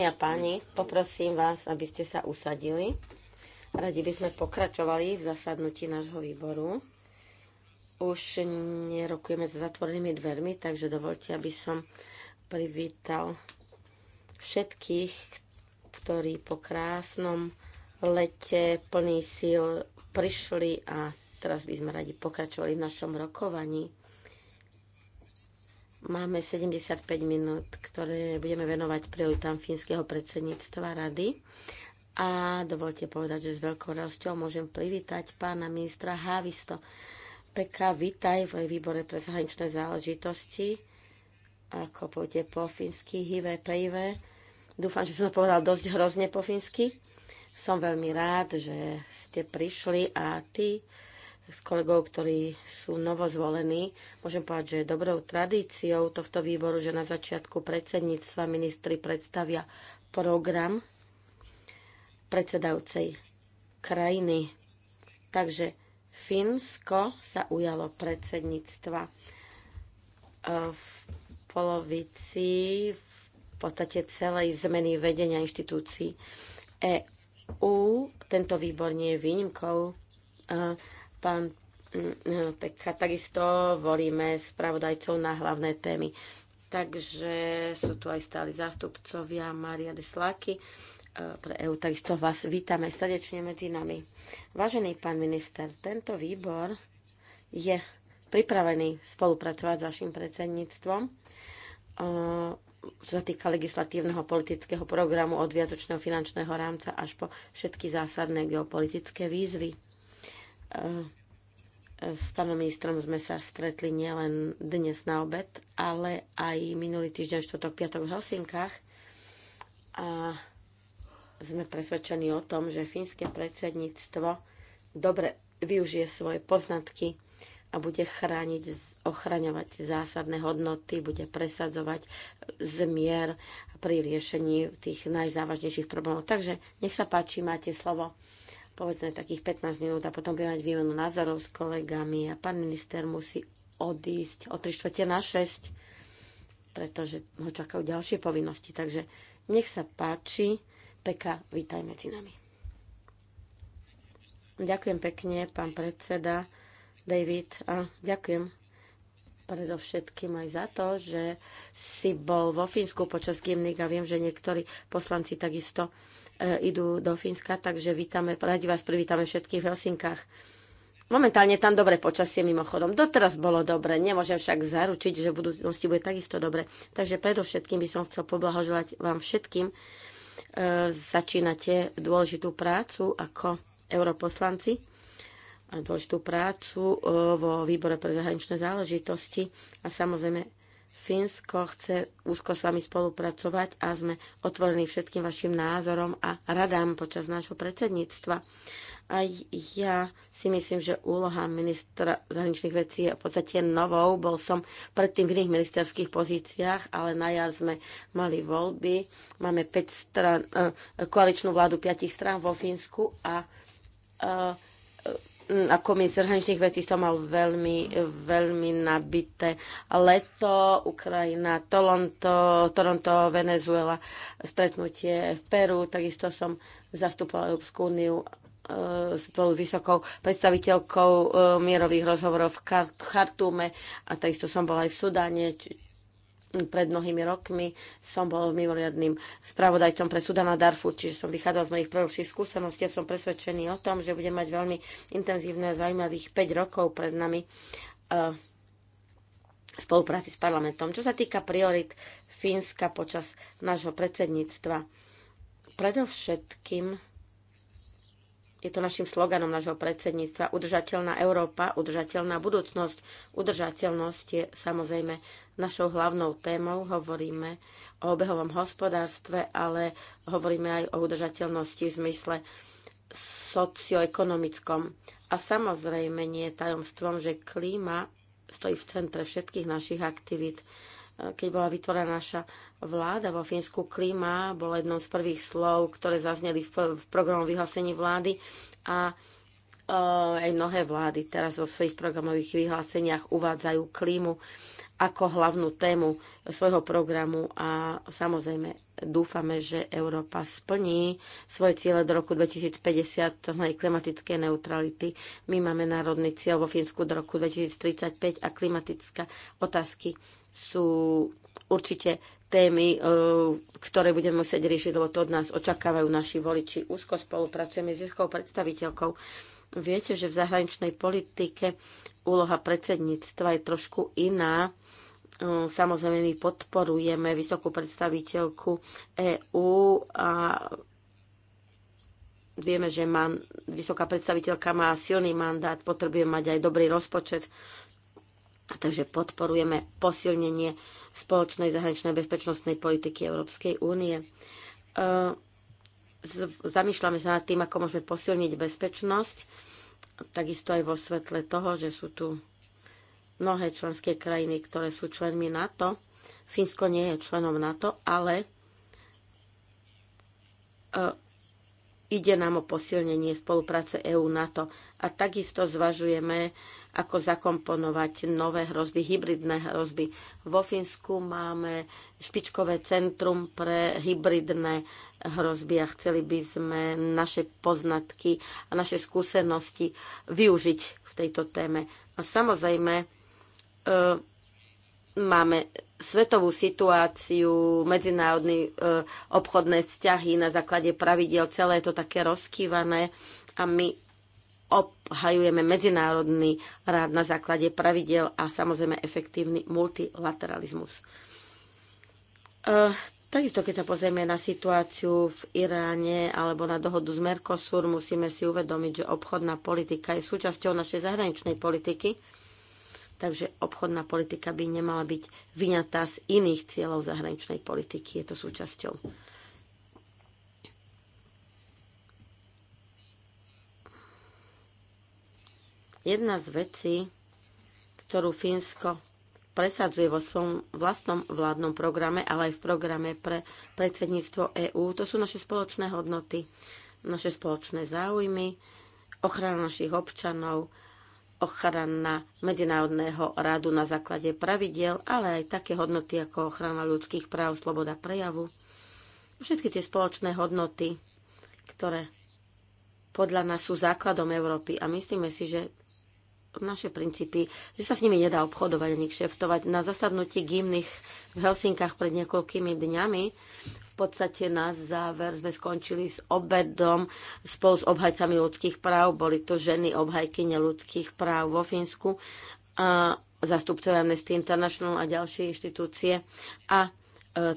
a páni, poprosím vás, aby ste sa usadili. Radi by sme pokračovali v zasadnutí nášho výboru. Už nerokujeme za zatvorenými dvermi, takže dovolte, aby som privítal všetkých, ktorí po krásnom lete plný síl prišli a teraz by sme radi pokračovali v našom rokovaní. Máme 75 minút, ktoré budeme venovať prioritám fínskeho predsedníctva rady. A dovolte povedať, že s veľkou radosťou môžem privítať pána ministra Hávisto. Pekka, vitaj v výbore pre zahraničné záležitosti. Ako pôjde po fínsky, hive, pejve. Dúfam, že som to povedal dosť hrozne po fínsky. Som veľmi rád, že ste prišli a ty s kolegov, ktorí sú novozvolení. Môžem povedať, že je dobrou tradíciou tohto výboru, že na začiatku predsedníctva ministri predstavia program predsedajúcej krajiny. Takže Fínsko sa ujalo predsedníctva e, v polovici v podstate celej zmeny vedenia inštitúcií EU. Tento výbor nie je výnimkou e, pán mm, eh, Pekka, takisto volíme spravodajcov na hlavné témy. Takže sú tu aj stáli zástupcovia Maria Desláky. Eh, pre EU. Takisto vás vítame srdečne medzi nami. Vážený pán minister, tento výbor je pripravený spolupracovať s vašim predsedníctvom eh, čo sa týka legislatívneho politického programu od viacočného finančného rámca až po všetky zásadné geopolitické výzvy. E, s pánom ministrom sme sa stretli nielen dnes na obed, ale aj minulý týždeň, štvrtok, piatok v Helsinkách. A sme presvedčení o tom, že fínske predsedníctvo dobre využije svoje poznatky a bude chrániť, ochraňovať zásadné hodnoty, bude presadzovať zmier pri riešení tých najzávažnejších problémov. Takže nech sa páči, máte slovo povedzme takých 15 minút a potom budeme mať výmenu názorov s kolegami a pán minister musí odísť o 3 čtvrte na 6, pretože ho čakajú ďalšie povinnosti. Takže nech sa páči. Peka, vítaj medzi nami. Ďakujem pekne, pán predseda David. A ďakujem predovšetkým aj za to, že si bol vo Fínsku počas gymnika. Viem, že niektorí poslanci takisto E, idú do Fínska, takže vítame, radi vás privítame všetkých v Helsinkách. Momentálne tam dobre počasie mimochodom. Doteraz bolo dobre, nemôžem však zaručiť, že v budúcnosti bude takisto dobre. Takže predovšetkým by som chcel poblahožovať vám všetkým. E, začínate dôležitú prácu ako europoslanci a dôležitú prácu e, vo výbore pre zahraničné záležitosti a samozrejme Fínsko chce úzko s vami spolupracovať a sme otvorení všetkým vašim názorom a radám počas nášho predsedníctva. A ja si myslím, že úloha ministra zahraničných vecí je v podstate novou. Bol som predtým v iných ministerských pozíciách, ale na jar sme mali voľby. Máme 5 stran, eh, koaličnú vládu piatich strán vo Fínsku a uh, Mm, ako mi zahraničných vecí som mal veľmi, veľmi nabité leto, Ukrajina, Toronto, Toronto, Venezuela, stretnutie v Peru, takisto som zastupovala Európsku úniu spolu e, s vysokou predstaviteľkou e, mierových rozhovorov v Chartume a takisto som bola aj v Sudáne, pred mnohými rokmi som bol mimoriadným spravodajcom pre Sudana Darfu, čiže som vychádzal z mojich prvších skúseností a som presvedčený o tom, že budem mať veľmi intenzívne a zaujímavých 5 rokov pred nami uh, v spolupráci s parlamentom. Čo sa týka priorit Fínska počas nášho predsedníctva, predovšetkým je to našim sloganom nášho predsedníctva. Udržateľná Európa, udržateľná budúcnosť. Udržateľnosť je samozrejme Našou hlavnou témou hovoríme o obehovom hospodárstve, ale hovoríme aj o udržateľnosti v zmysle socioekonomickom. A samozrejme nie je tajomstvom, že klíma stojí v centre všetkých našich aktivít. Keď bola vytvorená naša vláda vo Fínsku, klíma bolo jednou z prvých slov, ktoré zazneli v, v programovom vyhlásení vlády a e, aj mnohé vlády teraz vo svojich programových vyhláseniach uvádzajú klímu ako hlavnú tému svojho programu a samozrejme dúfame, že Európa splní svoje ciele do roku 2050 aj klimatickej neutrality. My máme národný cieľ vo Fínsku do roku 2035 a klimatické otázky sú určite témy, e, ktoré budeme musieť riešiť, lebo to od nás očakávajú naši voliči. Úzko spolupracujeme s výskou predstaviteľkou Viete, že v zahraničnej politike úloha predsedníctva je trošku iná. Mm, samozrejme, my podporujeme vysokú predstaviteľku EÚ a vieme, že má, vysoká predstaviteľka má silný mandát, potrebuje mať aj dobrý rozpočet, takže podporujeme posilnenie spoločnej zahraničnej bezpečnostnej politiky Európskej únie. E, zamýšľame sa nad tým, ako môžeme posilniť bezpečnosť, takisto aj vo svetle toho, že sú tu mnohé členské krajiny, ktoré sú členmi NATO. Fínsko nie je členom NATO, ale e, Ide nám o posilnenie spolupráce EU-NATO a takisto zvažujeme, ako zakomponovať nové hrozby, hybridné hrozby. Vo Fínsku máme špičkové centrum pre hybridné hrozby a chceli by sme naše poznatky a naše skúsenosti využiť v tejto téme. A samozrejme, e, máme svetovú situáciu, medzinárodné e, obchodné vzťahy na základe pravidiel, celé je to také rozkývané a my obhajujeme medzinárodný rád na základe pravidel a samozrejme efektívny multilateralizmus. E, takisto, keď sa pozrieme na situáciu v Iráne alebo na dohodu s Mercosur, musíme si uvedomiť, že obchodná politika je súčasťou našej zahraničnej politiky takže obchodná politika by nemala byť vyňatá z iných cieľov zahraničnej politiky. Je to súčasťou. Jedna z vecí, ktorú Fínsko presadzuje vo svojom vlastnom vládnom programe, ale aj v programe pre predsedníctvo EÚ, to sú naše spoločné hodnoty, naše spoločné záujmy, ochrana našich občanov, ochrana Medzinárodného radu na základe pravidiel, ale aj také hodnoty ako ochrana ľudských práv, sloboda prejavu. Všetky tie spoločné hodnoty, ktoré podľa nás sú základom Európy a myslíme si, že naše princípy, že sa s nimi nedá obchodovať ani kšeftovať. Na zasadnutí gymných v Helsinkách pred niekoľkými dňami podstate na záver sme skončili s obedom spolu s obhajcami ľudských práv. Boli to ženy obhajky ľudských práv vo Fínsku a zastupcovia Amnesty International a ďalšie inštitúcie. A e,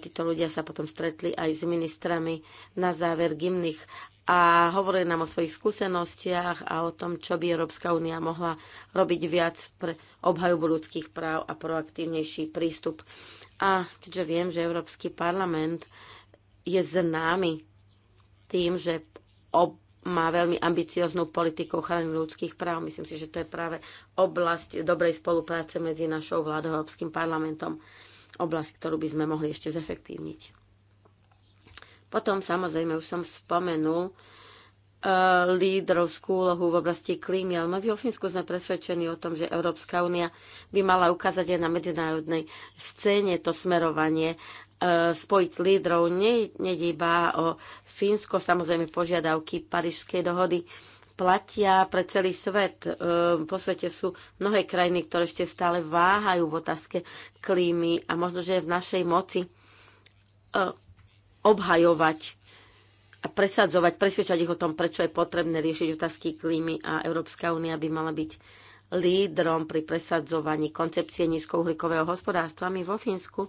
títo ľudia sa potom stretli aj s ministrami na záver gymných a hovorili nám o svojich skúsenostiach a o tom, čo by Európska únia mohla robiť viac pre obhajobu ľudských práv a proaktívnejší prístup. A keďže viem, že Európsky parlament je známy tým, že ob má veľmi ambicioznú politiku ochrany ľudských práv. Myslím si, že to je práve oblasť dobrej spolupráce medzi našou vládou a Európskym parlamentom. Oblasť, ktorú by sme mohli ešte zefektívniť. Potom samozrejme už som spomenul uh, lídrovskú úlohu v oblasti klímy, ale my vo sme presvedčení o tom, že Európska únia by mala ukázať aj na medzinárodnej scéne to smerovanie E, spojiť lídrov. Nejde iba o Fínsko, samozrejme požiadavky Parížskej dohody platia pre celý svet. E, po svete sú mnohé krajiny, ktoré ešte stále váhajú v otázke klímy a možno, že je v našej moci e, obhajovať a presadzovať, presvedčať ich o tom, prečo je potrebné riešiť otázky klímy a Európska únia by mala byť lídrom pri presadzovaní koncepcie nízkouhlíkového hospodárstva. My vo Fínsku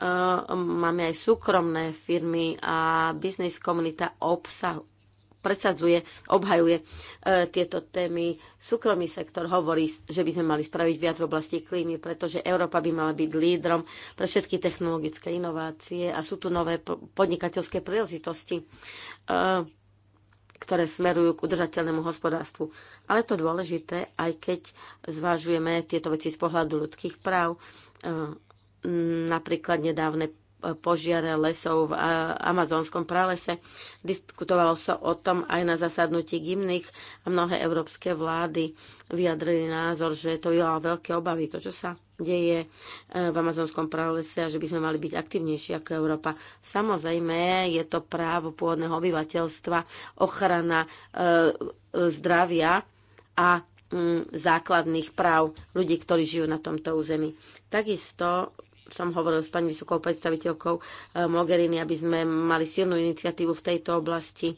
Um, máme aj súkromné firmy a biznis komunita obsahu, presadzuje, obhajuje e, tieto témy. Súkromný sektor hovorí, že by sme mali spraviť viac v oblasti klímy, pretože Európa by mala byť lídrom pre všetky technologické inovácie a sú tu nové podnikateľské príležitosti, e, ktoré smerujú k udržateľnému hospodárstvu. Ale to dôležité, aj keď zvážujeme tieto veci z pohľadu ľudských práv, e, napríklad nedávne e, požiare lesov v e, amazonskom pralese. Diskutovalo sa o tom aj na zasadnutí gymných a mnohé európske vlády vyjadrili názor, že to je veľké obavy, to, čo sa deje e, v amazonskom pralese a že by sme mali byť aktivnejší ako Európa. Samozrejme, je to právo pôvodného obyvateľstva, ochrana e, zdravia a základných práv ľudí, ktorí žijú na tomto území. Takisto som hovoril s pani vysokou predstaviteľkou eh, Mogherini, aby sme mali silnú iniciatívu v tejto oblasti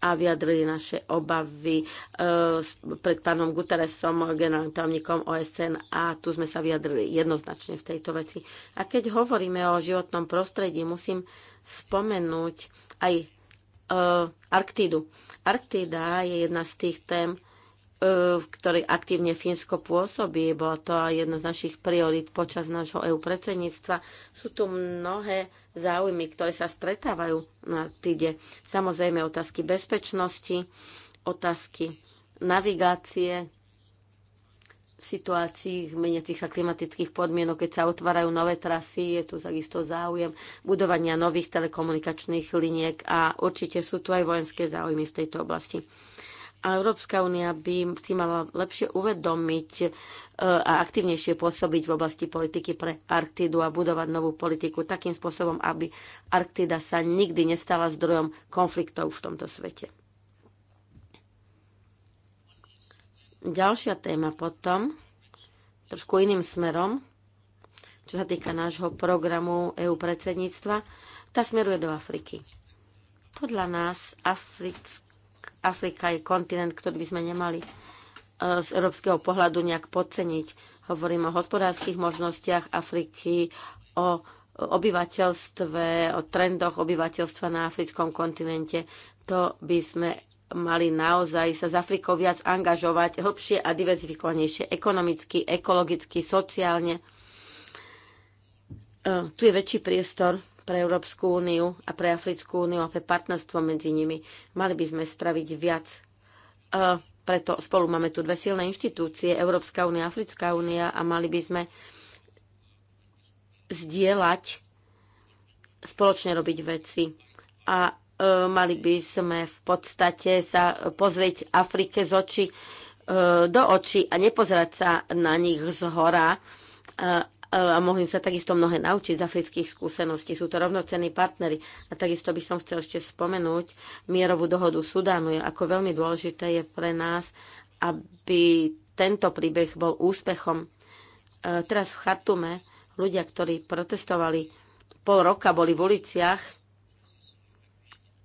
a vyjadrili naše obavy eh, pred pánom Guterresom, generálnym tajomníkom OSN a tu sme sa vyjadrili jednoznačne v tejto veci. A keď hovoríme o životnom prostredí, musím spomenúť aj eh, Arktídu. Arktída je jedna z tých tém, E, v ktorej aktívne Fínsko pôsobí. Bola to aj jedna z našich priorít počas nášho EU predsedníctva. Sú tu mnohé záujmy, ktoré sa stretávajú na týde. Samozrejme otázky bezpečnosti, otázky navigácie, v situácii meniacich sa klimatických podmienok, keď sa otvárajú nové trasy, je tu takisto záujem budovania nových telekomunikačných liniek a určite sú tu aj vojenské záujmy v tejto oblasti. A Európska únia by si mala lepšie uvedomiť e, a aktivnejšie pôsobiť v oblasti politiky pre Arktidu a budovať novú politiku takým spôsobom, aby Arktida sa nikdy nestala zdrojom konfliktov v tomto svete. Ďalšia téma potom, trošku iným smerom, čo sa týka nášho programu EU predsedníctva, tá smeruje do Afriky. Podľa nás africký Afrika je kontinent, ktorý by sme nemali e, z európskeho pohľadu nejak podceniť. Hovorím o hospodárskych možnostiach Afriky, o obyvateľstve, o trendoch obyvateľstva na africkom kontinente. To by sme mali naozaj sa s Afrikou viac angažovať hlbšie a diverzifikovanejšie ekonomicky, ekologicky, sociálne. E, tu je väčší priestor pre Európsku úniu a pre Africkú úniu a pre partnerstvo medzi nimi. Mali by sme spraviť viac. E, preto spolu máme tu dve silné inštitúcie, Európska únia, a Africká únia a mali by sme zdieľať, spoločne robiť veci. A e, mali by sme v podstate sa pozrieť Afrike z očí e, do očí a nepozerať sa na nich z hora, e, a mohli sa takisto mnohé naučiť z afrických skúseností. Sú to rovnocenní partnery. A takisto by som chcel ešte spomenúť mierovú dohodu Sudánu. Ako veľmi dôležité je pre nás, aby tento príbeh bol úspechom. E, teraz v Chatume ľudia, ktorí protestovali pol roka, boli v uliciach,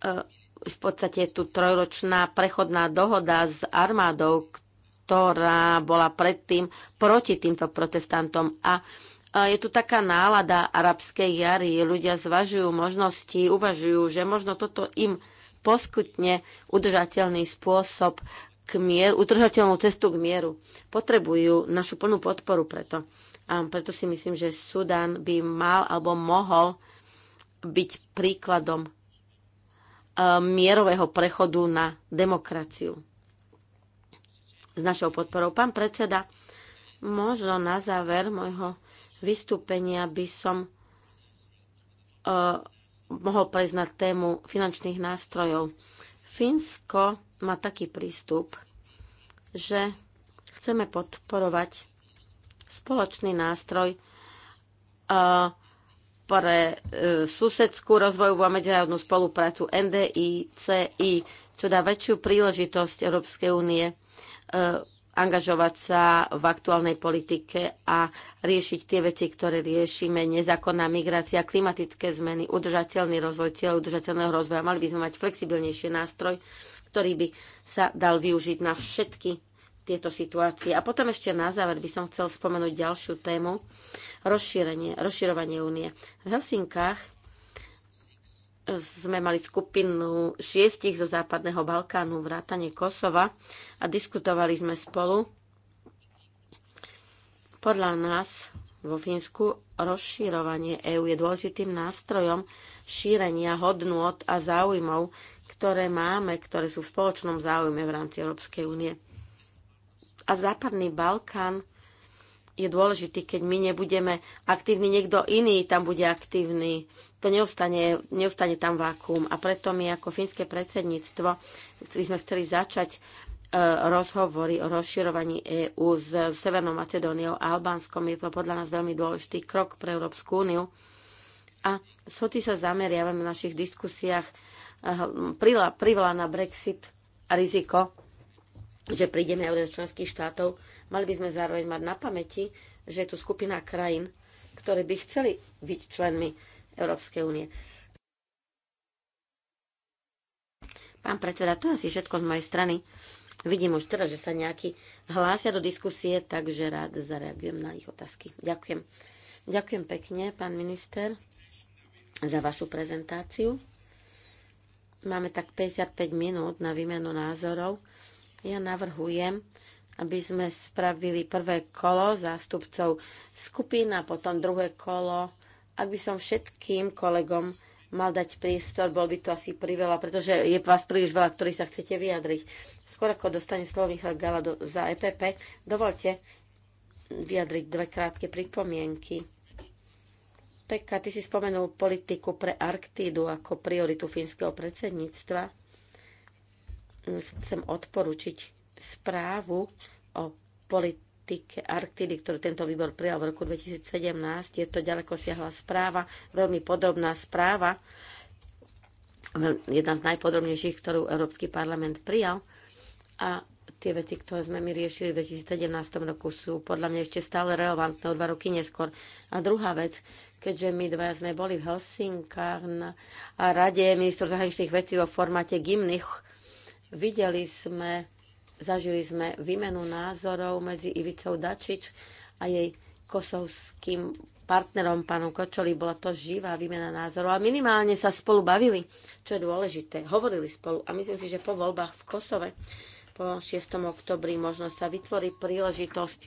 e, v podstate je tu trojročná prechodná dohoda s armádou, ktorá bola predtým proti týmto protestantom a je tu taká nálada arabskej jary. Ľudia zvažujú možnosti, uvažujú, že možno toto im poskutne udržateľný spôsob k mieru, udržateľnú cestu k mieru. Potrebujú našu plnú podporu preto. A preto si myslím, že Sudan by mal alebo mohol byť príkladom e, mierového prechodu na demokraciu. S našou podporou. Pán predseda, možno na záver môjho vystúpenia by som uh, mohol prejsť na tému finančných nástrojov. Fínsko má taký prístup, že chceme podporovať spoločný nástroj uh, pre uh, susedskú rozvojovú a medzinárodnú spoluprácu NDICI, čo dá väčšiu príležitosť Európskej únie uh, angažovať sa v aktuálnej politike a riešiť tie veci, ktoré riešime, nezákonná migrácia, klimatické zmeny, udržateľný rozvoj, cieľ udržateľného rozvoja. Mali by sme mať flexibilnejší nástroj, ktorý by sa dal využiť na všetky tieto situácie. A potom ešte na záver by som chcel spomenúť ďalšiu tému, rozšírenie, rozširovanie únie. V Helsinkách sme mali skupinu šiestich zo Západného Balkánu, vrátane Kosova a diskutovali sme spolu. Podľa nás vo Fínsku rozširovanie EÚ je dôležitým nástrojom šírenia hodnôt a záujmov, ktoré máme, ktoré sú v spoločnom záujme v rámci Európskej únie. A Západný Balkán je dôležitý, keď my nebudeme aktívni, niekto iný tam bude aktívny. To neostane, neostane tam vákuum. A preto my ako fínske predsedníctvo by sme chceli začať e, rozhovory o rozširovaní EÚ s Severnou Macedóniou a Albánskom. Je to podľa nás veľmi dôležitý krok pre Európsku úniu. A soty sa zameriavame v našich diskusiách e, privla, privla na Brexit a riziko že prídeme od členských štátov, mali by sme zároveň mať na pamäti, že je tu skupina krajín, ktoré by chceli byť členmi Európskej únie. Pán predseda, to je asi všetko z mojej strany. Vidím už teraz, že sa nejakí hlásia do diskusie, takže rád zareagujem na ich otázky. Ďakujem. Ďakujem pekne, pán minister, za vašu prezentáciu. Máme tak 55 minút na výmenu názorov. Ja navrhujem, aby sme spravili prvé kolo zástupcov skupín a potom druhé kolo. Ak by som všetkým kolegom mal dať priestor, bol by to asi priveľa, pretože je vás príliš veľa, ktorí sa chcete vyjadriť. Skôr ako dostane slovo Michal Gala do, za EPP, dovolte vyjadriť dve krátke pripomienky. Pekka, ty si spomenul politiku pre Arktídu ako prioritu fínskeho predsedníctva chcem odporučiť správu o politike Arktidy, ktorú tento výbor prijal v roku 2017. Je to ďaleko siahla správa, veľmi podrobná správa, jedna z najpodrobnejších, ktorú Európsky parlament prijal. A tie veci, ktoré sme my riešili v 2017 roku, sú podľa mňa ešte stále relevantné o dva roky neskôr. A druhá vec, keďže my dvaja sme boli v Helsinkách na rade ministrov zahraničných vecí vo formáte Gimnich, Videli sme, zažili sme výmenu názorov medzi Ivicou Dačič a jej kosovským partnerom, pánom Kočoli, bola to živá výmena názorov a minimálne sa spolu bavili, čo je dôležité. Hovorili spolu a myslím si, že po voľbách v Kosove po 6. oktobri možno sa vytvorí príležitosť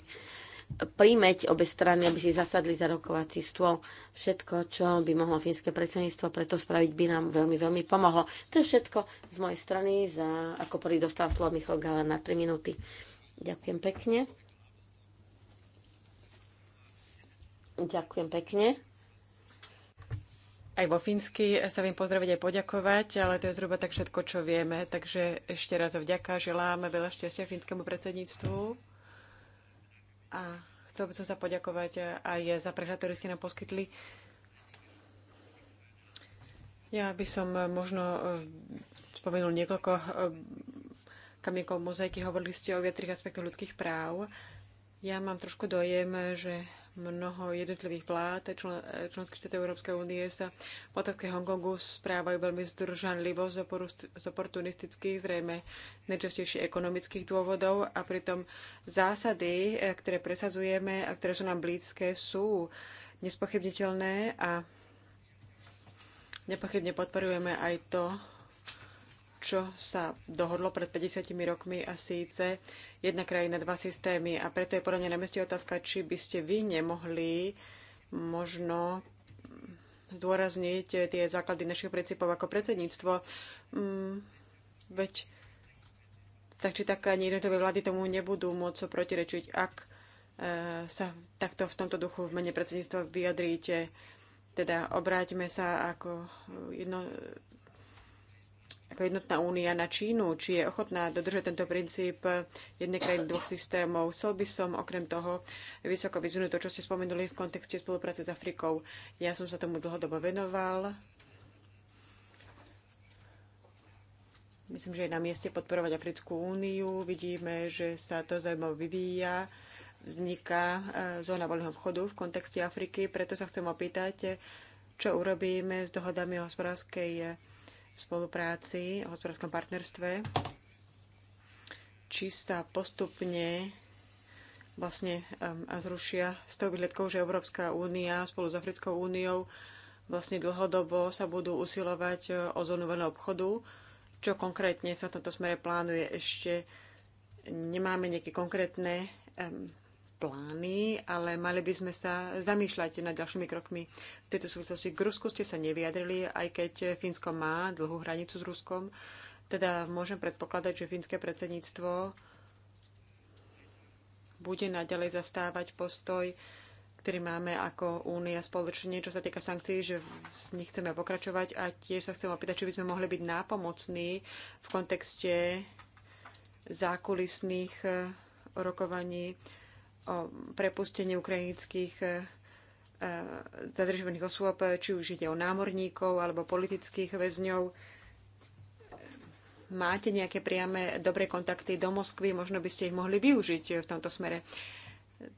príjmeť obe strany, aby si zasadli za rokovací stôl. Všetko, čo by mohlo fínske predsedníctvo preto spraviť, by nám veľmi, veľmi pomohlo. To je všetko z mojej strany. Za, ako prvý dostal slovo Michal Galer na 3 minúty. Ďakujem pekne. Ďakujem pekne. Aj vo fínsky sa vím pozdraviť aj poďakovať, ale to je zhruba tak všetko, čo vieme. Takže ešte raz vďaka, želáme veľa šťastia fínskemu predsedníctvu a chcel by som sa poďakovať eh, aj za prehľad, ktorý ste nám poskytli. Ja by som eh, možno eh, spomenul niekoľko kamienkov mozaiky. Hovorili ste o viacerých aspektoch ľudských práv. Ja mám trošku dojem, že mnoho jednotlivých vlád členské členských štátov Európskej únie sa v otázke Hongkongu správajú veľmi zdržanlivo z, z oportunistických, zrejme najčastejšie ekonomických dôvodov a pritom zásady, eh, ktoré presazujeme a ktoré sú nám blízke, sú nespochybniteľné a nepochybne podporujeme aj to, čo sa dohodlo pred 50 rokmi a síce jedna krajina, dva systémy. A preto je podľa mňa na meste otázka, či by ste vy nemohli možno zdôrazniť tie základy našich princípov ako predsedníctvo. Mm, veď tak či tak ani jednotlivé vlády tomu nebudú môcť protirečiť, ak e, sa takto v tomto duchu v mene predsedníctva vyjadríte. Teda obráťme sa ako jedno ako jednotná únia na Čínu, či je ochotná dodržať tento princíp jednej krajiny dvoch systémov. Chcel by som okrem toho vysoko vyzvinúť to, čo ste spomenuli v kontexte spolupráce s Afrikou. Ja som sa tomu dlhodobo venoval. Myslím, že je na mieste podporovať Africkú úniu. Vidíme, že sa to zaujímavo vyvíja vzniká eh, zóna voľného obchodu v kontexte Afriky. Preto sa chcem opýtať, čo urobíme s dohodami o hospodárskej eh, spolupráci, o hospodárskom partnerstve, či sa postupne vlastne um, zrušia s tou výhľadkou, že Európska únia spolu s Africkou úniou vlastne dlhodobo sa budú usilovať e, o zónu voľného obchodu. Čo konkrétne sa v tomto smere plánuje ešte? Nemáme nejaké konkrétne um, plány, ale mali by sme sa zamýšľať nad ďalšími krokmi. V tejto súvislosti k Rusku ste sa nevyjadrili, aj keď Fínsko má dlhú hranicu s Ruskom. Teda môžem predpokladať, že fínske predsedníctvo bude naďalej zastávať postoj, ktorý máme ako únia spoločne, čo sa týka sankcií, že s nich chceme pokračovať a tiež sa chcem opýtať, či by sme mohli byť nápomocní v kontekste zákulisných rokovaní o prepustenie ukrajinských e, e, zadržovaných osôb, či už ide o námorníkov alebo politických väzňov. Máte nejaké priame dobré kontakty do Moskvy, možno by ste ich mohli využiť v tomto smere.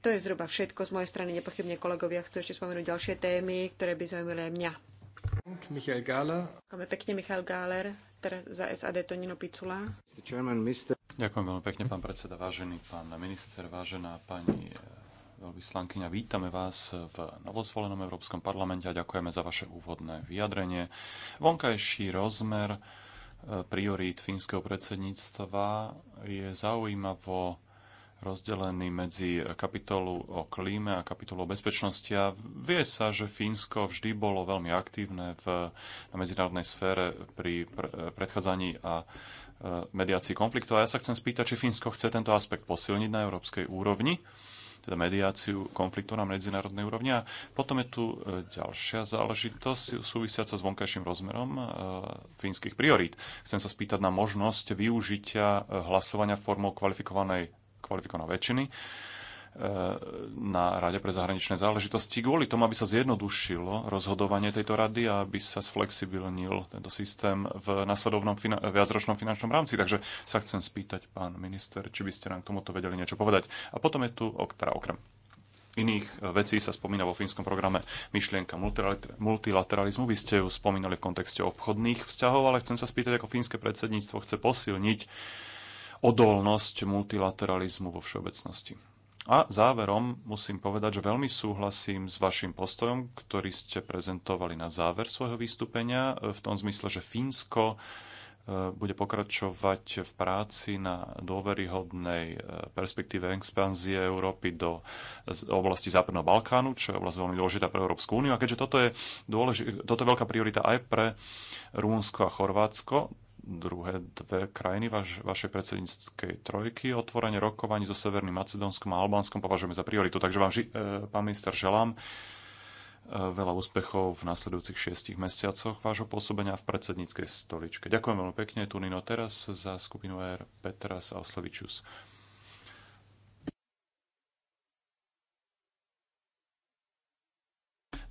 To je zhruba všetko z mojej strany. Nepochybne kolegovia chcú ešte spomenúť ďalšie témy, ktoré by zaujímali aj mňa. Michal Gáler. pekne Michal Gáler, teraz za SAD Tonino Picula. Mr. Chairman, Mr. Ďakujem veľmi pekne, pán predseda, vážený pán minister, vážená pani eh, veľvyslankyňa. Vítame vás v novozvolenom Európskom parlamente a ďakujeme za vaše úvodné vyjadrenie. Vonkajší rozmer eh, priorít fínskeho predsedníctva je zaujímavo rozdelený medzi kapitolu o klíme a kapitolu o bezpečnosti. A vie sa, že Fínsko vždy bolo veľmi aktívne v, na medzinárodnej sfére pri pr- predchádzaní a Eh, mediácii konfliktu A ja sa chcem spýtať, či Fínsko chce tento aspekt posilniť na európskej úrovni, teda mediáciu konfliktu na medzinárodnej úrovni. A potom je tu eh, ďalšia záležitosť súvisiaca s vonkajším rozmerom eh, fínskych priorít. Chcem sa spýtať na možnosť využitia hlasovania formou kvalifikovanej kvalifikovanej väčšiny na Rade pre zahraničné záležitosti kvôli tomu, aby sa zjednodušilo rozhodovanie tejto rady a aby sa sflexibilnil tento systém v nasledovnom fina- viacročnom finančnom rámci. Takže sa chcem spýtať, pán minister, či by ste nám k tomuto vedeli niečo povedať. A potom je tu, teda okrem iných vecí sa spomína vo fínskom programe myšlienka multilateralizmu. Vy ste ju spomínali v kontexte obchodných vzťahov, ale chcem sa spýtať, ako fínske predsedníctvo chce posilniť odolnosť multilateralizmu vo všeobecnosti. A záverom musím povedať, že veľmi súhlasím s vašim postojom, ktorý ste prezentovali na záver svojho vystúpenia, v tom zmysle, že Fínsko e, bude pokračovať v práci na dôveryhodnej e, perspektíve expanzie Európy do oblasti Západného Balkánu, čo je oblasť veľmi dôležitá pre Európsku úniu. A keďže toto je, dôleži- toto je veľká priorita aj pre Rumunsko a Chorvátsko, druhé dve krajiny vaš, vašej predsedníckej trojky. Otvorenie rokovaní so Severným Macedónskom a Albánskom považujeme za prioritu. Takže vám, ži, e, pán minister, želám e, veľa úspechov v nasledujúcich šiestich mesiacoch vášho pôsobenia v predsedníckej stoličke. Ďakujem veľmi pekne, tu Nino teraz za skupinu e R Petras Auslevičus.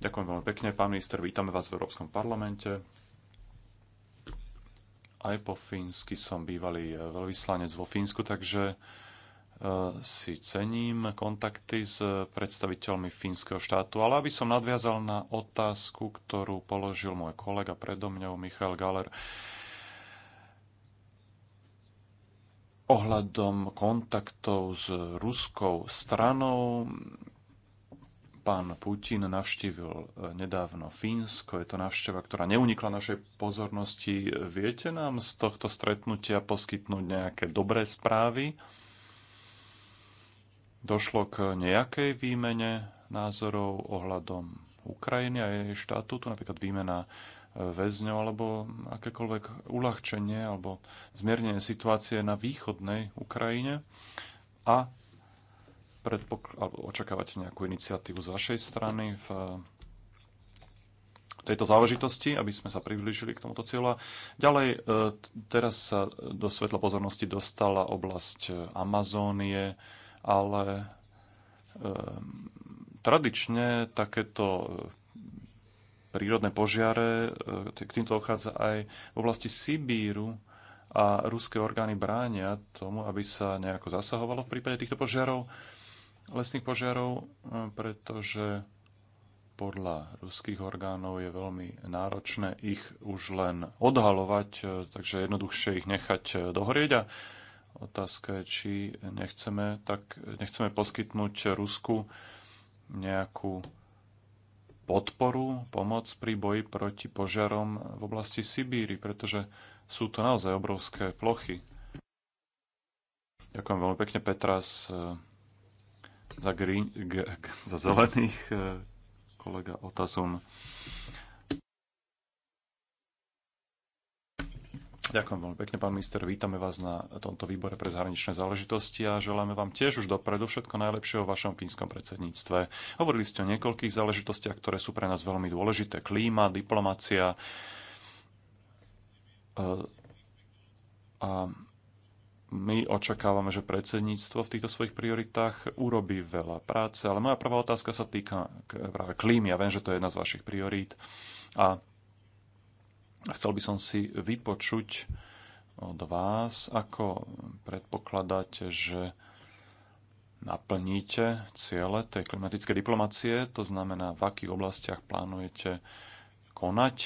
Ďakujem veľmi pekne, pán minister, vítame vás v Európskom parlamente aj po fínsky som bývalý e, veľvyslanec vo Fínsku, takže e, si cením kontakty s e, predstaviteľmi fínskeho štátu. Ale aby som nadviazal na otázku, ktorú položil môj kolega predo mňou, Michal Galer, ohľadom kontaktov s ruskou stranou, Pán Putin navštívil e, nedávno Fínsko. Je to návšteva, ktorá neunikla našej pozornosti. Viete nám z tohto stretnutia poskytnúť nejaké dobré správy? Došlo k nejakej výmene názorov ohľadom Ukrajiny a jej tu napríklad výmena e, väzňov alebo akékoľvek uľahčenie alebo zmiernenie situácie na východnej Ukrajine a predpokl- očakávate nejakú iniciatívu z vašej strany v tejto záležitosti, aby sme sa priblížili k tomuto cieľa. Ďalej, e, teraz sa do svetla pozornosti dostala oblasť Amazónie, ale e, tradične takéto prírodné požiare, e, k týmto dochádza aj v oblasti Sibíru a ruské orgány bránia tomu, aby sa nejako zasahovalo v prípade týchto požiarov lesných požiarov, e, pretože podľa ruských orgánov je veľmi náročné ich už len odhalovať, e, takže jednoduchšie ich nechať e, dohrieť. A otázka je, či nechceme, tak, nechceme poskytnúť Rusku nejakú podporu, pomoc pri boji proti požiarom v oblasti Sibíry, pretože sú to naozaj obrovské plochy. Ďakujem veľmi pekne, Petras za, green, g, za zelených e, kolega Otasun. Ďakujem veľmi pekne, pán minister. Vítame vás na tomto výbore pre zahraničné záležitosti a želáme vám tiež už dopredu všetko najlepšie o vašom fínskom predsedníctve. Hovorili ste o niekoľkých záležitostiach, ktoré sú pre nás veľmi dôležité. Klíma, diplomácia e, a my očakávame, že predsedníctvo v týchto svojich prioritách urobí veľa práce, ale moja prvá otázka sa týka práve klímy. Ja viem, že to je jedna z vašich priorít a chcel by som si vypočuť od vás, ako predpokladáte, že naplníte ciele tej klimatickej diplomacie, to znamená, v akých oblastiach plánujete konať.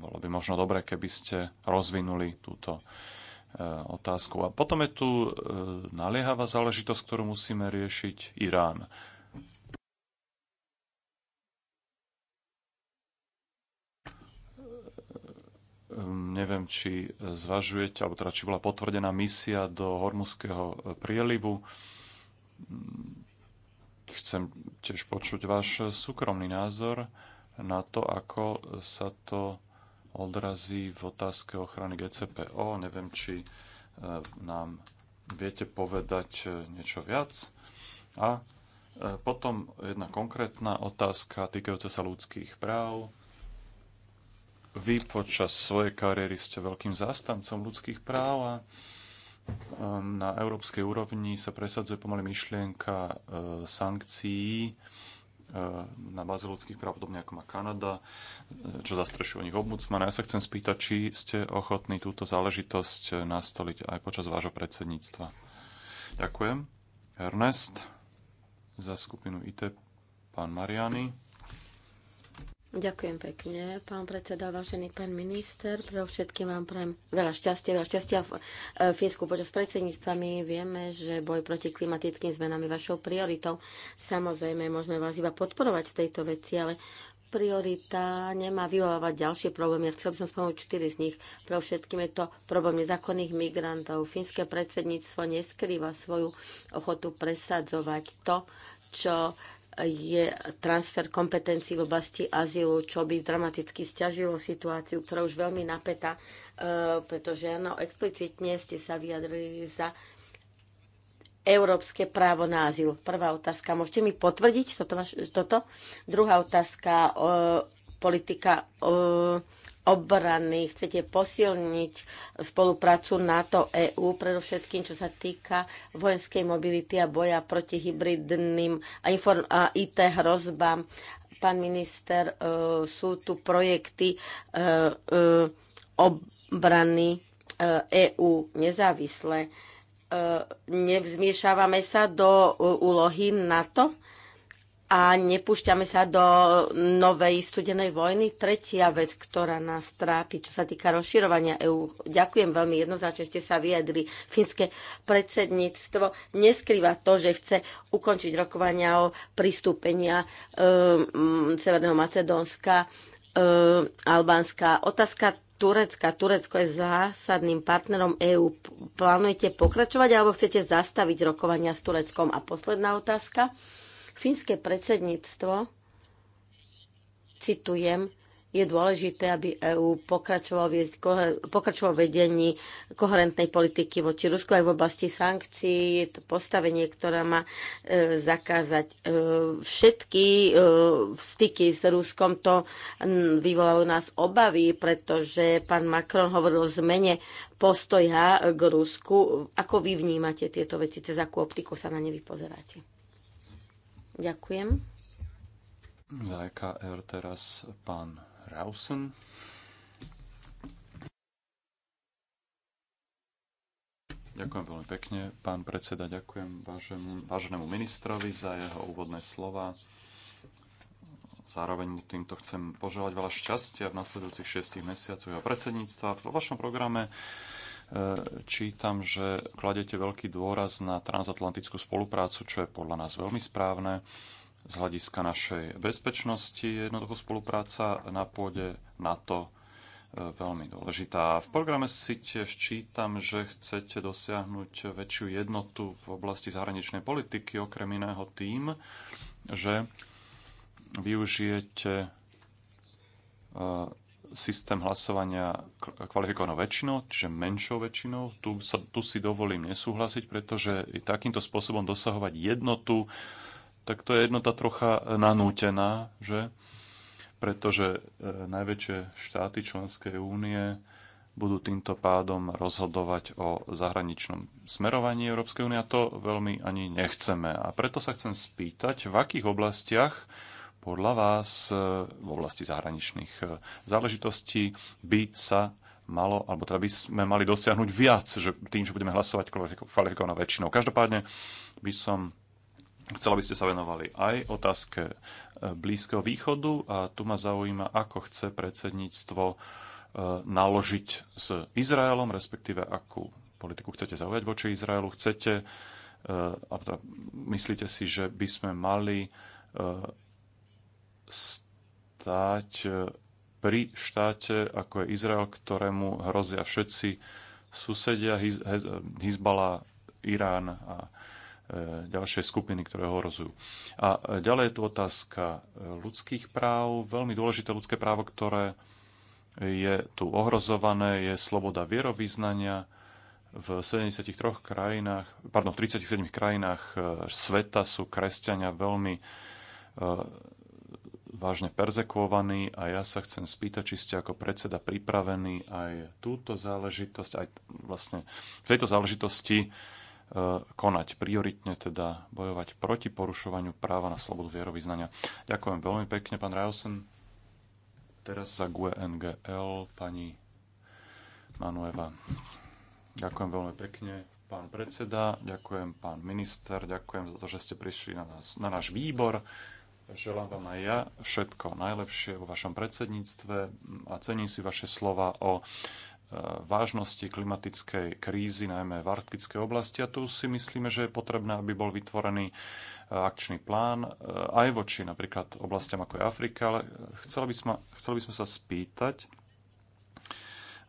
Bolo by možno dobre, keby ste rozvinuli túto E, otázkou. A potom je tu e, naliehavá záležitosť, ktorú musíme riešiť Irán. E, neviem, či zvažujete, alebo teda či bola potvrdená misia do Hormuzského prielivu. Chcem tiež počuť váš súkromný názor na to, ako sa to odrazí v otázke ochrany GCPO. Neviem, či e, nám viete povedať e, niečo viac. A e, potom jedna konkrétna otázka týkajúca sa ľudských práv. Vy počas svojej kariéry ste veľkým zástancom ľudských práv a na európskej úrovni sa presadzuje pomaly myšlienka sankcií na báze ľudských práv, podobne ako má Kanada, čo zastrešuje o nich obmudsmana. Ja sa chcem spýtať, či ste ochotní túto záležitosť nastoliť aj počas vášho predsedníctva. Ďakujem. Ernest za skupinu IT, pán Mariani. Ďakujem pekne, pán predseda, vážený pán minister. Pre všetkým vám prajem veľa šťastia, veľa šťastia e, v Fínsku počas predsedníctva. My vieme, že boj proti klimatickým zmenám je vašou prioritou. Samozrejme, môžeme vás iba podporovať v tejto veci, ale priorita nemá vyvolávať ďalšie problémy. Ja chcel by som spomenúť čtyri z nich. Pre všetkým je to problém nezákonných migrantov. Fínske predsedníctvo neskrýva svoju ochotu presadzovať to, čo je transfer kompetencií v oblasti azylu, čo by dramaticky stiažilo situáciu, ktorá už veľmi napätá, e, pretože no, explicitne ste sa vyjadrili za európske právo na azyl. Prvá otázka, môžete mi potvrdiť toto? toto? Druhá otázka, e, politika e, obrany, chcete posilniť spoluprácu NATO-EU, predovšetkým čo sa týka vojenskej mobility a boja proti hybridným a, IT hrozbám. Pán minister, e, sú tu projekty e, e, obrany EÚ nezávislé. Nevzmiešávame sa do úlohy NATO? a nepúšťame sa do novej studenej vojny. Tretia vec, ktorá nás trápi, čo sa týka rozširovania EÚ. Ďakujem veľmi jednoznačne, ste sa vyjadli. Fínske predsedníctvo neskrýva to, že chce ukončiť rokovania o pristúpenia um, e, Severného Macedónska, um, Albánska. Otázka Turecka. Turecko je zásadným partnerom EÚ. Plánujete pokračovať alebo chcete zastaviť rokovania s Tureckom? A posledná otázka. Fínske predsedníctvo, citujem, je dôležité, aby EÚ pokračovalo v vedení koherentnej politiky voči Rusku aj v oblasti sankcií. Je to postavenie, ktoré má e, zakázať e, všetky e, styky s Ruskom. To vyvolajú nás obavy, pretože pán Macron hovoril o zmene postoja k Rusku. Ako vy vnímate tieto veci? Cez akú optiku sa na ne vypozeráte? Ďakujem. Za EKR teraz pán Rausen. Ďakujem veľmi pekne. Pán predseda, ďakujem váženému, váženému ministrovi za jeho úvodné slova. Zároveň mu týmto chcem poželať veľa šťastia v nasledujúcich šiestich mesiacoch jeho predsedníctva. V vašom programe E, čítam, že kladete veľký dôraz na transatlantickú spoluprácu, čo je podľa nás veľmi správne. Z hľadiska našej bezpečnosti je jednoducho spolupráca na pôde NATO e, veľmi dôležitá. V programe si tiež čítam, že chcete dosiahnuť väčšiu jednotu v oblasti zahraničnej politiky, okrem iného tým, že využijete e, systém hlasovania kvalifikovanou väčšinou, čiže menšou väčšinou. Tu, sa, tu si dovolím nesúhlasiť, pretože takýmto spôsobom dosahovať jednotu, tak to je jednota trocha nanútená, že? Pretože e, najväčšie štáty členskej únie budú týmto pádom rozhodovať o zahraničnom smerovaní Európskej únie a to veľmi ani nechceme. A preto sa chcem spýtať, v akých oblastiach podľa vás e, v oblasti zahraničných e, záležitostí by sa malo, alebo teda by sme mali dosiahnuť viac, že tým, že budeme hlasovať kvalifikovanou väčšinou. Každopádne by som chcela, aby ste sa venovali aj otázke e, Blízkeho východu a tu ma zaujíma, ako chce predsedníctvo naložiť s Izraelom, respektíve akú politiku chcete zaujať voči Izraelu. Chcete, teda myslíte si, že by sme mali stáť e, pri štáte, ako je Izrael, ktorému hrozia všetci susedia Hizbala, Irán a e, ďalšie skupiny, ktoré ho hrozujú. A e, ďalej je tu otázka ľudských práv. Veľmi dôležité ľudské právo, ktoré je tu ohrozované, je sloboda vierovýznania. V 73 krajinách, pardon, v 37 krajinách sveta sú kresťania veľmi vážne perzekvovaní a ja sa chcem spýtať, či ste ako predseda pripravení aj túto záležitosť, aj vlastne v tejto záležitosti e, konať prioritne, teda bojovať proti porušovaniu práva na slobodu vierovýznania. Ďakujem veľmi pekne, pán Rajosen. Teraz za GUNGL, pani Manueva. Ďakujem veľmi pekne, pán predseda, ďakujem pán minister, ďakujem za to, že ste prišli na, nás, na náš výbor. Želám vám aj ja všetko najlepšie vo vašom predsedníctve a cením si vaše slova o e, vážnosti klimatickej krízy, najmä v arktickej oblasti. A tu si myslíme, že je potrebné, aby bol vytvorený e, akčný plán e, aj voči napríklad oblastiam ako je Afrika. Ale chceli by sme, chceli by sme sa spýtať,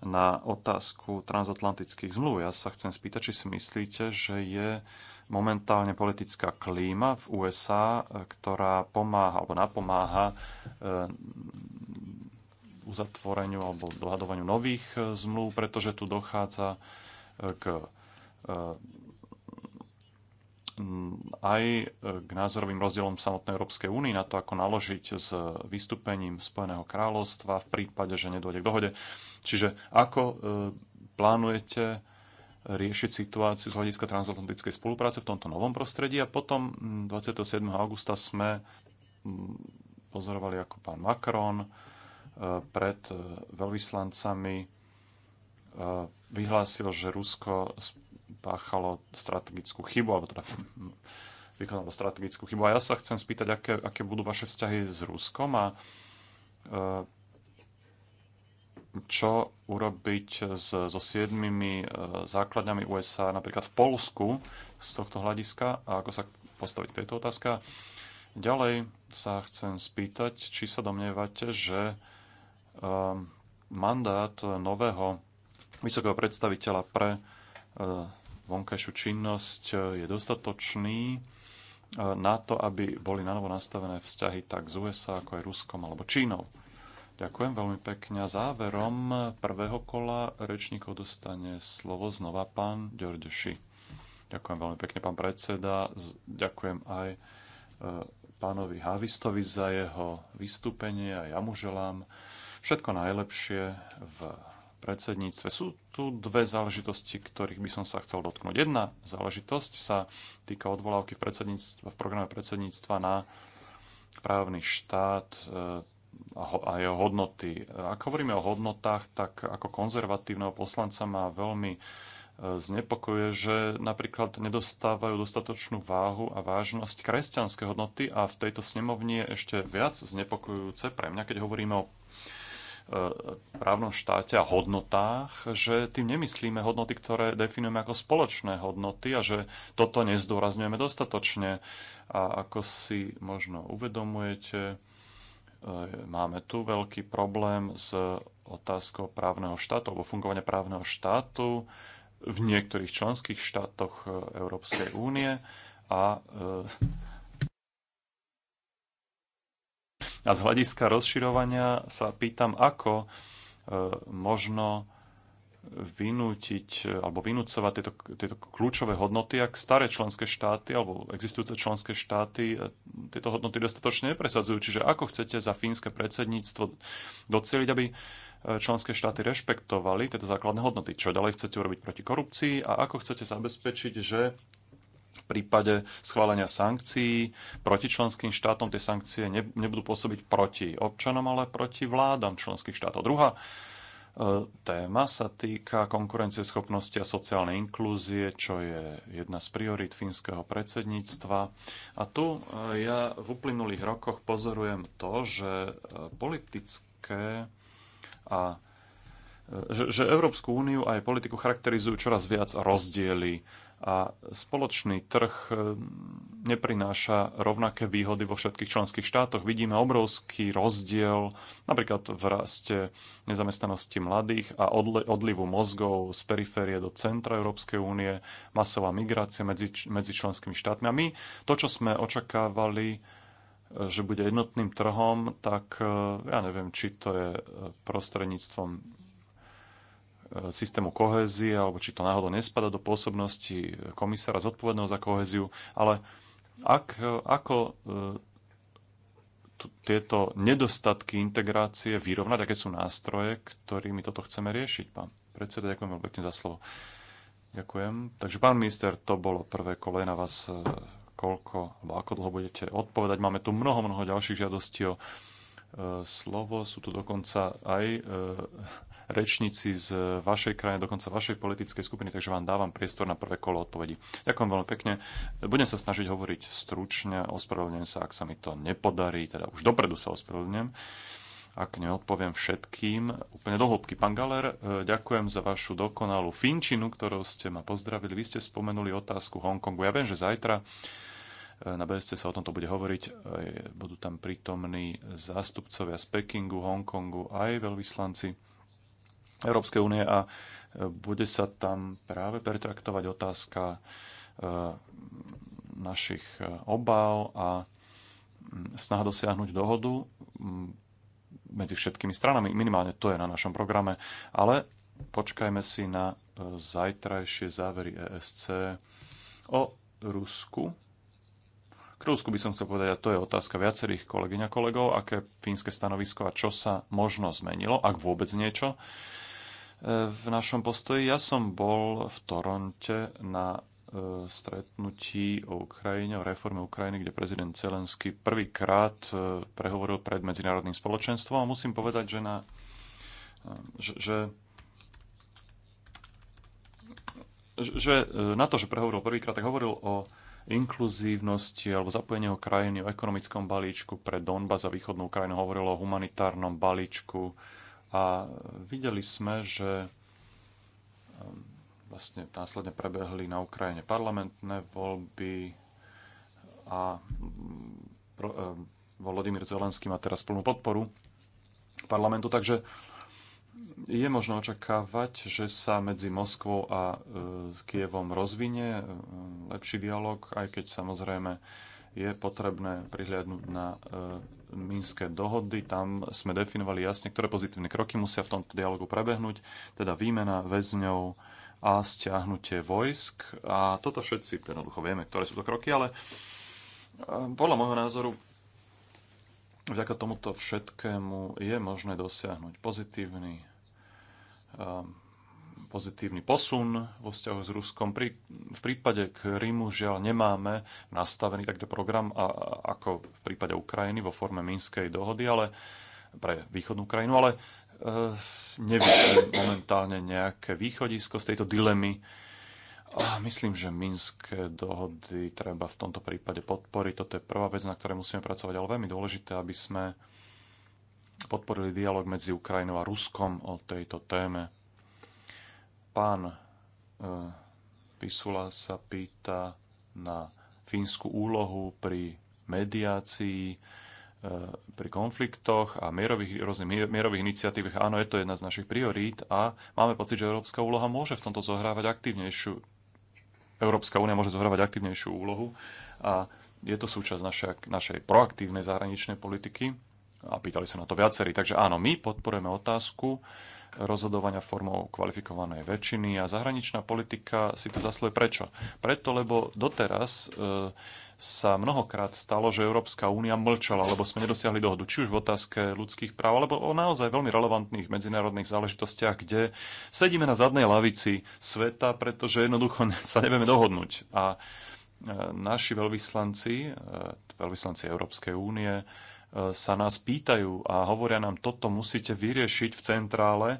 na otázku transatlantických zmluv. Ja sa chcem spýtať, či si myslíte, že je momentálne politická klíma v USA, e, ktorá pomáha alebo napomáha e, uzatvoreniu alebo dohadovaniu nových e, zmluv, pretože tu dochádza k aj k názorovým rozdielom samotnej Európskej únie na to, ako naložiť s vystúpením Spojeného kráľovstva v prípade, že nedôjde k dohode. Čiže ako plánujete riešiť situáciu z hľadiska transatlantickej spolupráce v tomto novom prostredí. A potom 27. Mm, augusta sme mm, pozorovali, ako pán Macron e, pred e, veľvyslancami e, vyhlásil, že Rusko páchalo strategickú chybu, alebo teda mm, vykonalo strategickú chybu. A ja sa chcem spýtať, aké, aké budú vaše vzťahy s Ruskom a čo urobiť s, so siedmými e, základňami USA napríklad v Polsku z tohto hľadiska a ako sa postaviť k tejto otázka. Ďalej sa chcem spýtať, či sa domnievate, že um, mandát nového vysokého predstaviteľa pre uh, vonkajšiu činnosť je dostatočný na to, aby boli na novo nastavené vzťahy tak s USA, ako aj Ruskom alebo Čínou. Ďakujem veľmi pekne. Záverom prvého kola rečníkov dostane slovo znova pán Ďordeši. Ďakujem veľmi pekne, pán predseda. Ďakujem aj e, pánovi Havistovi za jeho vystúpenie a ja mu želám všetko najlepšie v predsedníctve. Sú tu dve záležitosti, ktorých by som sa chcel dotknúť. Jedna záležitosť sa týka odvolávky v, v programe predsedníctva na právny štát e, a jeho hodnoty. Ak hovoríme o hodnotách, tak ako konzervatívneho poslanca má veľmi e, znepokojuje, že napríklad nedostávajú dostatočnú váhu a vážnosť kresťanské hodnoty a v tejto snemovni je ešte viac znepokojujúce pre mňa, keď hovoríme o e, právnom štáte a hodnotách, že tým nemyslíme hodnoty, ktoré definujeme ako spoločné hodnoty a že toto nezdôrazňujeme dostatočne. A ako si možno uvedomujete, E, máme tu veľký problém s otázkou právneho štátu alebo fungovania právneho štátu v niektorých členských štátoch e, Európskej únie a e, a z hľadiska rozširovania sa pýtam, ako možno vynútiť eh, alebo vynúcovať tieto, tieto kľúčové hodnoty, ak staré členské štáty alebo existujúce členské štáty eh, tieto hodnoty dostatočne nepresadzujú. Čiže ako chcete za fínske predsedníctvo docieliť, aby eh, členské štáty rešpektovali tieto základné hodnoty. Čo ďalej chcete urobiť proti korupcii a ako chcete zabezpečiť, že v prípade schválenia sankcií proti členským štátom tie sankcie nebudú pôsobiť proti občanom, ale proti vládam členských štátov. Druhá Téma sa týka konkurencieschopnosti a sociálnej inklúzie, čo je jedna z priorit fínskeho predsedníctva. A tu e, ja v uplynulých rokoch pozorujem to, že e, politické a e, že, že Európsku úniu aj politiku charakterizujú čoraz viac rozdiely a spoločný trh eh, neprináša rovnaké výhody vo všetkých členských štátoch. Vidíme obrovský rozdiel napríklad v raste nezamestnanosti mladých a odlivu mozgov z periférie do centra Európskej únie, masová migrácia medzi, medzi členskými štátmi. A my to, čo sme očakávali, eh, že bude jednotným trhom, tak eh, ja neviem, či to je prostredníctvom systému kohézie, alebo či to náhodou nespada do pôsobnosti komisára zodpovedného za kohéziu, ale ak, ako e, tieto nedostatky integrácie vyrovnať, aké sú nástroje, ktorými toto chceme riešiť, pán predseda, ďakujem veľmi pekne za slovo. Ďakujem. Takže pán minister, to bolo prvé kole na vás e, koľko, alebo ako dlho budete odpovedať. Máme tu mnoho, mnoho ďalších žiadostí o e, slovo. Sú tu dokonca aj e, rečníci z vašej krajiny, dokonca vašej politickej skupiny, takže vám dávam priestor na prvé kolo odpovedí. Ďakujem veľmi pekne. Budem sa snažiť hovoriť stručne, ospravedlňujem sa, ak sa mi to nepodarí, teda už dopredu sa ospravedlňujem ak neodpoviem všetkým. Úplne do hĺbky. Pán Galer, e, ďakujem za vašu dokonalú finčinu, ktorou ste ma pozdravili. Vy ste spomenuli otázku Hongkongu. Ja viem, že zajtra e, na BSC sa o tomto bude hovoriť. E, budú tam prítomní zástupcovia z Pekingu, Hongkongu aj veľvyslanci. Európskej únie a e, bude sa tam práve pretraktovať otázka e, našich e, obáv a mm, snaha dosiahnuť dohodu mm, medzi všetkými stranami. Minimálne to je na našom programe, ale počkajme si na zajtrajšie závery ESC o Rusku k Rúsku by som chcel povedať, a to je otázka viacerých kolegyň a kolegov, aké fínske stanovisko a čo sa možno zmenilo, ak vôbec niečo e, v našom postoji. Ja som bol v Toronte na e, stretnutí o Ukrajine, o reforme Ukrajiny, kde prezident Zelensky prvýkrát e, prehovoril pred medzinárodným spoločenstvom a musím povedať, že, na, že, že že na to, že prehovoril prvýkrát, tak hovoril o inkluzívnosti alebo zapojenia krajiny o ekonomickom balíčku pre Donbass a východnú Ukrajinu, hovorilo o humanitárnom balíčku a videli sme, že um, vlastne následne prebehli na Ukrajine parlamentné voľby a um, um, Volodymyr Zelenský má teraz plnú podporu parlamentu, takže je možno očakávať, že sa medzi Moskvou a e, Kievom rozvinie e, lepší dialog, aj keď samozrejme je potrebné prihľadnúť na e, Minské dohody. Tam sme definovali jasne, ktoré pozitívne kroky musia v tomto dialogu prebehnúť, teda výmena väzňov a stiahnutie vojsk. A toto všetci jednoducho vieme, ktoré sú to kroky, ale podľa môjho názoru vďaka tomuto všetkému je možné dosiahnuť pozitívny, um, pozitívny posun vo vzťahu s Ruskom. Pri, v prípade k Rímu žiaľ nemáme nastavený takto program a, ako v prípade Ukrajiny vo forme Minskej dohody, ale pre východnú krajinu, ale e, nevidím momentálne nejaké východisko z tejto dilemy Myslím, že Minské dohody treba v tomto prípade podporiť. Toto je prvá vec, na ktorej musíme pracovať, ale veľmi dôležité, aby sme podporili dialog medzi Ukrajinou a Ruskom o tejto téme. Pán e, Pisula sa pýta na fínsku úlohu pri mediácii, e, pri konfliktoch a mierových, rôznych mierových iniciatívach. Áno, je to jedna z našich priorít a máme pocit, že európska úloha môže v tomto zohrávať aktívnejšiu Európska únia môže zohrávať aktívnejšiu úlohu a je to súčasť našej, našej proaktívnej zahraničnej politiky a pýtali sa na to viacerí. Takže áno, my podporujeme otázku, rozhodovania formou kvalifikovanej väčšiny a zahraničná politika si to zasluje prečo? Preto, lebo doteraz e, sa mnohokrát stalo, že Európska únia mlčala, lebo sme nedosiahli dohodu, či už v otázke ľudských práv, alebo o naozaj veľmi relevantných medzinárodných záležitostiach, kde sedíme na zadnej lavici sveta, pretože jednoducho sa nevieme dohodnúť. A e, naši veľvyslanci, e, veľvyslanci Európskej únie, E, sa nás pýtajú a hovoria nám, toto musíte vyriešiť v centrále e,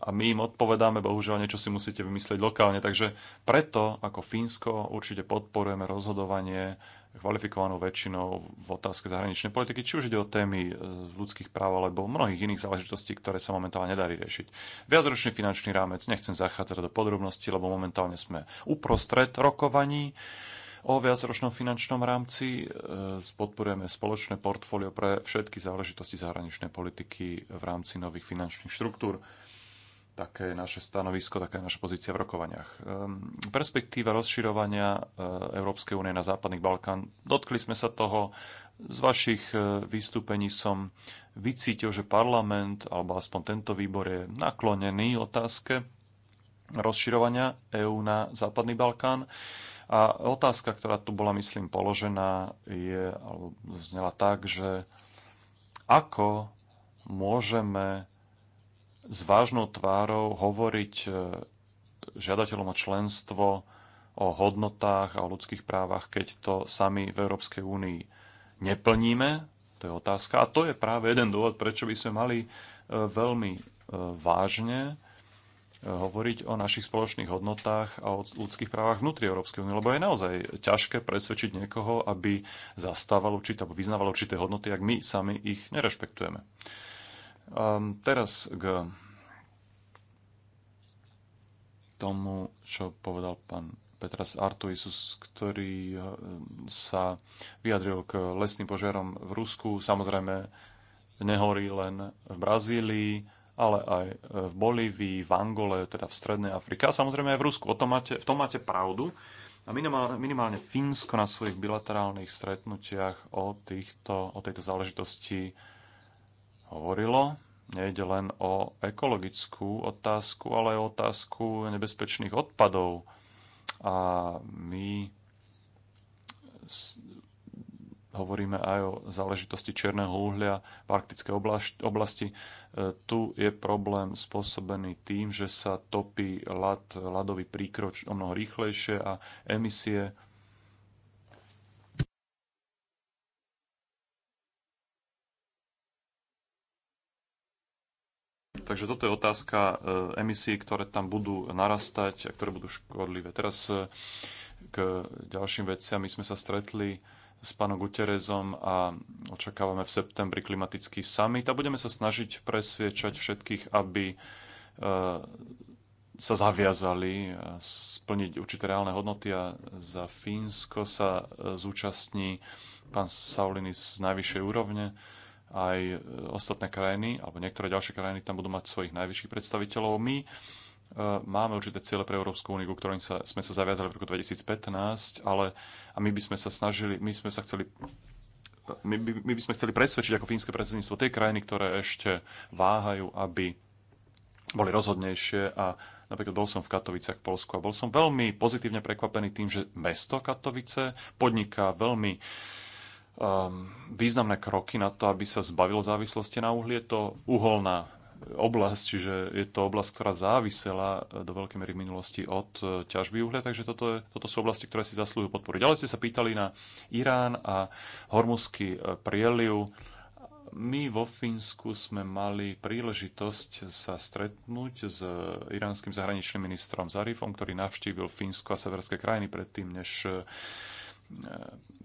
a my im odpovedáme, bohužiaľ niečo si musíte vymyslieť lokálne. Takže preto ako Fínsko určite podporujeme rozhodovanie kvalifikovanou väčšinou v otázke zahraničnej politiky, či už ide o témy e, ľudských práv alebo mnohých iných záležitostí, ktoré sa momentálne nedarí riešiť. Viacročný finančný rámec, nechcem zachádzať do podrobností, lebo momentálne sme uprostred rokovaní o viacročnom finančnom rámci. E, podporujeme spoločné portfólio pre všetky záležitosti zahraničnej politiky v rámci nových finančných štruktúr. Také je naše stanovisko, taká je naša pozícia v rokovaniach. E, perspektíva rozširovania e, Európskej únie na západný Balkán. Dotkli sme sa toho. Z vašich vystúpení som vycítil, že parlament, alebo aspoň tento výbor je naklonený otázke rozširovania EÚ na Západný Balkán. A otázka, ktorá tu bola, myslím, položená, je, alebo znela tak, že ako môžeme s vážnou tvárou hovoriť e, žiadateľom o členstvo o hodnotách a o ľudských právach, keď to sami v Európskej únii neplníme? To je otázka. A to je práve jeden dôvod, prečo by sme mali e, veľmi e, vážne hovoriť o našich spoločných hodnotách a o ľudských právach vnútri Európskej únie, lebo je naozaj ťažké presvedčiť niekoho, aby zastával určité, alebo vyznával určité hodnoty, ak my sami ich nerešpektujeme. Um, teraz k tomu, čo povedal pán Petras Artuisus, ktorý ehm, sa vyjadril k lesným požiarom v Rusku. Samozrejme, nehorí len v Brazílii, ale aj e, v Bolívii, v Angole, teda v Strednej Afrike a samozrejme aj v Rusku. O tom máte, v tom máte pravdu. A minimálne, minimálne Fínsko na svojich bilaterálnych stretnutiach o, týchto, o tejto záležitosti hovorilo. Nejde len o ekologickú otázku, ale aj o otázku nebezpečných odpadov. A my hovoríme aj o záležitosti čierneho uhlia v arktickej oblasti. E, tu je problém spôsobený tým, že sa topí ľad, ľadový príkroč o mnoho rýchlejšie a emisie Takže toto je otázka e, emisí, ktoré tam budú narastať a ktoré budú škodlivé. Teraz e, k ďalším veciam. My sme sa stretli s pánom Guterezom a očakávame v septembri klimatický summit a budeme sa snažiť presviečať všetkých, aby e, sa zaviazali e, splniť určité reálne hodnoty a za Fínsko sa e, zúčastní pán Saulini z najvyššej úrovne aj ostatné krajiny, alebo niektoré ďalšie krajiny tam budú mať svojich najvyšších predstaviteľov. My E, máme určité ciele pre Európsku úniu, ktorým sa, sme sa zaviazali v roku 2015, ale a my by sme sa snažili, my sme sa chceli my by, my by sme chceli presvedčiť ako fínske predsedníctvo tie krajiny, ktoré ešte váhajú, aby boli rozhodnejšie a napríklad bol som v katoviciach v Polsku a bol som veľmi pozitívne prekvapený tým, že mesto Katovice podniká veľmi um, významné kroky na to, aby sa zbavilo závislosti na uhlie. To uholná oblasť, čiže je to oblasť, ktorá závisela eh, do veľkej miery v minulosti od eh, ťažby uhlia, takže toto, je, toto sú oblasti, ktoré si zaslúhujú podporu. Ďalej ste sa pýtali na Irán a hormuzský eh, prieliv. My vo Fínsku sme mali príležitosť sa stretnúť s iránskym zahraničným ministrom Zarifom, ktorý navštívil Fínsko a severské krajiny predtým, než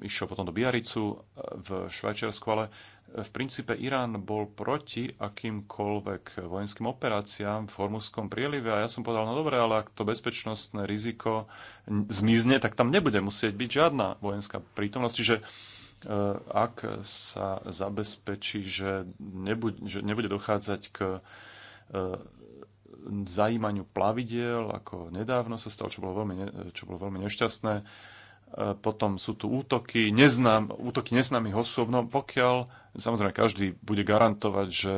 išiel potom do Biaricu v Švajčiarsku, ale v princípe Irán bol proti akýmkoľvek vojenským operáciám v Hormuzskom prielive a ja som povedal, no dobre, ale ak to bezpečnostné riziko zmizne, tak tam nebude musieť byť žiadna vojenská prítomnosť. Čiže eh, ak sa zabezpečí, že nebude, že nebude dochádzať k eh, zajímaniu plavidiel, ako nedávno sa stalo, čo bolo veľmi, čo bolo veľmi nešťastné, E, potom sú tu útoky, neznám, útoky neznámych osôb, no pokiaľ samozrejme každý bude garantovať, že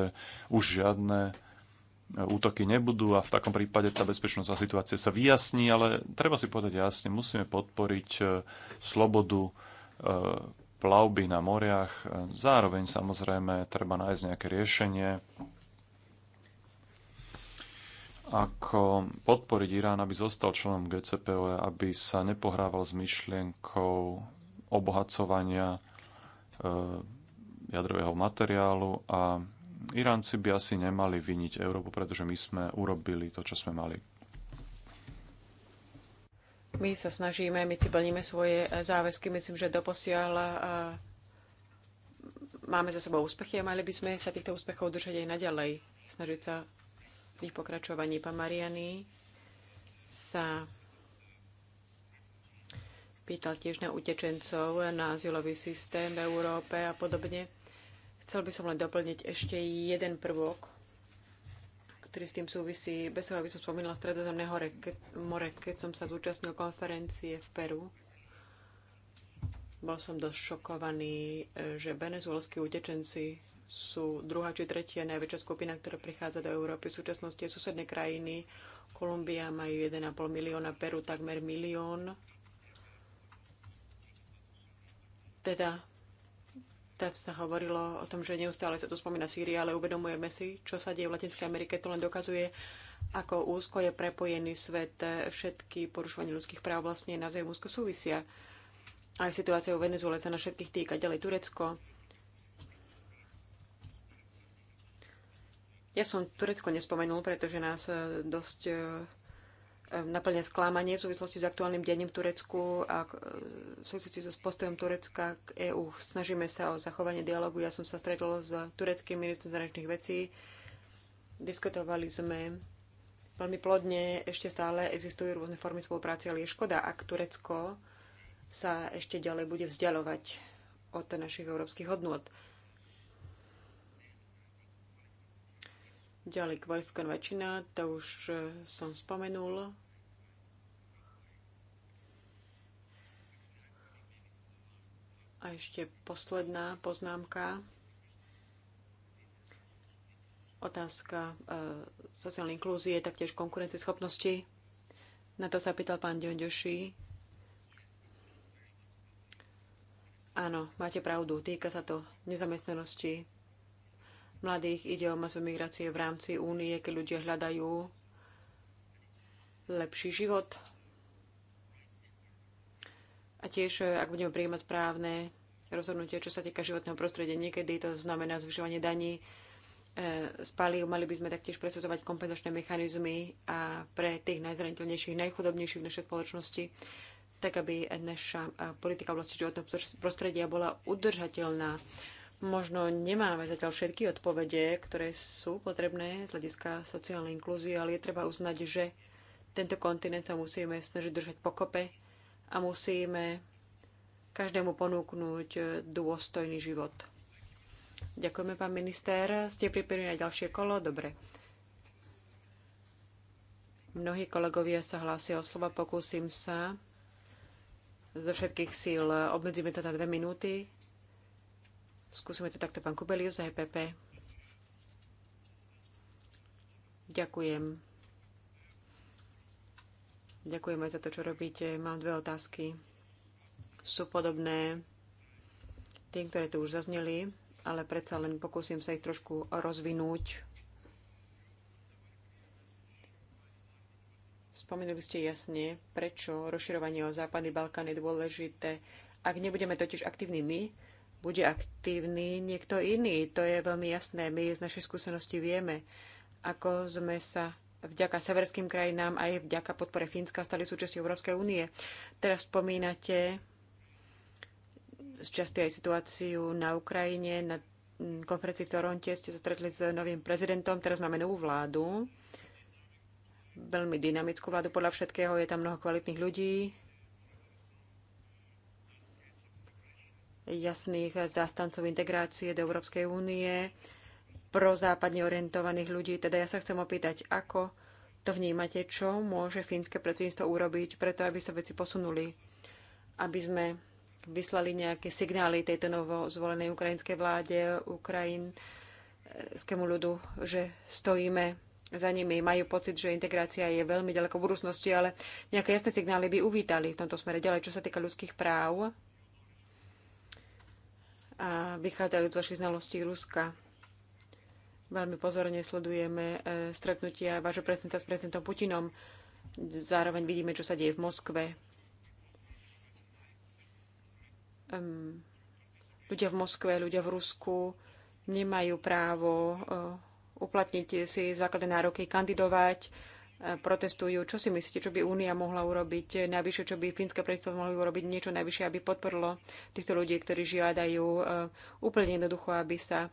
už žiadne e, útoky nebudú a v takom prípade tá bezpečnostná situácia sa vyjasní, ale treba si povedať jasne, musíme podporiť e, slobodu plavby na moriach. Zároveň samozrejme treba nájsť nejaké riešenie, ako podporiť Irán, aby zostal členom GCPOE, aby sa nepohrával s myšlienkou obohacovania e, jadrového materiálu a Iránci by asi nemali viniť Európu, pretože my sme urobili to, čo sme mali. My sa snažíme, my si plníme svoje e, záväzky. Myslím, že doposiaľ e, máme za sebou úspechy a mali by sme sa týchto úspechov držať aj naďalej. Snažiť sa v pokračovaní. Pán Mariany sa pýtal tiež na utečencov, na azylový systém v Európe a podobne. Chcel by som len doplniť ešte jeden prvok, ktorý s tým súvisí. Bez toho, aby som spomínala Stredozemné hore, ke, more, keď som sa zúčastnil konferencie v Peru, bol som dosť šokovaný, že venezuelskí utečenci sú druhá či tretia najväčšia skupina, ktorá prichádza do Európy. V súčasnosti susedné krajiny, Kolumbia majú 1,5 milióna, Peru takmer milión. Teda tak sa hovorilo o tom, že neustále sa to spomína Sýria, ale uvedomujeme si, čo sa deje v Latinskej Amerike. To len dokazuje, ako úzko je prepojený svet. Všetky porušovanie ľudských práv vlastne na úzko súvisia. Aj situácia v Venezuele sa na všetkých týka. Ďalej Turecko Ja som Turecko nespomenul, pretože nás e, dosť e, e, naplňa sklamanie v súvislosti s aktuálnym dením v Turecku a v súvislosti so postojom Turecka k EÚ. Snažíme sa o zachovanie dialogu. Ja som sa stretol s tureckým ministrom zahraničných vecí. Diskutovali sme veľmi plodne. Ešte stále existujú rôzne formy spolupráce, ale je škoda, ak Turecko sa ešte ďalej bude vzdialovať od našich európskych hodnôt. Ďalej kvalifikovaná väčšina, to už e, som spomenul. A ešte posledná poznámka. Otázka e, sociálnej inklúzie, taktiež schopnosti. Na to sa pýtal pán Dionďoši. Áno, máte pravdu, týka sa to nezamestnanosti mladých, ide o masu migrácie v rámci únie, keď ľudia hľadajú lepší život. A tiež, e, ak budeme prijímať správne rozhodnutie, čo sa týka životného prostredia, niekedy to znamená zvyšovanie daní z e, palív, mali by sme taktiež presadzovať kompenzačné mechanizmy a pre tých najzraniteľnejších, najchudobnejších v našej spoločnosti, tak aby naša e, politika v oblasti životného prostredia bola udržateľná. Možno nemáme zatiaľ všetky odpovede, ktoré sú potrebné z hľadiska sociálnej inklúzie, ale je treba uznať, že tento kontinent sa musíme snažiť držať pokope a musíme každému ponúknuť dôstojný život. Ďakujeme, pán minister. Ste pripravení na ďalšie kolo? Dobre. Mnohí kolegovia sa hlásia o slova, pokúsim sa zo všetkých síl. Obmedzíme to na dve minúty. Skúsime to takto, pán Kubelius za EPP. Ďakujem. Ďakujem aj za to, čo robíte. Mám dve otázky. Sú podobné tým, ktoré tu už zazneli, ale predsa len pokúsim sa ich trošku rozvinúť. Spomenuli ste jasne, prečo rozširovanie o Západný Balkán je dôležité. Ak nebudeme totiž aktívni my, bude aktívny niekto iný. To je veľmi jasné. My z našej skúsenosti vieme, ako sme sa vďaka severským krajinám aj vďaka podpore Fínska stali súčasťou Európskej únie. Teraz spomínate z časti aj situáciu na Ukrajine, na konferencii v Toronte ste sa stretli s novým prezidentom, teraz máme novú vládu, veľmi dynamickú vládu podľa všetkého, je tam mnoho kvalitných ľudí, jasných zástancov integrácie do Európskej únie, prozápadne orientovaných ľudí. Teda ja sa chcem opýtať, ako to vnímate, čo môže fínske predsedníctvo urobiť preto, aby sa veci posunuli, aby sme vyslali nejaké signály tejto novo zvolenej ukrajinskej vláde, ukrajinskému ľudu, že stojíme za nimi, majú pocit, že integrácia je veľmi ďaleko v budúcnosti, ale nejaké jasné signály by uvítali v tomto smere ďalej, čo sa týka ľudských práv a vychádzajú z vašich znalostí Ruska. Veľmi pozorne sledujeme e, stretnutia vášho prezidenta s prezidentom Putinom. Zároveň vidíme, čo sa deje v Moskve. ľudia v Moskve, ľudia v Rusku nemajú právo e, uplatniť si základné nároky, kandidovať protestujú. Čo si myslíte, čo by Únia mohla urobiť? najvyššie, čo by fínske predstavstvo mohli urobiť niečo najvyššie, aby podporilo týchto ľudí, ktorí žiadajú eh, úplne jednoducho, aby sa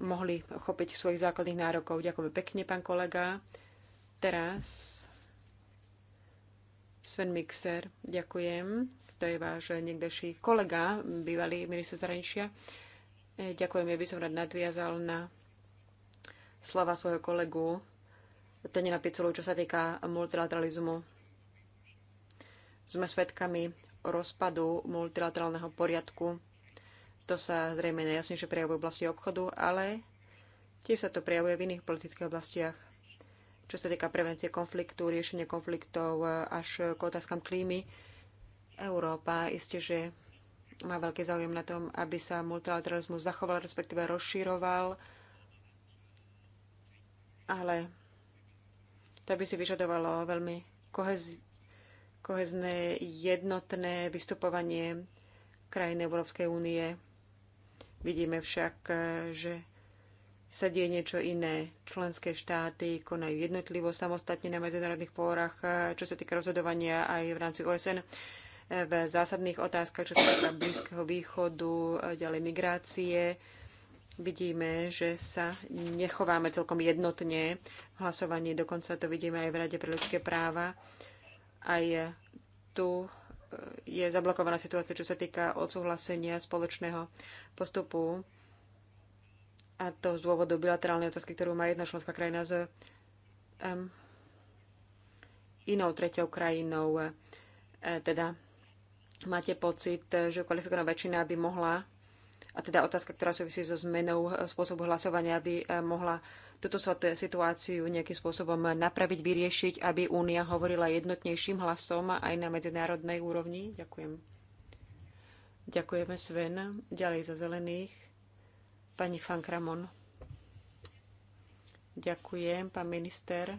mohli chopiť svojich základných nárokov. Ďakujem pekne, pán kolega. Teraz Sven Mixer, ďakujem. To je váš niekdejší kolega, bývalý minister zahraničia. Eh, ďakujem, ja by som rád nadviazal na slova svojho kolegu Tenina Piculu, čo sa týka multilateralizmu. Sme svedkami rozpadu multilaterálneho poriadku. To sa zrejme najjasnejšie prejavuje v oblasti obchodu, ale tiež sa to prejavuje v iných politických oblastiach. Čo sa týka prevencie konfliktu, riešenie konfliktov až k otázkam klímy, Európa isté, že má veľký záujem na tom, aby sa multilateralizmus zachoval, respektíve rozširoval, ale to by si vyžadovalo veľmi kohez, kohezné jednotné vystupovanie krajiny Európskej únie. Vidíme však, eh, že sa deje niečo iné. Členské štáty konajú jednotlivo, samostatne na medzinárodných fórach, eh, čo sa týka rozhodovania aj v rámci OSN eh, v zásadných otázkach, čo sa týka Blízkeho východu, ďalej migrácie, vidíme, že sa nechováme celkom jednotne v hlasovaní. Dokonca to vidíme aj v Rade pre ľudské práva. Aj tu e, je zablokovaná situácia, čo sa týka odsúhlasenia spoločného postupu a to z dôvodu bilaterálnej otázky, ktorú má jedna členská krajina s um, inou treťou krajinou. E, teda máte pocit, že kvalifikovaná väčšina by mohla a teda otázka, ktorá súvisí so zmenou e, spôsobu hlasovania, aby e, mohla túto situáciu nejakým spôsobom napraviť, vyriešiť, aby Únia hovorila jednotnejším hlasom aj na medzinárodnej úrovni? Ďakujem. Ďakujeme Sven. Ďalej za zelených. Pani Fankramon. Ďakujem, pán minister.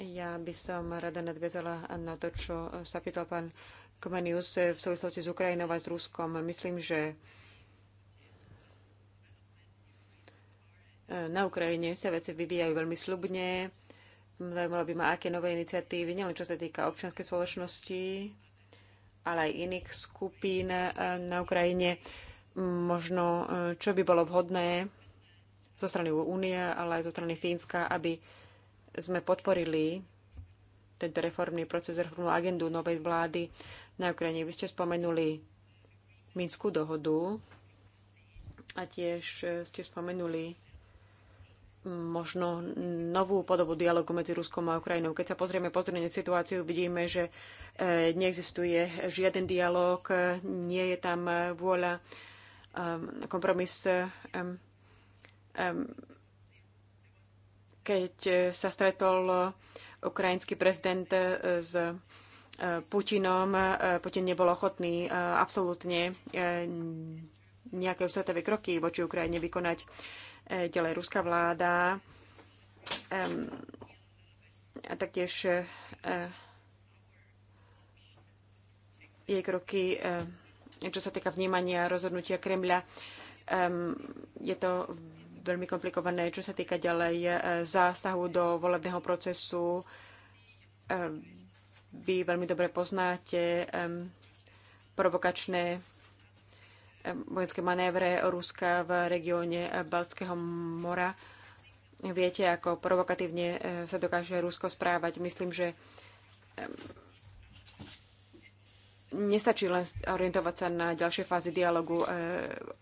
Ja by som rada nadviazala na to, čo sa pýtal pán Comenius v súvislosti s Ukrajinou a s Ruskom. Myslím, že na Ukrajine sa veci vyvíjajú veľmi slubne. Zaujímalo by ma, aké nové iniciatívy, nielen čo sa týka občianskej spoločnosti, ale aj iných skupín eh, na Ukrajine. Možno, eh, čo by bolo vhodné zo strany Únie, ale aj zo strany Fínska, aby sme podporili tento reformný proces, reformnú agendu novej vlády na Ukrajine. Vy ste spomenuli Minskú dohodu a tiež ste spomenuli možno novú podobu dialogu medzi Ruskom a Ukrajinou. Keď sa pozrieme pozrieme situáciu, vidíme, že e, neexistuje žiaden dialog, nie je tam vôľa e, kompromis. E, keď sa stretol ukrajinský prezident e, s e, Putinom. E, Putin nebol ochotný absolútne nejaké svetové kroky voči Ukrajine vykonať. Ďalej ruská vláda a taktiež jej kroky, čo sa týka vnímania rozhodnutia Kremľa, je to veľmi komplikované. Čo sa týka ďalej e, zásahu do volebného procesu, e, vy veľmi dobre poznáte e, provokačné vojenské manévre Ruska v regióne Baltského mora. Viete, ako provokatívne sa dokáže Rusko správať. Myslím, že nestačí len orientovať sa na ďalšie fázy dialogu. E,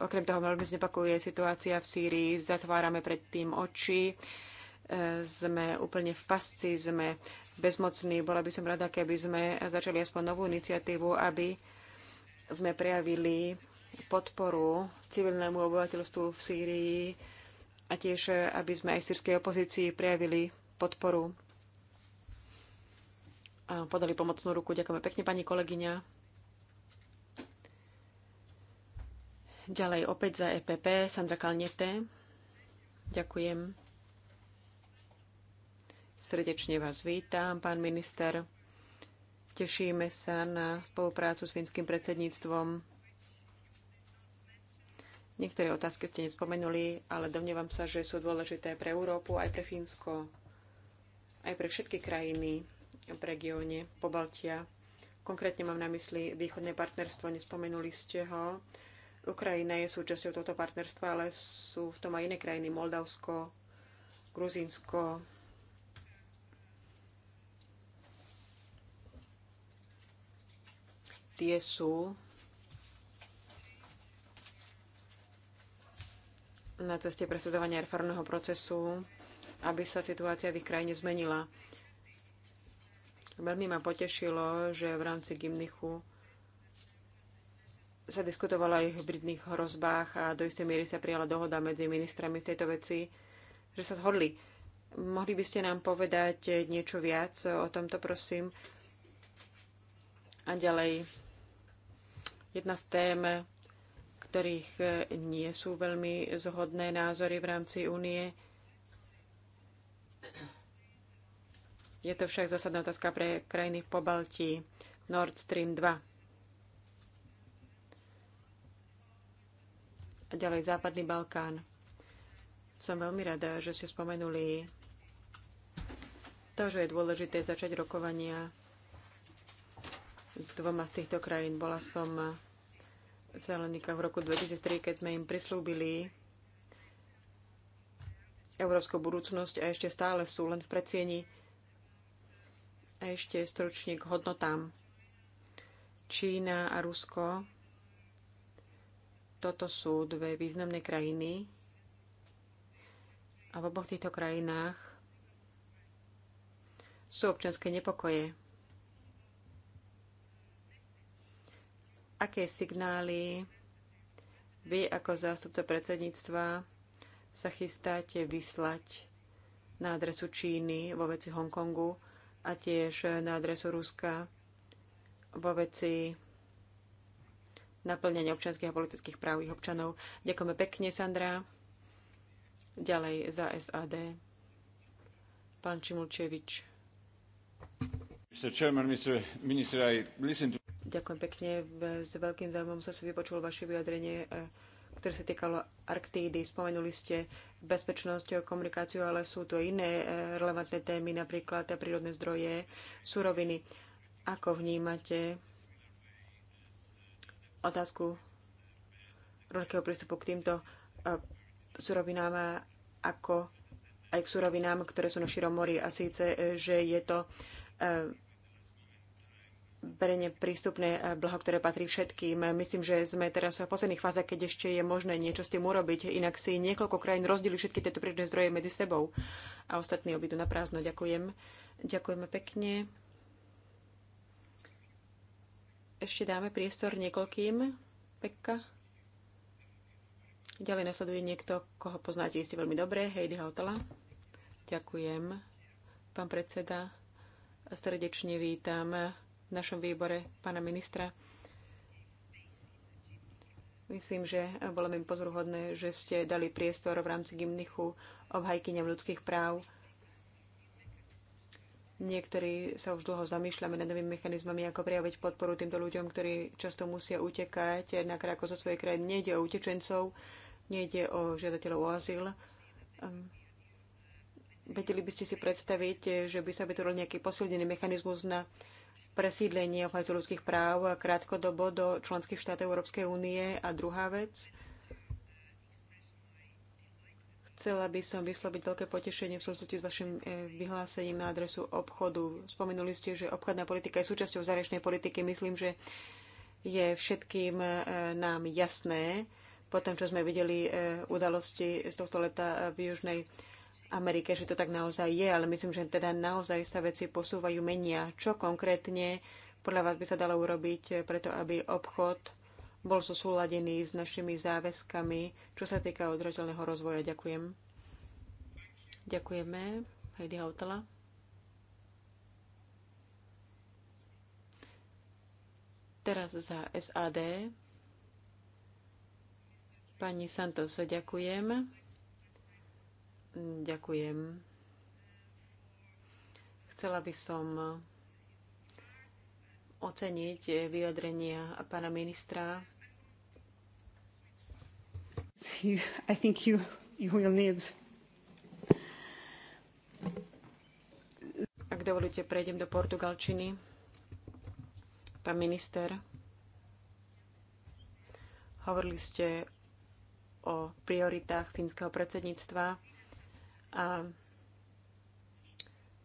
okrem toho veľmi znepakuje situácia v Sýrii, zatvárame predtým oči, e, sme úplne v pasci, sme bezmocní. Bola by som rada, keby sme začali aspoň novú iniciatívu, aby sme prejavili podporu civilnému obyvateľstvu v Sýrii a tiež, aby sme aj sírskej opozícii prejavili podporu a podali pomocnú ruku. Ďakujeme pekne, pani kolegyňa. Ďalej opäť za EPP Sandra Kalnete. Ďakujem. Srdečne vás vítam, pán minister. Tešíme sa na spoluprácu s finským predsedníctvom. Niektoré otázky ste nespomenuli, ale domnievam sa, že sú dôležité pre Európu, aj pre Fínsko, aj pre všetky krajiny v regióne Pobaltia. Konkrétne mám na mysli východné partnerstvo, nespomenuli ste ho. Ukrajina je súčasťou tohto partnerstva, ale sú v tom aj iné krajiny, Moldavsko, Gruzínsko. Tie sú na ceste presedovania reformného procesu, aby sa situácia v ich krajine zmenila. Veľmi ma potešilo, že v rámci Gimnichu sa diskutovalo aj o hybridných hrozbách a do istej miery sa prijala dohoda medzi ministrami v tejto veci, že sa zhodli. Mohli by ste nám povedať niečo viac o tomto, prosím? A ďalej, jedna z tém, ktorých nie sú veľmi zhodné názory v rámci únie, je to však zásadná otázka pre krajiny v Pobaltí Nord Stream 2 A ďalej Západný Balkán. Som veľmi rada, že ste spomenuli to, že je dôležité začať rokovania s dvoma z týchto krajín. Bola som v Zelenikách v roku 2003, keď sme im prislúbili európsku budúcnosť a ešte stále sú len v predsieni a ešte stručník k hodnotám. Čína a Rusko toto sú dve významné krajiny a v oboch týchto krajinách sú občanské nepokoje. Aké signály vy ako zástupca predsedníctva sa chystáte vyslať na adresu Číny vo veci Hongkongu a tiež na adresu Ruska vo veci naplňania občanských a politických práv ich občanov. Ďakujeme pekne, Sandra. Ďalej za SAD. Pán Čimulčevič. Ďakujem pekne. S veľkým záujmom som si vypočul vaše vyjadrenie, eh, ktoré sa týkalo Arktídy. Spomenuli ste bezpečnosť, komunikáciu, ale sú tu iné eh, relevantné témy, napríklad prírodné zdroje, suroviny. Ako vnímate otázku rovnakého prístupu k týmto eh, surovinám ako aj k surovinám, ktoré sú na širom mori. A síce, eh, že je to eh, verejne prístupné blaho, ktoré patrí všetkým. Myslím, že sme teraz v posledných fázach, keď ešte je možné niečo s tým urobiť. Inak si niekoľko krajín rozdeli všetky tieto prírodné zdroje medzi sebou a ostatní obídu na prázdno. Ďakujem. Ďakujeme pekne ešte dáme priestor niekoľkým. Pekka. Ďalej nasleduje niekto, koho poznáte si veľmi dobre, Heidi Hautala. Ďakujem, pán predseda. Srdečne vítam v našom výbore pána ministra. Myslím, že bolo mi pozoruhodné, že ste dali priestor v rámci gymnichu obhajkyňam ľudských práv Niektorí sa už dlho zamýšľame nad novými mechanizmami, ako prejaviť podporu týmto ľuďom, ktorí často musia utekať na ako zo svojej krajiny. Nejde o utečencov, nejde o žiadateľov o azyl. Ehm, vedeli by ste si predstaviť, že by sa vytvoril nejaký posilnený mechanizmus na presídlenie obhajcov ľudských práv krátkodobo do členských štátov Európskej únie? A druhá vec, Chcela by som vysloviť veľké potešenie v súvislosti s vašim e, vyhlásením na adresu obchodu. Spomenuli ste, že obchodná politika je súčasťou zahraničnej politiky. Myslím, že je všetkým e, nám jasné, po tom, čo sme videli e, udalosti z tohto leta v Južnej Amerike, že to tak naozaj je, ale myslím, že teda naozaj sa veci posúvajú, menia. Čo konkrétne podľa vás by sa dalo urobiť preto, aby obchod bol zosúladený s našimi záväzkami, čo sa týka odrateľného rozvoja. Ďakujem. Ďakujeme. Heidi Hautala. Teraz za SAD. Pani Santos, ďakujem. Ďakujem. Chcela by som oceniť eh, vyjadrenia pána ministra. I think you, you will need Ak dovolíte, prejdem do portugalčiny. Pán minister, hovorili ste o prioritách fínskeho predsedníctva a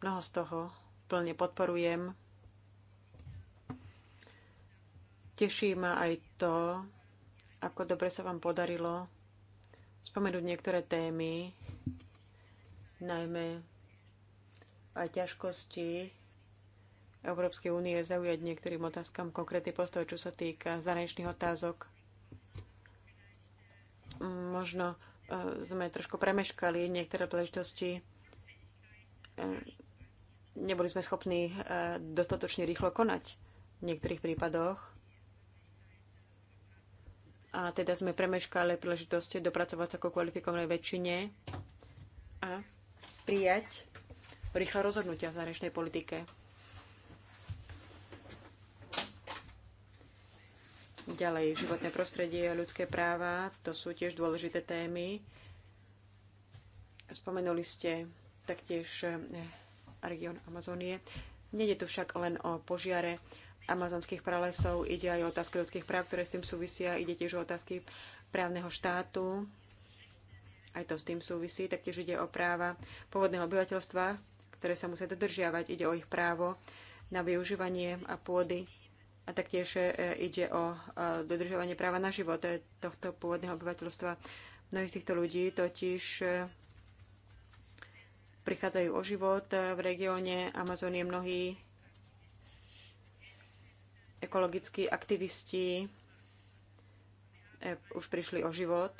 mnoho z toho plne podporujem. Teší ma aj to, ako dobre sa vám podarilo spomenúť niektoré témy, najmä aj ťažkosti Európskej únie zaujať niektorým otázkam konkrétny postoj, čo sa týka zahraničných otázok. Možno e, sme trošku premeškali niektoré príležitosti e, neboli sme schopní e, dostatočne rýchlo konať v niektorých prípadoch. A teda sme premeškali príležitosť dopracovať sa ako kvalifikovanej väčšine a prijať rýchle rozhodnutia v zahraničnej politike. Ďalej, životné prostredie a ľudské práva, to sú tiež dôležité témy. Spomenuli ste taktiež eh, región Amazonie. Nede tu však len o požiare, amazonských pralesov, ide aj o otázky ľudských práv, ktoré s tým súvisia, ide tiež o otázky právneho štátu, aj to s tým súvisí, taktiež ide o práva pôvodného obyvateľstva, ktoré sa musia dodržiavať, ide o ich právo na využívanie a pôdy a taktiež e, ide o e, dodržiavanie práva na život e, tohto pôvodného obyvateľstva. Mnohí z týchto ľudí totiž prichádzajú o život v regióne Amazónie mnohí ekologickí aktivisti eh, už prišli o život.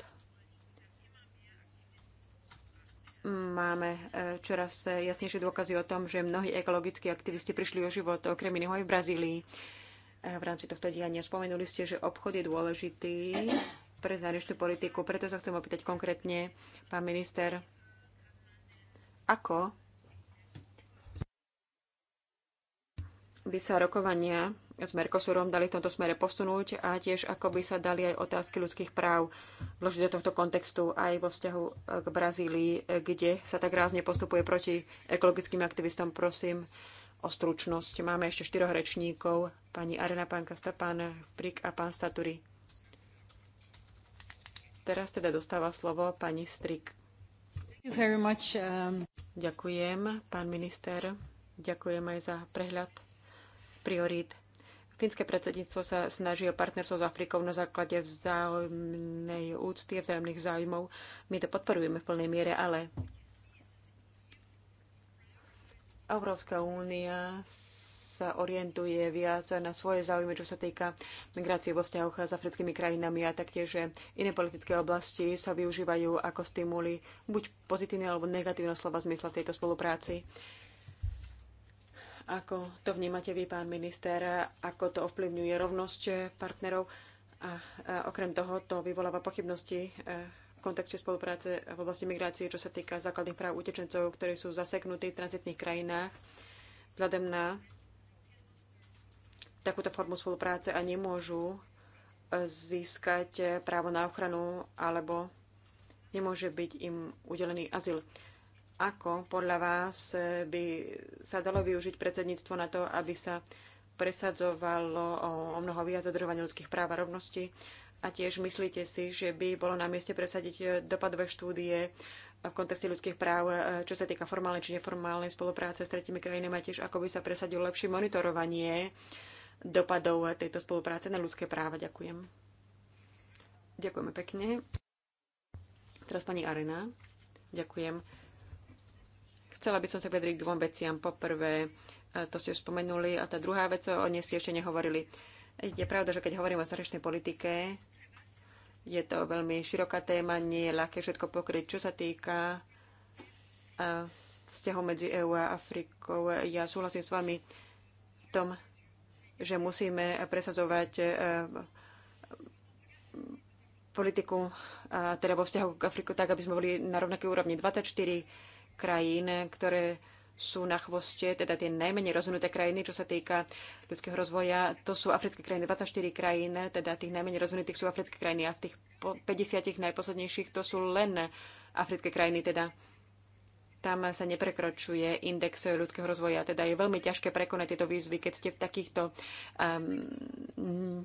Máme eh, čoraz eh, jasnejšie dôkazy o tom, že mnohí ekologickí aktivisti prišli o život, okrem iného aj v Brazílii. V rámci tohto diania spomenuli ste, že obchod je dôležitý pre zahraničnú politiku, preto sa chcem opýtať konkrétne, pán minister, ako by sa rokovania s Mercosurom dali v tomto smere posunúť a tiež ako by sa dali aj otázky ľudských práv vložiť do tohto kontextu aj vo vzťahu eh, k Brazílii, eh, kde sa tak rázne postupuje proti ekologickým aktivistom. Prosím o stručnosť. Máme ešte štyroch rečníkov. Pani Arena, pán Kasta, pán Frik a pán Staturi. Teraz teda dostáva slovo pani Strik. Um, Ďakujem, pán minister. Ďakujem aj za prehľad priorít Fínske predsedníctvo sa snaží o partnerstvo s Afrikou na základe vzájomnej úcty a vzájomných záujmov. My to podporujeme v plnej miere, ale Európska únia sa orientuje viac na svoje záujmy, čo sa týka migrácie vo vzťahoch s africkými krajinami a taktiež iné politické oblasti sa využívajú ako stimuly, buď pozitívne alebo negatívne slova zmysla tejto spolupráci. Uh, ako to vnímate vy, pán minister? Ako to ovplyvňuje rovnosť partnerov? A okrem toho to vyvoláva pochybnosti e, v kontekste spolupráce v oblasti migrácie, čo sa týka základných práv utečencov, ktorí sú zaseknutí v tranzitných krajinách vzhľadom na takúto formu spolupráce a nemôžu e, získať právo na ochranu alebo nemôže byť im udelený azyl. Ako podľa vás eh, by sa dalo využiť predsedníctvo na to, aby sa presadzovalo o mnoho viac dodržovanie ľudských práv a rovnosti? A tiež myslíte si, že by bolo na mieste presadiť eh, dopadové štúdie v kontexte ľudských práv, eh, čo sa týka formálnej či neformálnej spolupráce s tretimi krajinami a tiež ako by sa presadilo lepšie monitorovanie dopadov tejto spolupráce na ľudské práva. Ďakujem. Ďakujeme pekne. Teraz pani Arena. Ďakujem. Chcela by som sa vedriť k dvom veciam. Poprvé, e, to ste už spomenuli, a tá druhá vec, o nej ste ešte nehovorili. Je pravda, že keď hovorím o zahraničnej politike, je to veľmi široká téma, nie je ľahké všetko pokryť. Čo sa týka e, vzťahov medzi EÚ a Afrikou, ja súhlasím s vami v tom, že musíme presadzovať e, politiku, teda vo vzťahu k Afriku, tak, aby sme boli na rovnakej úrovni. 24 krajín, ktoré sú na chvoste, teda tie najmenej rozvinuté krajiny, čo sa týka ľudského rozvoja, to sú africké krajiny, 24 krajín, teda tých najmenej rozvinutých sú africké krajiny a v tých 50 najposlednejších to sú len africké krajiny, teda tam sa neprekročuje index ľudského rozvoja, teda je veľmi ťažké prekonať tieto výzvy, keď ste v takýchto um,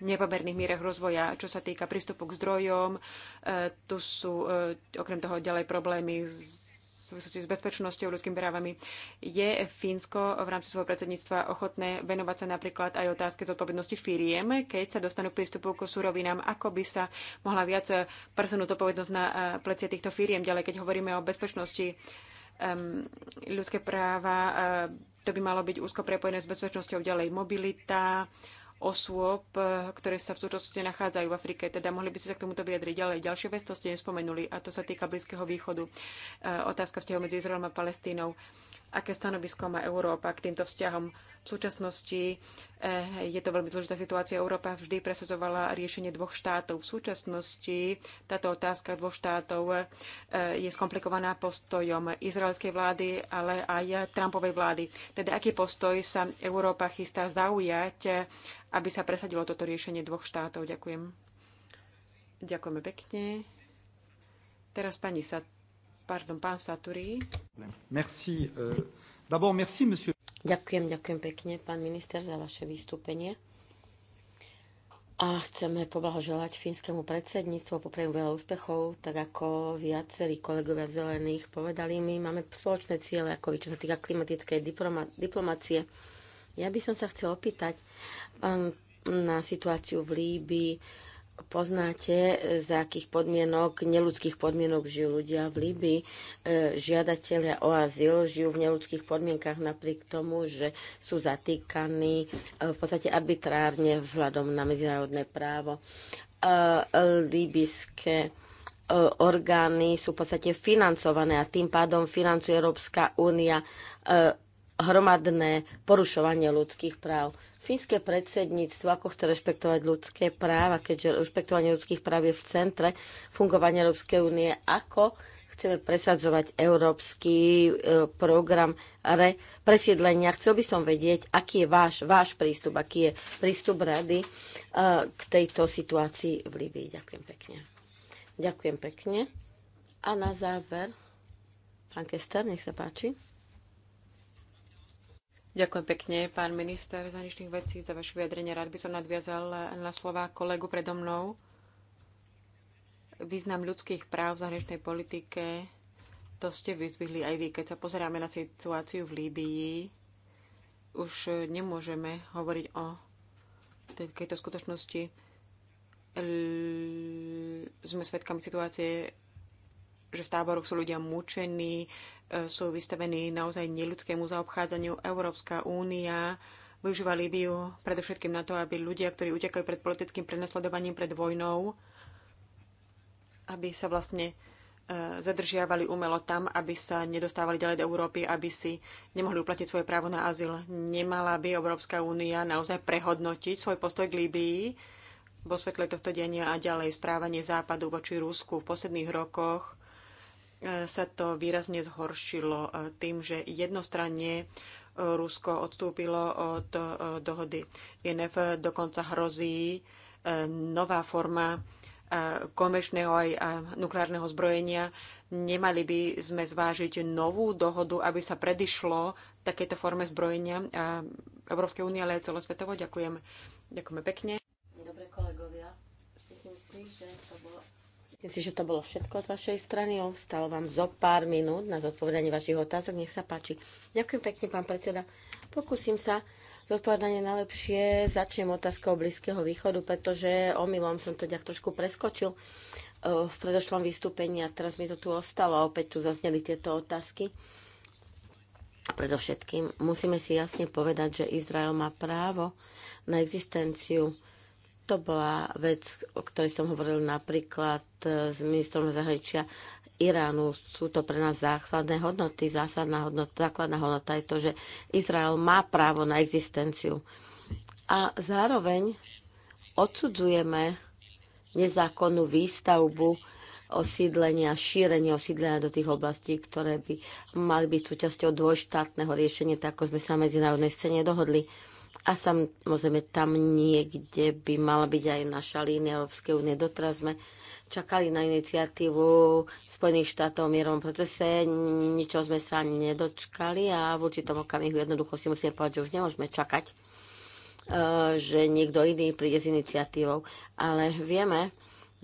nepomerných mierach rozvoja, čo sa týka prístupu k zdrojom. Uh, tu sú uh, okrem toho ďalej problémy s súvislosti s bezpečnosťou, ľudskými právami. Je Fínsko v rámci svojho predsedníctva ochotné venovať sa napríklad aj otázke zodpovednosti firiem, keď sa dostanú k prístupu k surovinám, ako by sa mohla viac presunúť zodpovednosť na eh, plecia týchto firiem. Ďalej, keď hovoríme o bezpečnosti, um, ľudské práva, uh, to by malo byť úzko prepojené s bezpečnosťou ďalej mobilita, uh, osôb, eh, ktoré sa v súčasnosti nachádzajú v Afrike. Teda mohli by ste sa k tomuto vyjadriť ďalej. Ďalšia vec, to ste nespomenuli, a to sa týka Blízkeho východu. Eh, otázka vzťahu medzi Izraelom a Palestínou aké stanovisko má Európa k týmto vzťahom. V súčasnosti eh, je to veľmi zložitá situácia. Európa vždy presadzovala riešenie dvoch štátov. V súčasnosti táto otázka dvoch štátov eh, je skomplikovaná postojom izraelskej vlády, ale aj Trumpovej vlády. Teda aký postoj sa Európa chystá zaujať, aby sa presadilo toto riešenie dvoch štátov? Ďakujem. Ďakujeme pekne. Teraz pani Sat Pardon, pán Saturi. Merci. Euh, d'abord, merci, monsieur. Ďakujem, ďakujem pekne, pán minister, za vaše vystúpenie. A chceme poblahoželať fínskemu predsedníctvu a poprejem veľa úspechov, tak ako viacerí kolegovia zelených povedali, my máme spoločné ciele, ako čo sa týka klimatickej diploma, diplomácie. Ja by som sa chcel opýtať um, na situáciu v Líbii, poznáte, za akých podmienok, neludských podmienok žijú ľudia v Líbii. E, žiadatelia o azyl žijú v neludských podmienkach napriek tomu, že sú zatýkaní e, v podstate arbitrárne vzhľadom na medzinárodné právo. E, Líbyské orgány sú v podstate financované a tým pádom financuje Európska únia hromadné porušovanie ľudských práv. Fínske predsedníctvo, ako chce rešpektovať ľudské práva, keďže rešpektovanie ľudských práv je v centre fungovania Európskej únie, ako chceme presadzovať európsky e, program re, presiedlenia. Chcel by som vedieť, aký je váš, váš prístup, aký je prístup rady e, k tejto situácii v Libii. Ďakujem pekne. Ďakujem pekne. A na záver, pán Kester, nech sa páči. Ďakujem pekne, pán minister zahraničných vecí, za vaše vyjadrenie. Rád by som nadviazal na slova kolegu predo mnou. Význam ľudských práv v zahraničnej politike, to ste vyzvihli aj vy. Keď sa pozeráme na situáciu v Líbii, už nemôžeme hovoriť o tejto skutočnosti. L... Sme svedkami situácie, že v táboroch sú ľudia mučení, e, sú vystavení naozaj neľudskému zaobchádzaniu. Európska únia využíva Líbiu predovšetkým na to, aby ľudia, ktorí utekajú pred politickým prenasledovaním, pred vojnou, aby sa vlastne e, zadržiavali umelo tam, aby sa nedostávali ďalej do Európy, aby si nemohli uplatiť svoje právo na azyl. Nemala by Európska únia naozaj prehodnotiť svoj postoj k Líbii vo svetle tohto denia a ďalej správanie Západu voči Rusku v posledných rokoch sa to výrazne zhoršilo e, tým, že jednostranne e, Rusko odstúpilo od e, dohody INF, dokonca hrozí nová forma komerčného aj nukleárneho zbrojenia. Nemali by sme zvážiť novú dohodu, aby sa predišlo takéto forme zbrojenia Európskej únie, ale aj celosvetovo. Ďakujem. Ďakujeme pekne. Dobre, kolegovia. Myslím si, že Myslím si, že to bolo všetko z vašej strany. Ostalo vám zo pár minút na zodpovedanie vašich otázok. Nech sa páči. Ďakujem pekne, pán predseda. Pokúsim sa zodpovedanie najlepšie. Začnem otázkou Blízkeho východu, pretože omylom som to ďak trošku preskočil eh, v predošlom vystúpení a teraz mi to tu ostalo a opäť tu zazneli tieto otázky. Predovšetkým musíme si jasne povedať, že Izrael má právo na existenciu to bola vec, o ktorej som hovoril napríklad e, s ministrom zahraničia Iránu. Sú to pre nás základné hodnoty. Zásadná hodnota, základná hodnota je to, že Izrael má právo na existenciu. A zároveň odsudzujeme nezákonnú výstavbu osídlenia, šírenie osídlenia do tých oblastí, ktoré by mali byť súčasťou dvojštátneho riešenia, tak ako sme sa medzinárodnej scéne dohodli. A samozrejme tam niekde by mala byť aj naša línia Európskej únie. Doteraz sme čakali na iniciatívu Spojených štátov v mierovom procese, ničoho sme sa nedočkali a v určitom okamihu jednoducho si musíme povedať, že už nemôžeme čakať, e, že niekto iný príde s iniciatívou. Ale vieme,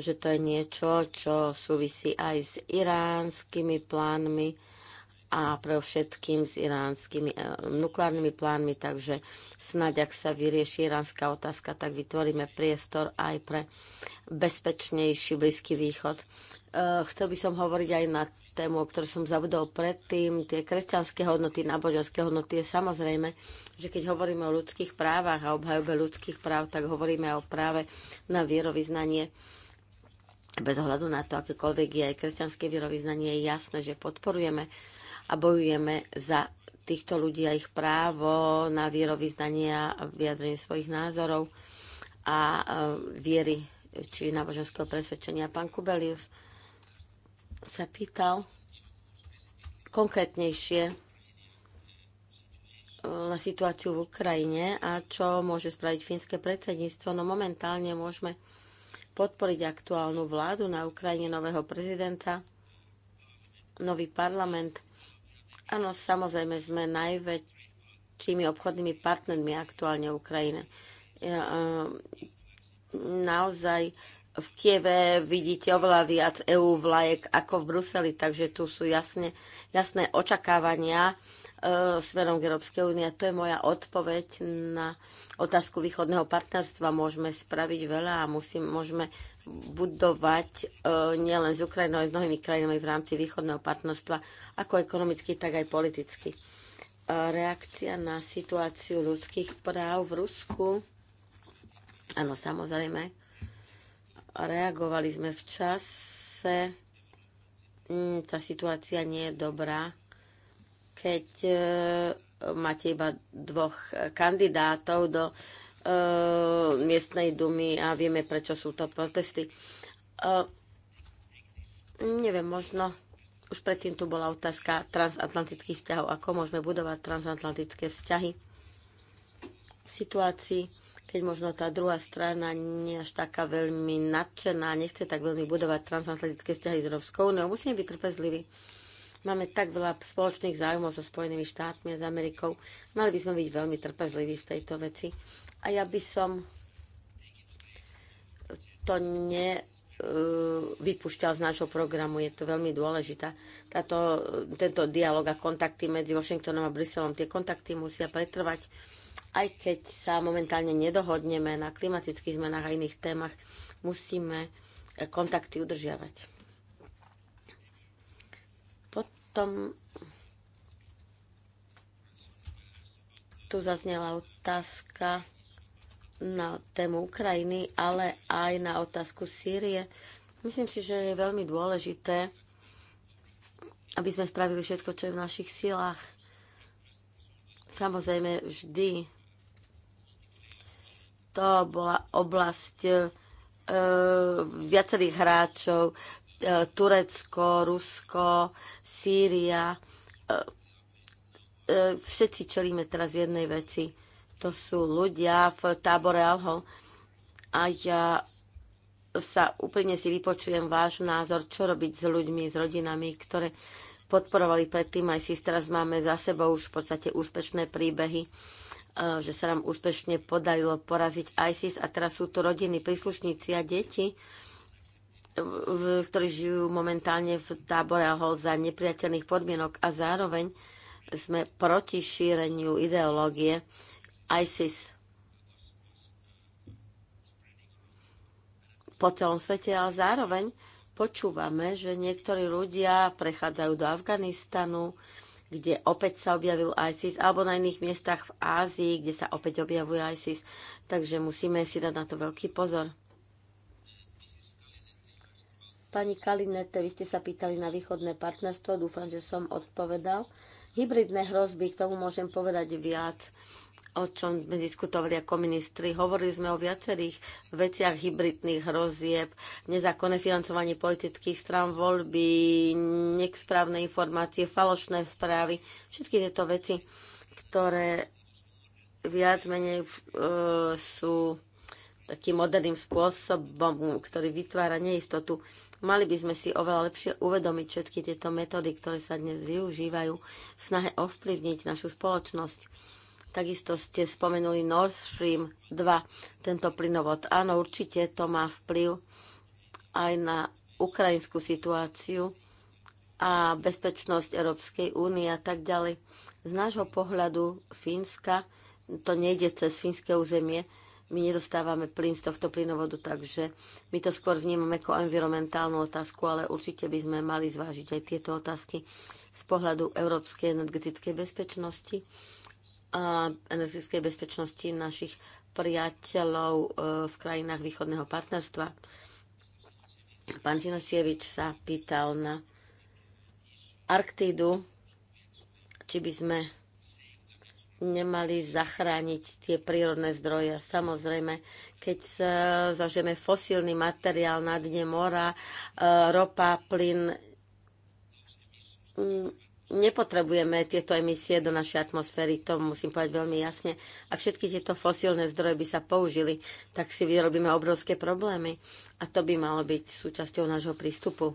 že to je niečo, čo súvisí aj s iránskymi plánmi, a pre všetkým s iránskymi e, eh, nukleárnymi plánmi, takže snáď, ak sa vyrieši iránska otázka, tak vytvoríme priestor aj pre bezpečnejší Blízky východ. E, chcel by som hovoriť aj na tému, o ktorej som zabudol predtým, tie kresťanské hodnoty, náboženské hodnoty. Je samozrejme, že keď hovoríme o ľudských právach a obhajobe ľudských práv, tak hovoríme o práve na vierovýznanie bez ohľadu na to, akékoľvek je aj kresťanské vierovýznanie, je jasné, že podporujeme uh, a bojujeme za týchto ľudí a ich právo na vierovýznanie a vyjadrenie svojich názorov a e, viery či náboženského presvedčenia. Pán Kubelius sa pýtal konkrétnejšie e, na situáciu v Ukrajine a čo môže spraviť fínske predsedníctvo. No momentálne môžeme podporiť aktuálnu vládu na Ukrajine nového prezidenta, nový parlament Áno, samozrejme sme najväčšími obchodnými partnermi aktuálne Ukrajine. Ehm, naozaj v Kieve vidíte oveľa viac EU vlajek ako v Bruseli, takže tu sú jasne, jasné očakávania e, smerom k Európskej únie. To je moja odpoveď na otázku východného partnerstva. Môžeme spraviť veľa a musím, môžeme budovať e, nielen s Ukrajinou, aj s mnohými krajinami v rámci východného partnerstva, ako ekonomicky, tak aj politicky. E, reakcia na situáciu ľudských práv v Rusku. Áno, samozrejme. Reagovali sme v čase. Mm, tá situácia nie je dobrá. Keď e, máte iba dvoch kandidátov do E, miestnej dumy a vieme, prečo sú to protesty. E, neviem, možno už predtým tu bola otázka transatlantických vzťahov. Ako môžeme budovať transatlantické vzťahy v situácii, keď možno tá druhá strana nie až taká veľmi nadšená, nechce tak veľmi budovať transatlantické vzťahy s Európskou úniou. Musíme byť trpezliví. Máme tak veľa spoločných záujmov so Spojenými štátmi a s Amerikou. Mali by sme byť veľmi trpezliví v tejto veci a ja by som to ne e, vypúšťal z nášho programu. Je to veľmi dôležitá. Táto, tento dialog a kontakty medzi Washingtonom a Bruselom, tie kontakty musia pretrvať, aj keď sa momentálne nedohodneme na klimatických zmenách a iných témach, musíme e, kontakty udržiavať. Potom tu zaznela otázka na tému Ukrajiny, ale aj na otázku Sýrie. Myslím si, že je veľmi dôležité, aby sme spravili všetko, čo je v našich silách. Samozrejme, vždy to bola oblasť e, viacerých hráčov. E, Turecko, Rusko, Sýria. E, e, všetci čelíme teraz jednej veci to sú ľudia v tábore Alhol. A ja sa úplne si vypočujem váš názor, čo robiť s ľuďmi, s rodinami, ktoré podporovali predtým aj si teraz máme za sebou už v podstate úspešné príbehy, e, že sa nám úspešne podarilo poraziť ISIS a teraz sú to rodiny, príslušníci a deti, ktorí žijú momentálne v tábore Ahol za nepriateľných podmienok a zároveň sme proti šíreniu ideológie, ISIS po celom svete, ale zároveň počúvame, že niektorí ľudia prechádzajú do Afganistanu, kde opäť sa objavil ISIS, alebo na iných miestach v Ázii, kde sa opäť objavuje ISIS. Takže musíme si dať na to veľký pozor. Pani Kalinete, vy ste sa pýtali na východné partnerstvo, dúfam, že som odpovedal. Hybridné hrozby, k tomu môžem povedať viac o čom sme diskutovali ako ministri. Hovorili sme o viacerých veciach hybridných hrozieb, nezákonné financovanie politických strán, voľby, nesprávne informácie, falošné správy, všetky tieto veci, ktoré viac menej e, sú takým moderným spôsobom, ktorý vytvára neistotu. Mali by sme si oveľa lepšie uvedomiť všetky tieto metódy, ktoré sa dnes využívajú v snahe ovplyvniť našu spoločnosť Takisto ste spomenuli Nord Stream 2, tento plynovod. Áno, určite to má vplyv aj na ukrajinskú situáciu a bezpečnosť Európskej únie a tak ďalej. Z nášho pohľadu Fínska, to nejde cez fínske územie, my nedostávame plyn z tohto plynovodu, takže my to skôr vnímame ako environmentálnu otázku, ale určite by sme mali zvážiť aj tieto otázky z pohľadu európskej energetickej bezpečnosti a energetickej bezpečnosti našich priateľov e, v krajinách východného partnerstva. Pán Zinošievič sa pýtal na Arktídu, či by sme nemali zachrániť tie prírodné zdroje. Samozrejme, keď sa zažijeme fosílny materiál na dne mora, e, ropa, plyn, nepotrebujeme tieto emisie do našej atmosféry, to musím povedať veľmi jasne. Ak všetky tieto fosílne zdroje by sa použili, tak si vyrobíme obrovské problémy a to by malo byť súčasťou nášho prístupu.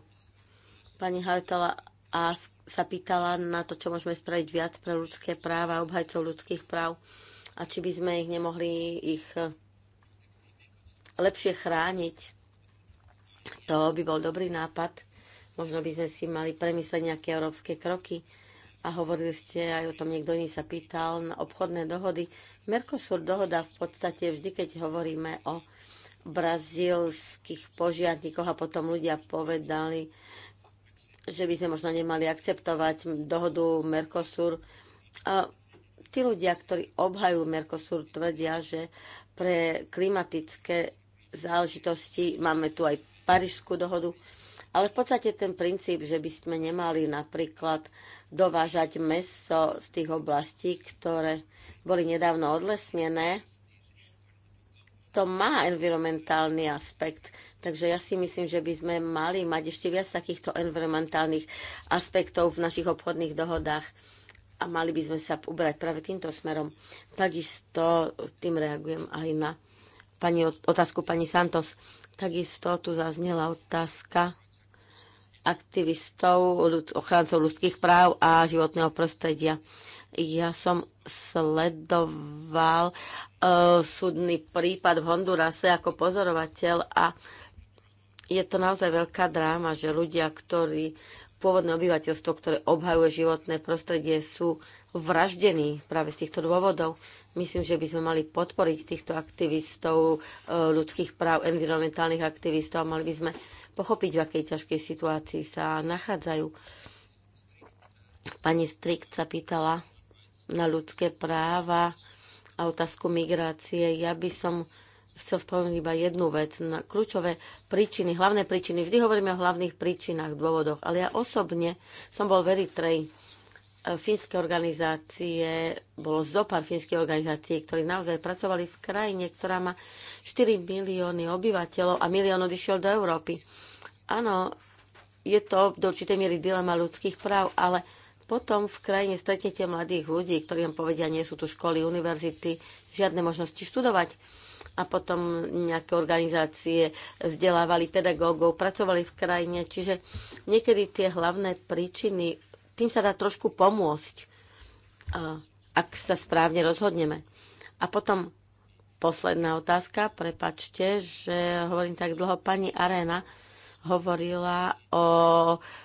Pani Hajtala a sa pýtala na to, čo môžeme spraviť viac pre ľudské práva, obhajcov ľudských práv a či by sme ich nemohli ich eh, lepšie chrániť. To by bol dobrý nápad Možno by sme si mali premyslieť nejaké európske kroky. A hovorili ste, aj o tom niekto iný sa pýtal, na obchodné dohody. Mercosur dohoda v podstate vždy, keď hovoríme o brazílskych požiadnikoch a potom ľudia povedali, že by sme možno nemali akceptovať dohodu Mercosur. A tí ľudia, ktorí obhajú Mercosur, tvrdia, že pre klimatické záležitosti máme tu aj Parížskú dohodu, ale v podstate ten princíp, že by sme nemali napríklad dovážať meso z tých oblastí, ktoré boli nedávno odlesnené, to má environmentálny aspekt. Takže ja si myslím, že by sme mali mať ešte viac takýchto environmentálnych aspektov v našich obchodných dohodách a mali by sme sa uberať práve týmto smerom. Takisto tým reagujem aj na pani, otázku pani Santos. Takisto tu zaznela otázka aktivistov, ochrancov ľudských práv a životného prostredia. Ja som sledoval uh, súdny prípad v Hondurase ako pozorovateľ a je to naozaj veľká dráma, že ľudia, ktorí pôvodné obyvateľstvo, ktoré obhajuje životné prostredie, sú vraždení práve z týchto dôvodov. Myslím, že by sme mali podporiť týchto aktivistov, e, ľudských práv, environmentálnych aktivistov a mali by sme uh, pochopiť, v akej ťažkej situácii sa nachádzajú. Pani Strik sa pýtala na ľudské práva a otázku migrácie. Ja by som chcel spomenúť iba jednu vec. Na kľúčové príčiny, hlavné príčiny. Vždy hovoríme o hlavných príčinách, dôvodoch, ale ja osobne som bol v Eritreji E, fínske organizácie, bolo zo pár fínskych organizácií, ktorí naozaj pracovali v krajine, ktorá má 4 milióny obyvateľov a milión odišiel do Európy. Áno, je to do určitej miery dilema ľudských práv, ale potom v krajine stretnete mladých ľudí, ktorí vám povedia, nie sú tu školy, univerzity, žiadne možnosti študovať. A potom nejaké organizácie vzdelávali pedagógov, pracovali v krajine. Čiže niekedy tie hlavné príčiny tým sa dá trošku pomôcť, ak sa správne rozhodneme. A potom posledná otázka, prepačte, že hovorím tak dlho. Pani Arena hovorila o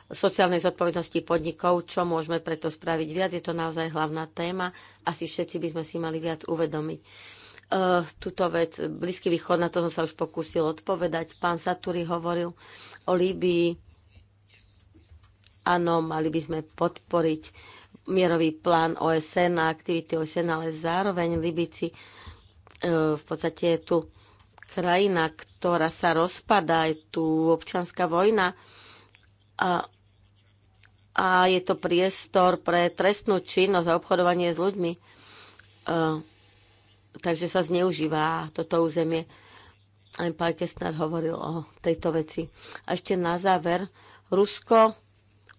sociálnej zodpovednosti podnikov, čo môžeme preto spraviť viac. Je to naozaj hlavná téma. Asi všetci by sme si mali viac uvedomiť. Uh, e, tuto vec, Blízky východ, na to som sa už pokúsil odpovedať. Pán Satúry hovoril o Líbii Áno, mali by sme podporiť mierový plán OSN a aktivity OSN, ale zároveň Libici e, v podstate je tu krajina, ktorá sa rozpadá, je tu občanská vojna a, a je to priestor pre trestnú činnosť a obchodovanie s ľuďmi. A, e, takže sa zneužíva toto územie. Aj pán Kestner hovoril o tejto veci. A ešte na záver, Rusko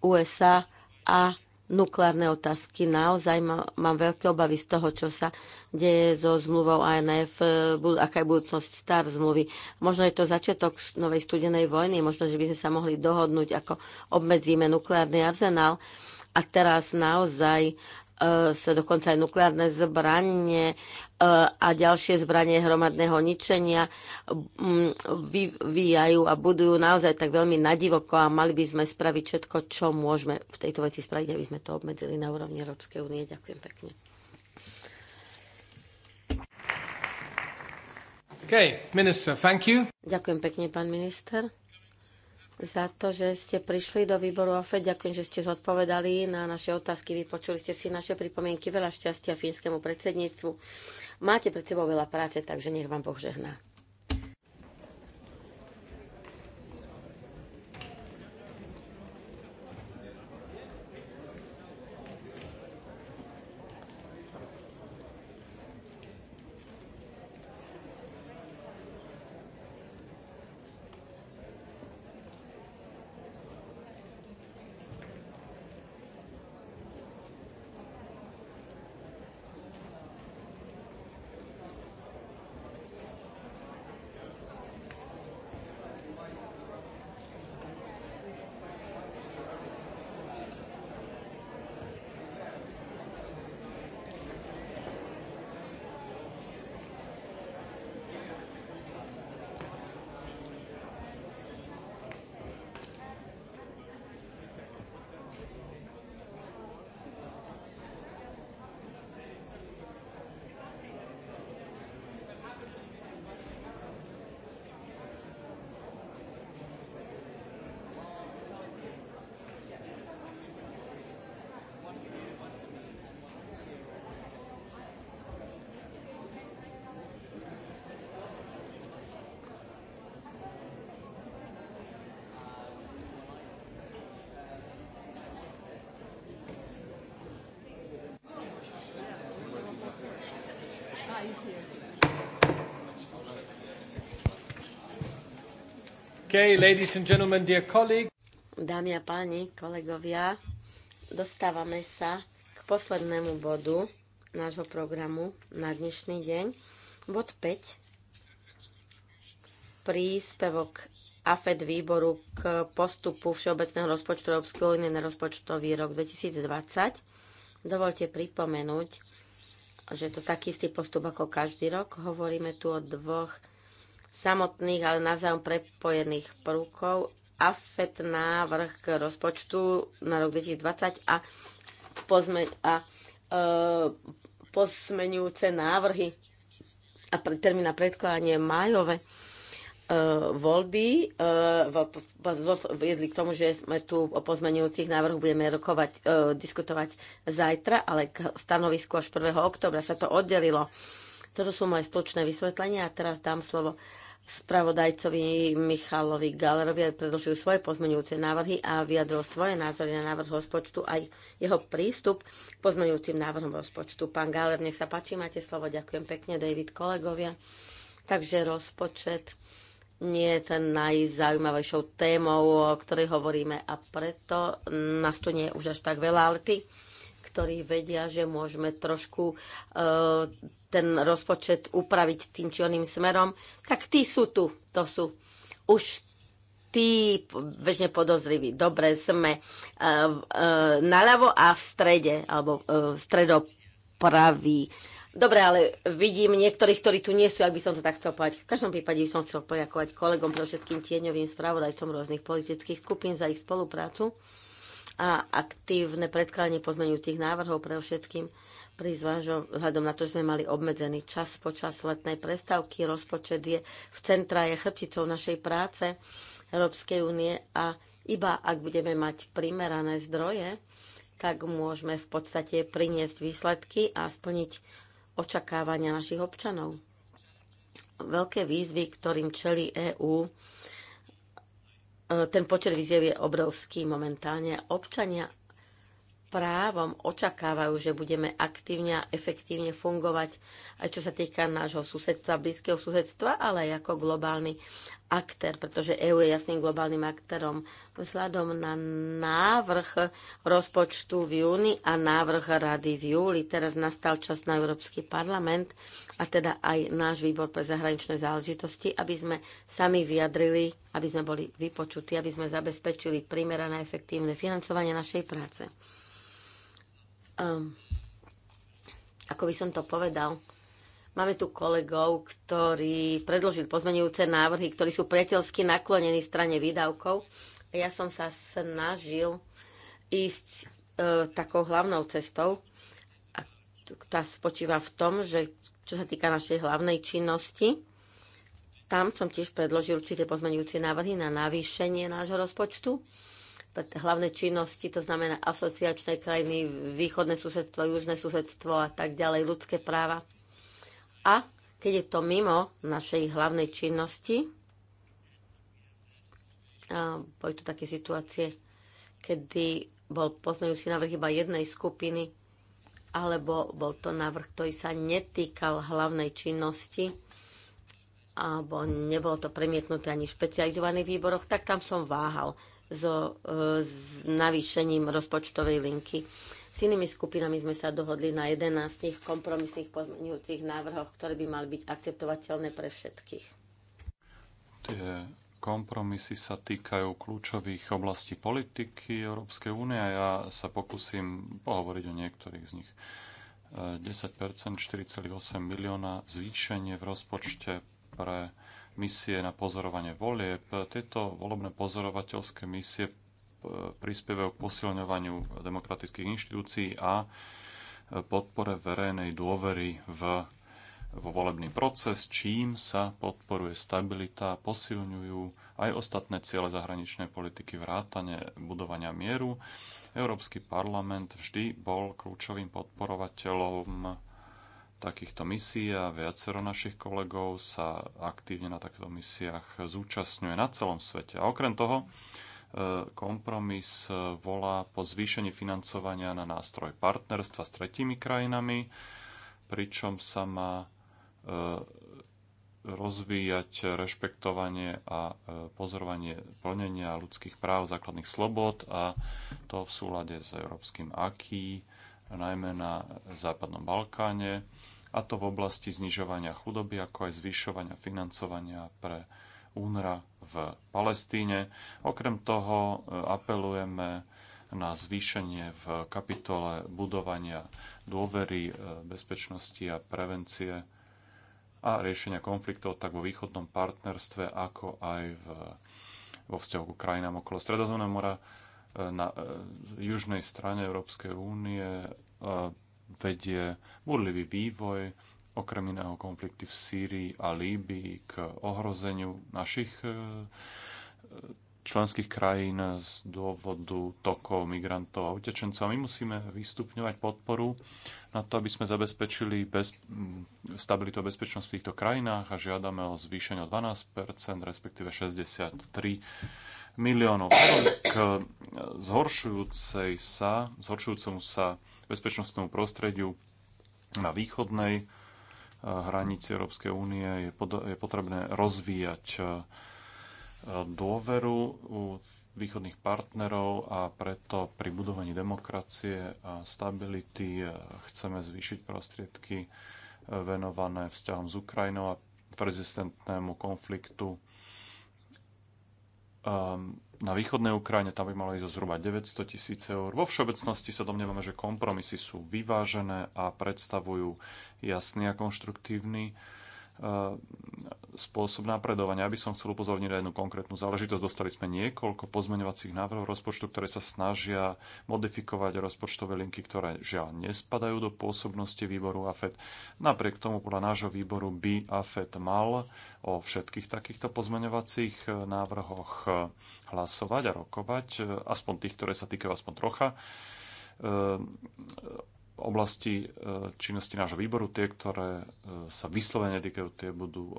USA a nukleárne otázky. Naozaj mám, mám veľké obavy z toho, čo sa deje so zmluvou ANF, e, aká je budúcnosť star zmluvy. Možno je to začiatok novej studenej vojny, možno, že by sme sa mohli dohodnúť, ako obmedzíme nukleárny arzenál. A teraz naozaj E, sa dokonca aj nukleárne zbranie e, a ďalšie zbranie hromadného ničenia vyvíjajú a budujú naozaj tak veľmi nadivoko a mali by sme spraviť všetko, čo môžeme v tejto veci spraviť, aby sme to obmedzili na úrovni Európskej únie. Ďakujem pekne. Okay, minister, thank you. Ďakujem pekne, pán minister za to, že ste prišli do výboru OFE. Ďakujem, že ste zodpovedali na naše otázky. Vypočuli ste si naše pripomienky. Veľa šťastia fínskemu predsedníctvu. Máte pred sebou veľa práce, takže nech vám Boh žehná. Okay, ladies and gentlemen, dear Dámy a páni, kolegovia, dostávame sa k poslednému bodu nášho programu na dnešný deň. Bod 5. Príspevok AFED výboru k postupu Všeobecného rozpočtu Európskej únie na rozpočtový rok 2020. Dovolte pripomenúť, že to taký istý postup ako každý rok. Hovoríme tu o dvoch samotných, ale navzájom prepojených prvkov. AFET návrh k rozpočtu na rok 2020 a, e, posmenujúce návrhy a termín na predkladanie majové e, voľby e, viedli k tomu, že sme tu o pozmenujúcich návrhoch budeme rokovať, diskutovať zajtra, ale k stanovisku až 1. oktobra sa to oddelilo. Toto sú moje stočné vysvetlenia a teraz dám slovo spravodajcovi Michalovi Galerovi aby predložil svoje pozmeňujúce návrhy a vyjadril svoje názory na návrh rozpočtu aj jeho prístup k pozmeňujúcim návrhom rozpočtu. Pán Galer, nech sa páči, máte slovo. Ďakujem pekne, David, kolegovia. Takže rozpočet nie je ten najzaujímavejšou témou, o ktorej hovoríme a preto nás tu nie je už až tak veľa, ale ty ktorí vedia, že môžeme trošku e, ten rozpočet upraviť tým či oným smerom, tak tí sú tu. To sú už tí bežne podozriví. Dobre, sme e, e, naľavo a v strede, alebo e, stredopraví. Dobre, ale vidím niektorých, ktorí tu nie sú, ak by som to tak chcel povedať. V každom prípade by som chcel poďakovať kolegom, pre všetkým tieňovým spravodajcom rôznych politických skupín za ich spoluprácu a aktívne predkladanie pozmeňujúcich návrhov pre všetkým pri vzhľadom na to, že sme mali obmedzený čas počas letnej prestávky. Rozpočet je v centra, je chrbticou našej práce Európskej únie a iba ak budeme mať primerané zdroje, tak môžeme v podstate priniesť výsledky a splniť očakávania našich občanov. Veľké výzvy, ktorým čelí EÚ, ten počet výziev je obrovský momentálne. Občania právom očakávajú, že budeme aktívne a efektívne fungovať aj čo sa týka nášho susedstva, blízkeho susedstva, ale aj ako globálny aktér, pretože EU je jasným globálnym aktérom. Vzhľadom na návrh rozpočtu v júni a návrh rady v júli, teraz nastal čas na Európsky parlament a teda aj náš výbor pre zahraničné záležitosti, aby sme sami vyjadrili, aby sme boli vypočutí, aby sme zabezpečili primerané efektívne financovanie našej práce um, ako by som to povedal, Máme tu kolegov, ktorí predložili pozmenujúce návrhy, ktorí sú priateľsky naklonení strane výdavkov. Ja som sa snažil ísť uh, takou hlavnou cestou. A tá spočíva v tom, že čo sa týka našej hlavnej činnosti, tam som tiež predložil určité pozmenujúce návrhy na navýšenie nášho rozpočtu hlavné činnosti, to znamená asociačné krajiny, východné susedstvo, južné susedstvo a tak ďalej, ľudské práva. A keď je to mimo našej hlavnej činnosti, boli tu také situácie, kedy bol poznajúci návrh iba jednej skupiny, alebo bol to návrh, ktorý sa netýkal hlavnej činnosti, alebo nebolo to premietnuté ani v špecializovaných výboroch, tak tam som váhal so e, s navýšením rozpočtovej linky. S inými skupinami sme sa dohodli na 11 kompromisných pozmeňujúcich návrhoch, ktoré by mali byť akceptovateľné pre všetkých. Tie kompromisy sa týkajú kľúčových oblastí politiky Európskej únie a ja sa pokúsim pohovoriť o niektorých z nich. 10 e, 4,8 milióna zvýšenie v rozpočte pre misie na pozorovanie volieb. Tieto volebné pozorovateľské misie e, prispievajú k posilňovaniu demokratických inštitúcií a e, podpore verejnej dôvery v, vo volebný proces, čím sa podporuje stabilita posilňujú aj ostatné ciele zahraničnej politiky vrátane budovania mieru. Európsky parlament vždy bol kľúčovým podporovateľom takýchto misií a viacero našich kolegov sa aktívne na takýchto misiách zúčastňuje na celom svete. A okrem toho, e, kompromis e, volá po zvýšení financovania na nástroj partnerstva s tretími krajinami, pričom sa má e, rozvíjať rešpektovanie a pozorovanie plnenia ľudských práv, základných slobod a to v súlade s európskym aký najmä na Západnom Balkáne, a to v oblasti znižovania chudoby, ako aj zvyšovania financovania pre únra v Palestíne. Okrem toho e, apelujeme na zvýšenie v kapitole budovania dôvery, e, bezpečnosti a prevencie a riešenia konfliktov tak vo východnom partnerstve, ako aj v, vo vzťahu k krajinám okolo Stredozemného mora na e, južnej strane Európskej únie e, vedie burlivý vývoj, okrem iného konflikty v Sýrii a Líbii k ohrozeniu našich e, členských krajín z dôvodu tokov migrantov a utečencov. My musíme vystupňovať podporu na to, aby sme zabezpečili bez, stabilitu a bezpečnosť v týchto krajinách a žiadame o zvýšenie o 12 respektíve 63 miliónov k eh, zhoršujúcej sa, zhoršujúcemu sa bezpečnostnému prostrediu na východnej eh, hranici Európskej únie je, pod, je potrebné rozvíjať eh, dôveru u východných partnerov a preto pri budovaní demokracie a stability chceme zvýšiť prostriedky venované vzťahom s Ukrajinou a prezistentnému konfliktu Ehm, na východnej Ukrajine, tam by malo ísť o zhruba 900 tisíc eur. Vo všeobecnosti sa domnievame, že kompromisy sú vyvážené a predstavujú jasný a konštruktívny E, spôsob napredovania. Ja by som chcel upozorniť na jednu konkrétnu záležitosť. Dostali sme niekoľko pozmeňovacích návrhov rozpočtu, ktoré sa snažia modifikovať rozpočtové linky, ktoré žiaľ nespadajú do pôsobnosti výboru AFET. Napriek tomu podľa nášho výboru by AFET mal o všetkých takýchto pozmeňovacích e, návrhoch e, hlasovať a rokovať, aspoň tých, ktoré sa týkajú aspoň trocha oblasti e, činnosti nášho výboru. Tie, ktoré e, sa vyslovene týkajú, tie budú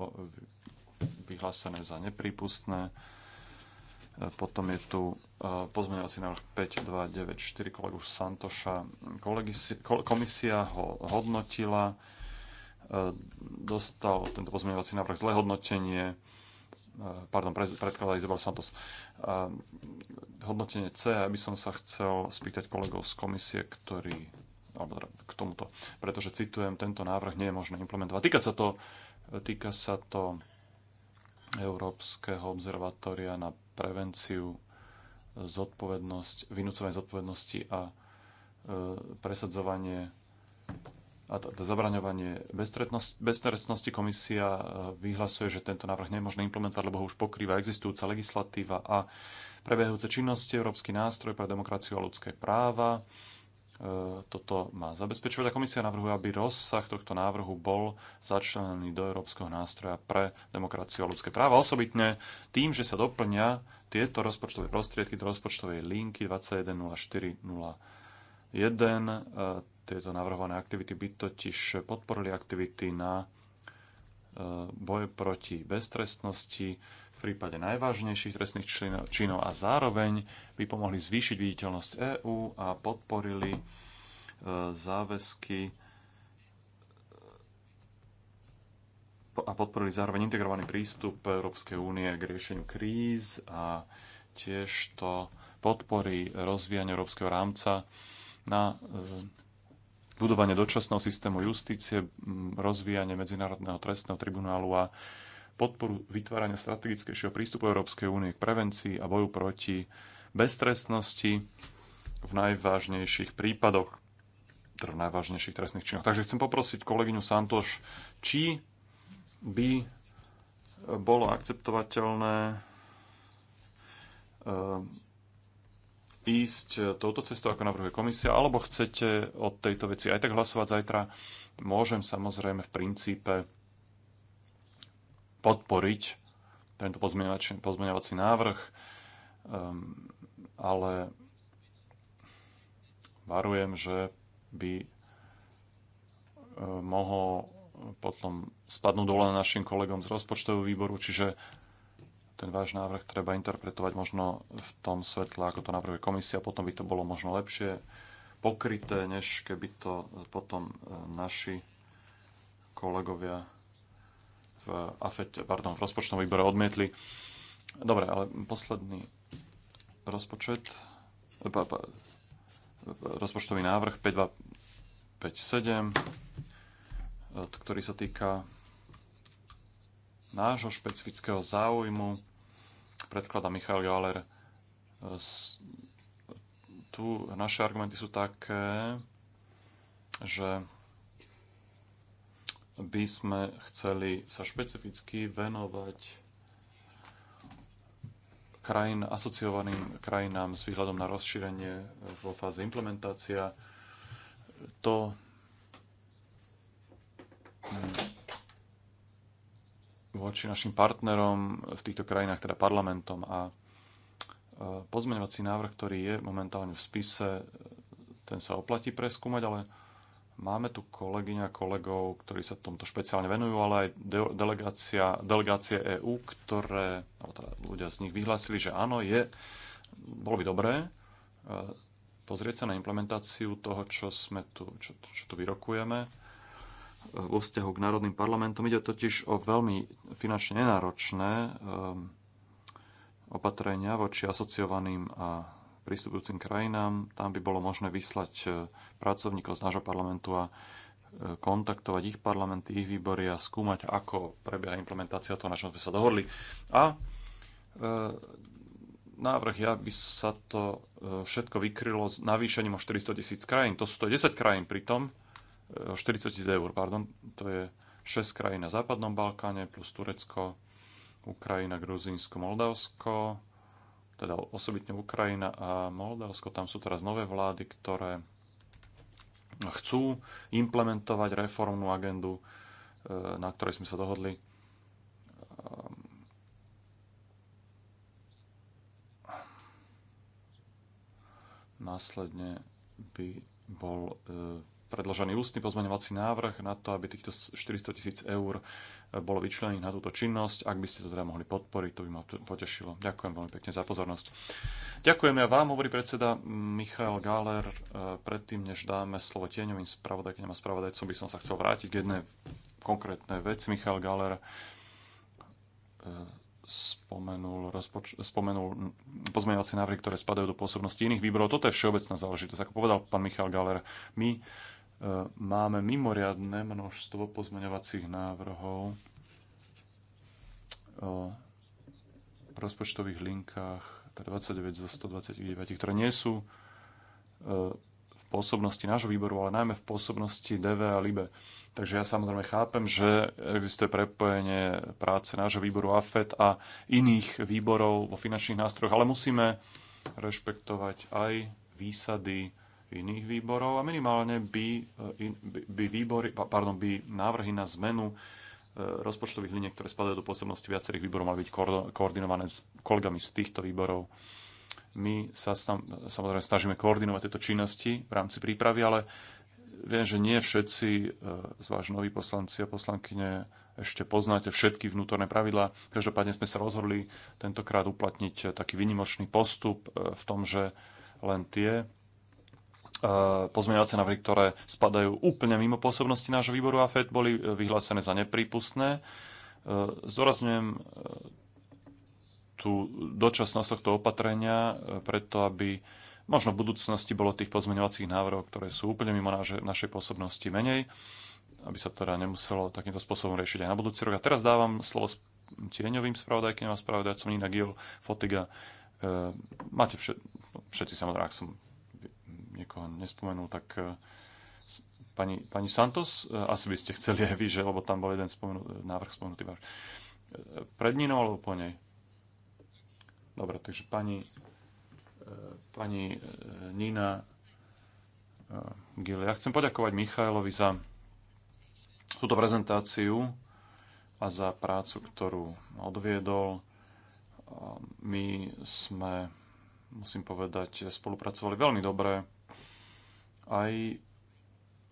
vyhlásené za neprípustné. E, potom je tu pozmeňovací návrh 5294 kolegu Santoša. Komisia ho hodnotila, dostal tento pozmeňovací návrh zlé hodnotenie, pardon, predkladá Izabel Santos. Hodnotenie C, aby som sa chcel spýtať kolegov z komisie, ktorí alebo teda k tomuto, pretože citujem, tento návrh nie je možné implementovať. Týka sa to, týka sa to Európskeho observatória na prevenciu e, zodpovednosť, vynúcovanie zodpovednosti a e, presadzovanie a teda zabraňovanie beztrestnosti komisia e, vyhlasuje, že tento návrh nie je možné implementovať, lebo ho už pokrýva existujúca legislatíva a prebehajúce činnosti, Európsky nástroj pre demokraciu a ľudské práva, toto má zabezpečovať. A komisia navrhuje, aby rozsah tohto návrhu bol začlenený do Európskeho nástroja pre demokraciu a ľudské práva. Osobitne tým, že sa doplňa tieto rozpočtové prostriedky do rozpočtovej linky 210401. E, tieto navrhované aktivity by totiž podporili aktivity na e, boj proti beztrestnosti, v prípade najvážnejších trestných činov a zároveň by pomohli zvýšiť viditeľnosť EÚ a podporili e, záväzky e, a podporili zároveň integrovaný prístup Európskej únie k riešeniu kríz a tiež to podporí rozvíjanie európskeho rámca na e, budovanie dočasného systému justície, rozvíjanie Medzinárodného trestného tribunálu a podporu vytvárania strategickejšieho prístupu Európskej únie k prevencii a boju proti beztrestnosti v najvážnejších prípadoch, teda v najvážnejších trestných činoch. Takže chcem poprosiť kolegyňu Santoš, či by bolo akceptovateľné eh, ísť touto cestou, ako navrhuje komisia, alebo chcete od tejto veci aj tak hlasovať zajtra? Môžem samozrejme v princípe podporiť tento pozmeňovací návrh, ehm, ale varujem, že by e, mohol potom spadnúť dole na našim kolegom z rozpočtového výboru, čiže ten váš návrh treba interpretovať možno v tom svetle, ako to navrhuje komisia, potom by to bolo možno lepšie pokryté, než keby to potom e, naši kolegovia AFET, pardon, v rozpočtovom výbore odmietli. Dobre, ale posledný rozpočet, e, pa, pa, rozpočtový návrh 5257, e, ktorý sa týka nášho špecifického záujmu, predkladá Michal Joaler. E, tu naše argumenty sú také, že by sme chceli sa špecificky venovať krajín, asociovaným krajinám s výhľadom na rozšírenie vo fáze implementácia. To hm, voči našim partnerom v týchto krajinách, teda parlamentom a e, pozmeňovací návrh, ktorý je momentálne v spise, ten sa oplatí preskúmať, ale Máme tu kolegyňa kolegov, ktorí sa tomto špeciálne venujú, ale aj delegácia, delegácie EÚ, ktoré, alebo teda ľudia z nich vyhlásili, že áno, je, bolo by dobré e, pozrieť sa na implementáciu toho, čo, sme tu, čo, čo tu vyrokujeme e, vo vzťahu k národným parlamentom. Ide totiž o veľmi finančne nenáročné e, opatrenia voči asociovaným a prístupujúcim krajinám. Tam by bolo možné vyslať e, pracovníkov z nášho parlamentu a e, kontaktovať ich parlamenty, ich výbory a skúmať, ako prebieha implementácia toho, na čom sme sa dohodli. A e, návrh, ja by sa to e, všetko vykrylo s navýšením o 400 tisíc krajín. To sú to 10 krajín pritom, e, 40 tisíc eur, pardon, to je 6 krajín na Západnom Balkáne plus Turecko, Ukrajina, Gruzínsko, Moldavsko, teda osobitne Ukrajina a Moldavsko, tam sú teraz nové vlády, ktoré chcú implementovať reformnú agendu, e, na ktorej sme sa dohodli. Ehm, následne by bol e, predložený ústny pozmeňovací návrh na to, aby týchto 400 tisíc eur eh, bolo vyčlených na túto činnosť. Ak by ste to teda mohli podporiť, to by ma potešilo. Ďakujem veľmi pekne za pozornosť. Ďakujem ja vám, hovorí predseda Michal Gáler. Eh, predtým, než dáme slovo tieňovým spravodajkým a spravodajcom, by som sa chcel vrátiť k jednej konkrétnej veci. Michal Gáler eh, spomenul, rozpoč- spomenul pozmeňovacie návrhy, ktoré spadajú do pôsobnosti iných výborov. Toto je všeobecná záležitosť. Ako povedal pán Michal Galer, my E, máme mimoriadne množstvo pozmeňovacích návrhov o e, rozpočtových linkách, 29 teda zo 129, ktoré nie sú e, v pôsobnosti nášho výboru, ale najmä v pôsobnosti DV a LIBE. Takže ja samozrejme chápem, že existuje prepojenie práce nášho výboru AFED a iných výborov vo finančných nástrojoch, ale musíme rešpektovať aj výsady iných výborov a minimálne by, e, by, výbory, pardon, by návrhy na zmenu e, rozpočtových liniek, ktoré spadajú do pôsobnosti viacerých výborov, mali byť koordinované s kolegami z týchto výborov. My sa tam samozrejme snažíme koordinovať tieto činnosti v rámci prípravy, ale viem, že nie všetci, e, váš noví poslanci a poslankyne, ešte poznáte všetky vnútorné pravidlá. Každopádne sme sa rozhodli tentokrát uplatniť taký vynimočný postup v tom, že len tie Eh, pozmeňovacie návrhy, ktoré spadajú úplne mimo pôsobnosti nášho výboru a FED, boli eh, vyhlásené za neprípustné. Eh, zdôrazňujem tú dočasnosť tohto opatrenia, preto aby možno v budúcnosti bolo tých pozmeňovacích návrhov, ktoré sú úplne mimo naše, našej pôsobnosti menej, aby sa teda nemuselo takýmto spôsobom riešiť aj na budúci rok. A teraz dávam slovo tieňovým spravodajkým a spravodajcom Nina Gil, Fotiga. Máte všet, všetci samozrejme, ak som niekoho nespomenul, tak e, pani, pani Santos, e, asi by ste chceli aj vy, že, lebo tam bol jeden spomenú, e, návrh spomenutý váš. Pred ňou alebo po nej? Dobre, takže pani, pani Nina Gil. Ja chcem poďakovať Michailovi za túto prezentáciu a za prácu, ktorú odviedol. My sme, musím povedať, spolupracovali veľmi dobre aj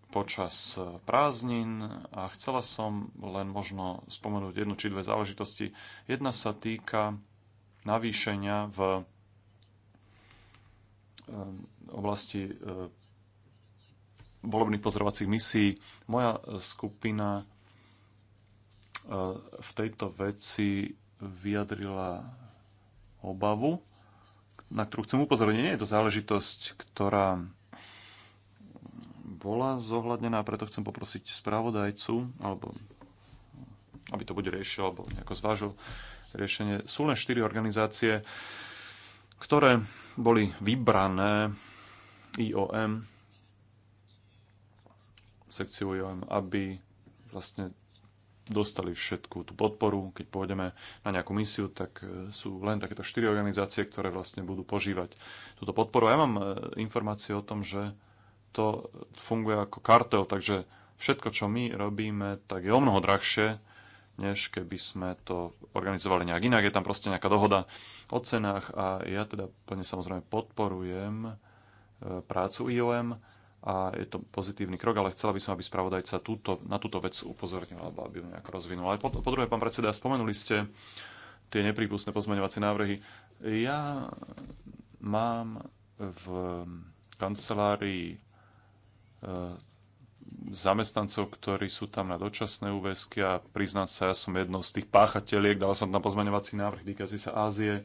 počas e, prázdnin a chcela som len možno spomenúť jednu či dve záležitosti. Jedna sa týka navýšenia v e, oblasti e, volebných pozorovacích misií. Moja skupina v tejto veci vyjadrila obavu, na ktorú chcem upozorniť. Nie je to záležitosť, ktorá bola zohľadnená, preto chcem poprosiť spravodajcu, alebo aby to bude riešil, alebo nejako zvážil riešenie. Sú len štyri organizácie, ktoré boli vybrané IOM, sekciu IOM, aby vlastne dostali všetku tú podporu. Keď pôjdeme na nejakú misiu, tak e, sú len takéto štyri organizácie, ktoré vlastne budú požívať túto podporu. A ja mám e, informácie o tom, že to funguje ako kartel, takže všetko, čo my robíme, tak je o mnoho drahšie, než keby sme to organizovali nejak inak. Je tam proste nejaká dohoda o cenách a ja teda plne samozrejme podporujem e, prácu IOM a je to pozitívny krok, ale chcela by som, aby spravodajca túto, na túto vec upozornil alebo aby ju nejako rozvinul. Ale po, po druhé, pán predseda, spomenuli ste tie neprípustné pozmeňovacie návrhy. Ja mám v kancelárii Eh, zamestnancov, ktorí sú tam na dočasné úväzky a priznám sa, ja som jednou z tých páchateliek, dal som tam pozmeňovací návrh týkajúci sa Ázie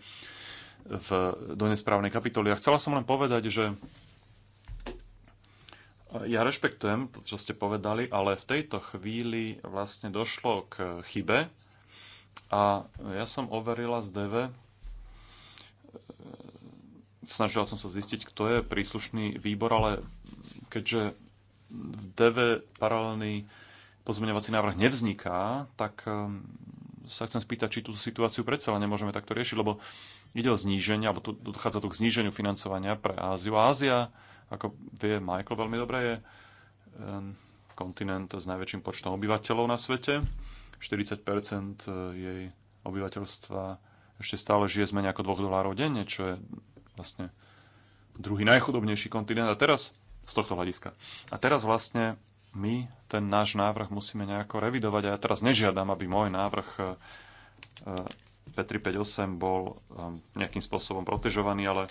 v, do nesprávnej kapitoly. A chcela som len povedať, že eh, ja rešpektujem, čo ste povedali, ale v tejto chvíli vlastne došlo k chybe a ja som overila z DV, Snažil som sa zistiť, kto je príslušný výbor, ale keďže v DV paralelný pozmeňovací návrh nevzniká, tak ehm, sa chcem spýtať, či tú situáciu predsa len nemôžeme takto riešiť, lebo ide o zníženie, alebo tu dochádza tu k zníženiu financovania pre Áziu. Ázia, ako vie Michael veľmi dobre, je ehm, kontinent s najväčším počtom obyvateľov na svete. 40 eh, jej obyvateľstva ešte stále žije z menej ako 2 dolárov denne, čo je vlastne druhý najchudobnejší kontinent a teraz z tohto hľadiska. A teraz vlastne my ten náš návrh musíme nejako revidovať a ja teraz nežiadam, aby môj návrh e, e, P358 bol um, nejakým spôsobom protežovaný, ale e,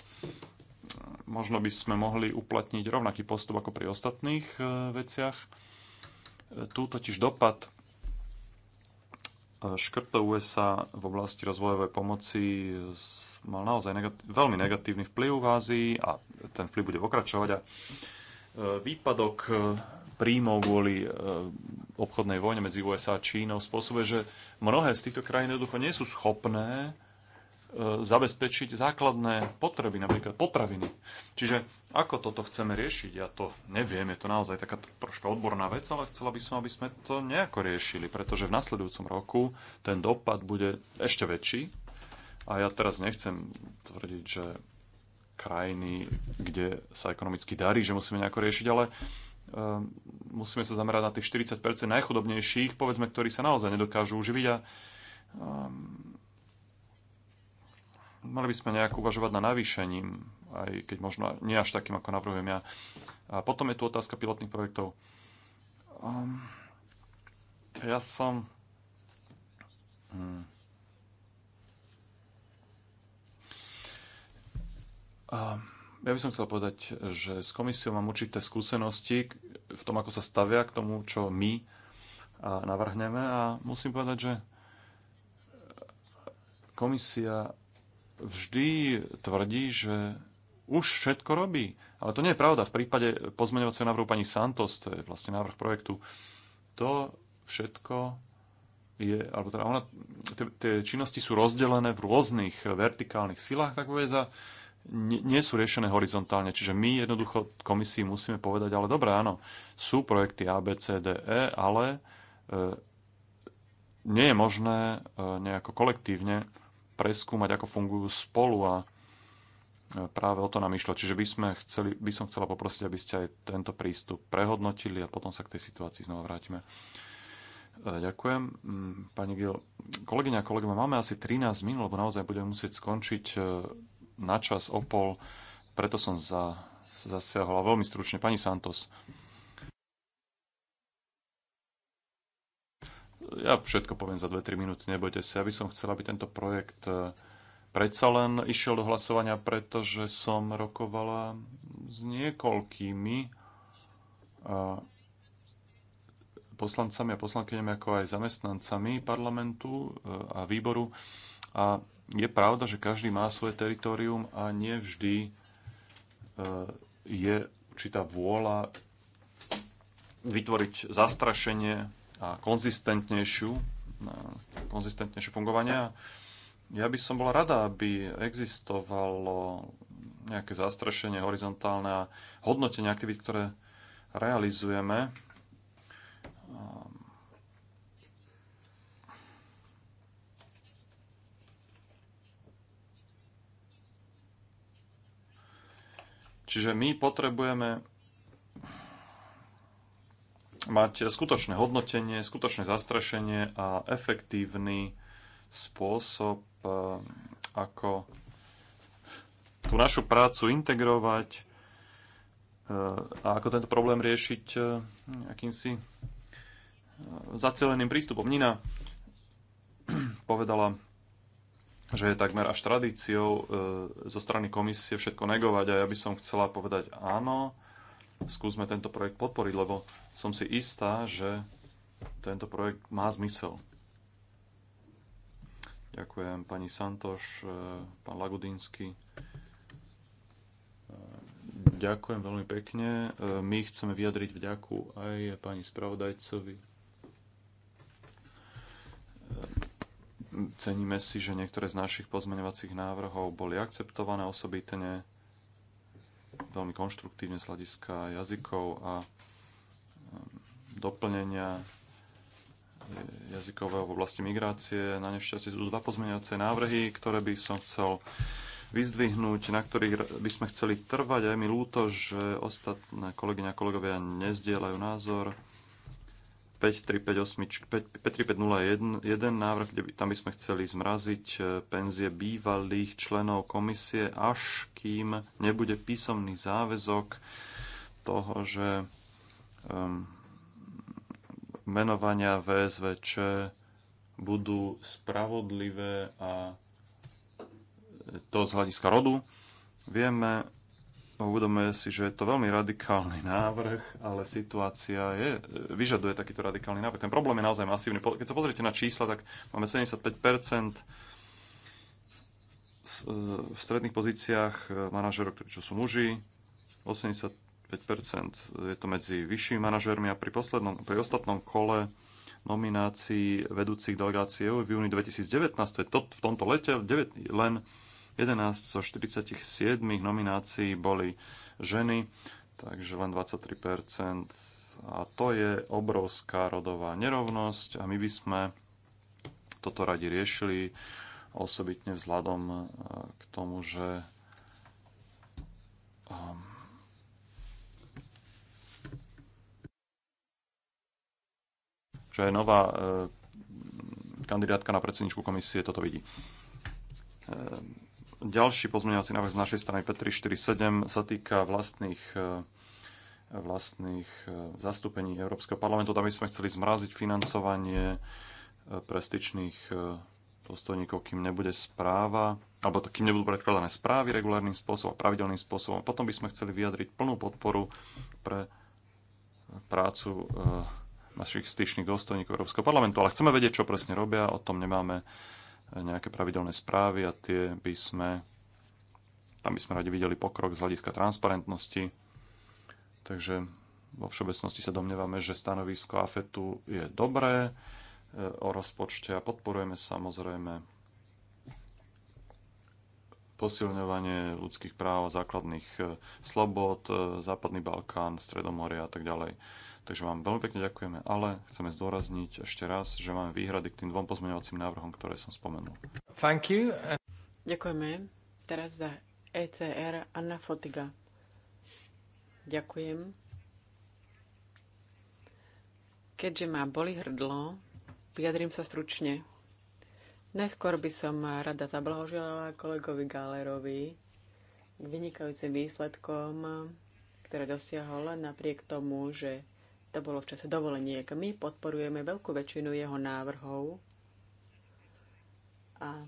možno by sme mohli uplatniť rovnaký postup ako pri ostatných veciach. Tu totiž dopad škrtov USA v oblasti rozvojovej pomoci z mal naozaj negatív, veľmi negatívny vplyv v Ázii a ten vplyv bude pokračovať. A e, výpadok e, príjmov kvôli e, obchodnej vojne medzi USA a Čínou spôsobuje, že mnohé z týchto krajín jednoducho nie sú schopné zabezpečiť základné potreby, napríklad potraviny. Čiže ako toto chceme riešiť, ja to neviem, je to naozaj taká troška odborná vec, ale chcela by som, aby sme to nejako riešili, pretože v nasledujúcom roku ten dopad bude ešte väčší a ja teraz nechcem tvrdiť, že krajiny, kde sa ekonomicky darí, že musíme nejako riešiť, ale eh, musíme sa zamerať na tých 40% najchudobnejších, povedzme, ktorí sa naozaj nedokážu uživiť a ehm, mali by sme nejak uvažovať na navýšením, aj keď možno nie až takým, ako navrhujem ja. A potom je tu otázka pilotných projektov. Ehm, ja som... Hmm, ja by som chcel povedať, že s komisiou mám určité skúsenosti v tom, ako sa stavia k tomu, čo my navrhneme a musím povedať, že komisia vždy tvrdí, že už všetko robí. Ale to nie je pravda. V prípade pozmeňovacieho návrhu pani Santos, to je vlastne návrh projektu, to všetko je, alebo teda ona, tie, tie činnosti sú rozdelené v rôznych vertikálnych silách, tak povedať, nie sú riešené horizontálne. Čiže my jednoducho komisii musíme povedať, ale dobré, áno, sú projekty A, B, C, D, E, ale e, nie je možné e, nejako kolektívne preskúmať, ako fungujú spolu a e, práve o to nám išlo. Čiže by, sme chceli, by som chcela poprosiť, aby ste aj tento prístup prehodnotili a potom sa k tej situácii znova vrátime. E, ďakujem. Mm, pani Gil, kolegyňa a kolegyma, máme asi 13 minút, lebo naozaj budeme musieť skončiť e, na o pol, preto som za, zasiahol veľmi stručne. Pani Santos, ja všetko poviem za 2-3 minúty, nebojte sa. Ja by som chcela, aby tento projekt e, predsa len išiel do hlasovania, pretože som rokovala s niekoľkými e, poslancami a poslankyňami, ako aj zamestnancami parlamentu e, a výboru. A je pravda, že každý má svoje teritorium a nevždy e, je určitá vôľa vytvoriť zastrašenie a konzistentnejšiu, e, konzistentnejšie fungovanie. Ja by som bola rada, aby existovalo nejaké zastrašenie horizontálne a hodnotenie aktivít, ktoré realizujeme. Čiže my potrebujeme mať skutočné hodnotenie, skutočné zastrašenie a efektívny spôsob, eh, ako tú našu prácu integrovať eh, a ako tento problém riešiť eh, akýmsi zaceleným prístupom. Nina povedala že je takmer až tradíciou e, zo strany komisie všetko negovať a ja by som chcela povedať áno, skúsme tento projekt podporiť, lebo som si istá, že tento projekt má zmysel. Ďakujem pani Santoš, e, pán Lagudinsky. E, ďakujem veľmi pekne. E, my chceme vyjadriť vďaku aj pani spravodajcovi Ceníme si, že niektoré z našich pozmeňovacích návrhov boli akceptované osobitne, veľmi konštruktívne z hľadiska jazykov a doplnenia e, jazykového v oblasti migrácie. Na nešťastie sú dva pozmeňovacie návrhy, ktoré by som chcel vyzdvihnúť, na ktorých by sme chceli trvať. Aj mi ľúto, že ostatné kolegyňa a kolegovia nezdieľajú názor 5358, návrh, kde by, tam by sme chceli zmraziť e, penzie bývalých členov komisie, až kým nebude písomný záväzok toho, že um, menovania VSVČ budú spravodlivé a e, to z hľadiska rodu. Vieme, No, uvedomuje si, že je to veľmi radikálny návrh, ale situácia je, e, vyžaduje takýto radikálny návrh. Ten problém je naozaj masívny. Keď sa pozriete na čísla, tak máme 75% e, v stredných pozíciách e, manažerov, ktorí čo sú muži, 85% je to medzi vyššími manažermi a pri, poslednom, pri ostatnom kole nominácií vedúcich delegácií EU v júni 2019, to je to, v tomto lete, len 11 zo 47 nominácií boli ženy, takže len 23%. A to je obrovská rodová nerovnosť a my by sme toto radi riešili, osobitne vzhľadom eh, k tomu, že ehm, že nová eh, kandidátka na predsedničku komisie toto vidí. Ehm, ďalší pozmeňovací návrh z našej strany P347 sa týka vlastných e, vlastných e, zastúpení Európskeho parlamentu. Tam by sme chceli zmraziť financovanie e, prestičných dôstojníkov, kým nebude správa, alebo kým nebudú predkladané správy regulárnym spôsobom, a pravidelným spôsobom. Potom by sme chceli vyjadriť plnú podporu pre prácu našich styčných dôstojníkov Európskeho parlamentu. Ale chceme vedieť, čo presne robia, o tom nemáme nejaké pravidelné správy a tie by sme, tam by sme radi videli pokrok z hľadiska transparentnosti. Takže vo všeobecnosti sa domnievame, že stanovisko AFETu je dobré e, o rozpočte a podporujeme samozrejme posilňovanie ľudských práv a základných e, slobod, e, Západný Balkán, Stredomoria a tak ďalej. Takže vám veľmi pekne ďakujeme, ale chceme zdôrazniť ešte raz, že máme výhrady k tým dvom pozmeňovacím návrhom, ktoré som spomenul. Thank you. Ďakujeme. Teraz za ECR Anna Fotiga. Ďakujem. Keďže ma boli hrdlo, vyjadrím sa stručne. Najskôr by som rada zablahoželala kolegovi Galerovi k vynikajúcim výsledkom, ktoré dosiahol napriek tomu, že to bolo v čase dovoleniek. My podporujeme veľkú väčšinu jeho návrhov a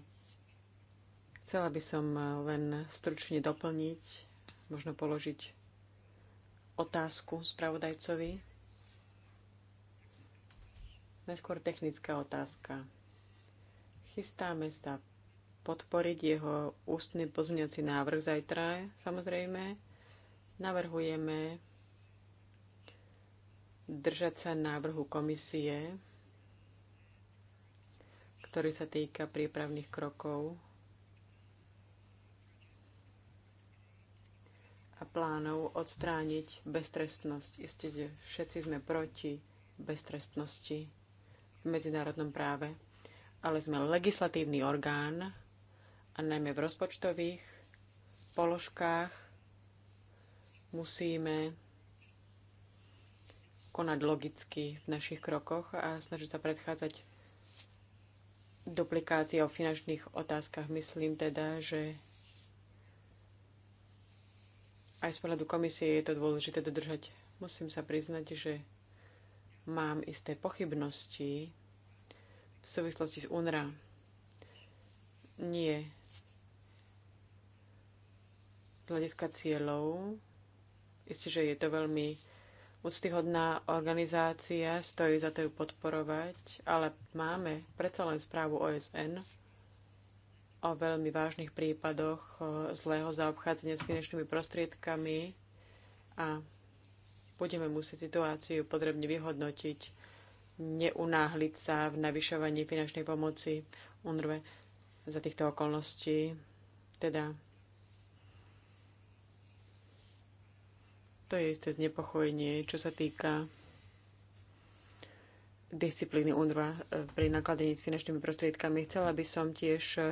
chcela by som len stručne doplniť, možno položiť otázku spravodajcovi. Najskôr technická otázka. Chystáme sa podporiť jeho ústny pozmeňovací návrh zajtra, samozrejme. Navrhujeme držať sa návrhu komisie, ktorý sa týka prípravných krokov a plánov odstrániť beztrestnosť. Isté, že všetci sme proti beztrestnosti v medzinárodnom práve, ale sme legislatívny orgán a najmä v rozpočtových položkách musíme konať logicky v našich krokoch a snažiť sa predchádzať duplikácie o finančných otázkach. Myslím teda, že aj z pohľadu komisie je to dôležité dodržať. Musím sa priznať, že mám isté pochybnosti v súvislosti s UNRA. Nie. Z hľadiska cieľov, isté, že je to veľmi Úctyhodná organizácia stojí za to ju podporovať, ale máme predsa len správu OSN o veľmi vážnych prípadoch e, zlého zaobchádzania s finančnými prostriedkami a budeme musieť situáciu podrobne vyhodnotiť, neunáhliť sa v navyšovaní finančnej pomoci UNRWE za týchto okolností. Teda To je isté znepokojenie, čo sa týka disciplíny UNRWA eh, pri nakladení s finančnými prostriedkami. Chcela by som tiež eh,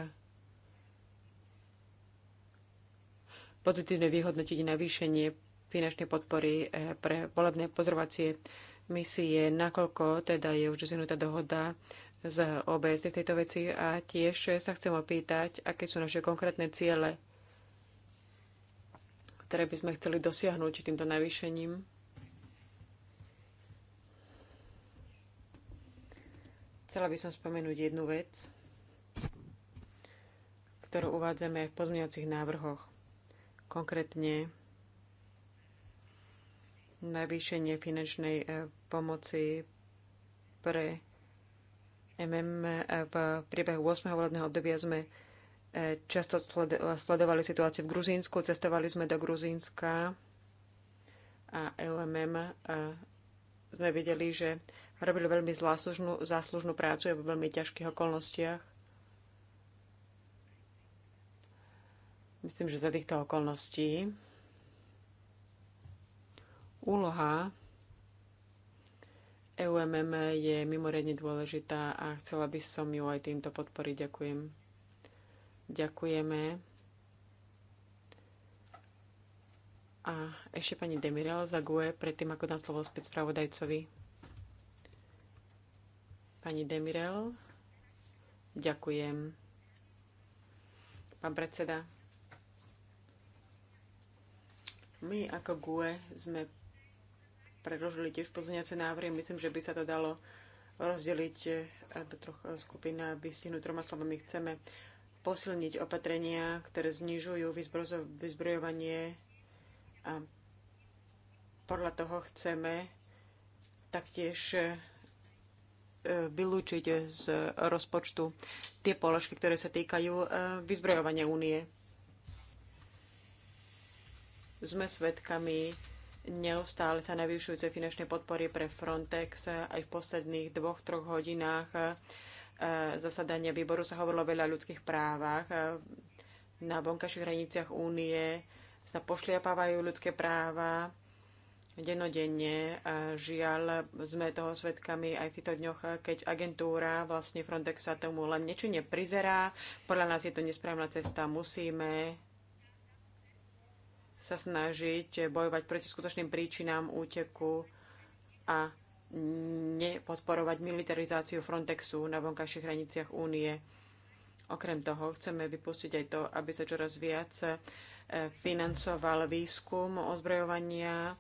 pozitívne vyhodnotiť navýšenie finančnej podpory eh, pre volebné pozorovacie misie, nakoľko teda je už dosiahnutá dohoda z OBS e v tejto veci a tiež sa chcem opýtať, aké sú naše konkrétne ciele ktoré by sme chceli dosiahnuť týmto navýšením. Chcela by som spomenúť jednu vec, ktorú uvádzame aj v pozmeňovacích návrhoch. Konkrétne navýšenie finančnej e, pomoci pre MM v priebehu 8. volebného obdobia sme Často sledovali situáciu v Gruzínsku, cestovali sme do Gruzínska a a sme videli, že robili veľmi záslužnú, záslužnú prácu v veľmi ťažkých okolnostiach. Myslím, že za týchto okolností úloha EUMM je mimoriadne dôležitá a chcela by som ju aj týmto podporiť. Ďakujem. Ďakujeme. A ešte pani Demirel Zague, predtým ako dám slovo späť spravodajcovi. Pani Demirel, ďakujem. Pán predseda, my ako GUE sme predložili tiež pozvňacie návrhy. Myslím, že by sa to dalo rozdeliť do troch skupín a vystihnúť troma slovami. Chceme posilniť opatrenia, ktoré znižujú vyzbrojovanie a podľa toho chceme taktiež e, vylúčiť z rozpočtu tie položky, ktoré sa týkajú e, vyzbrojovania únie. Sme svedkami neustále sa navýšujúce finančné podpory pre Frontex aj v posledných dvoch, troch hodinách Eh, zasadania výboru sa hovorilo veľa o ľudských právach. Eh, na vonkajších hraniciach únie sa pošliapávajú ľudské práva denodenne. Eh, žiaľ, sme toho svedkami aj v týchto dňoch, keď agentúra vlastne Frontex sa tomu len niečo neprizerá, Podľa nás je to nesprávna cesta. Musíme sa snažiť bojovať proti skutočným príčinám úteku a nepodporovať militarizáciu Frontexu na vonkajších hraniciach únie. Okrem toho chceme vypustiť aj to, aby sa čoraz viac e, financoval výskum ozbrojovania.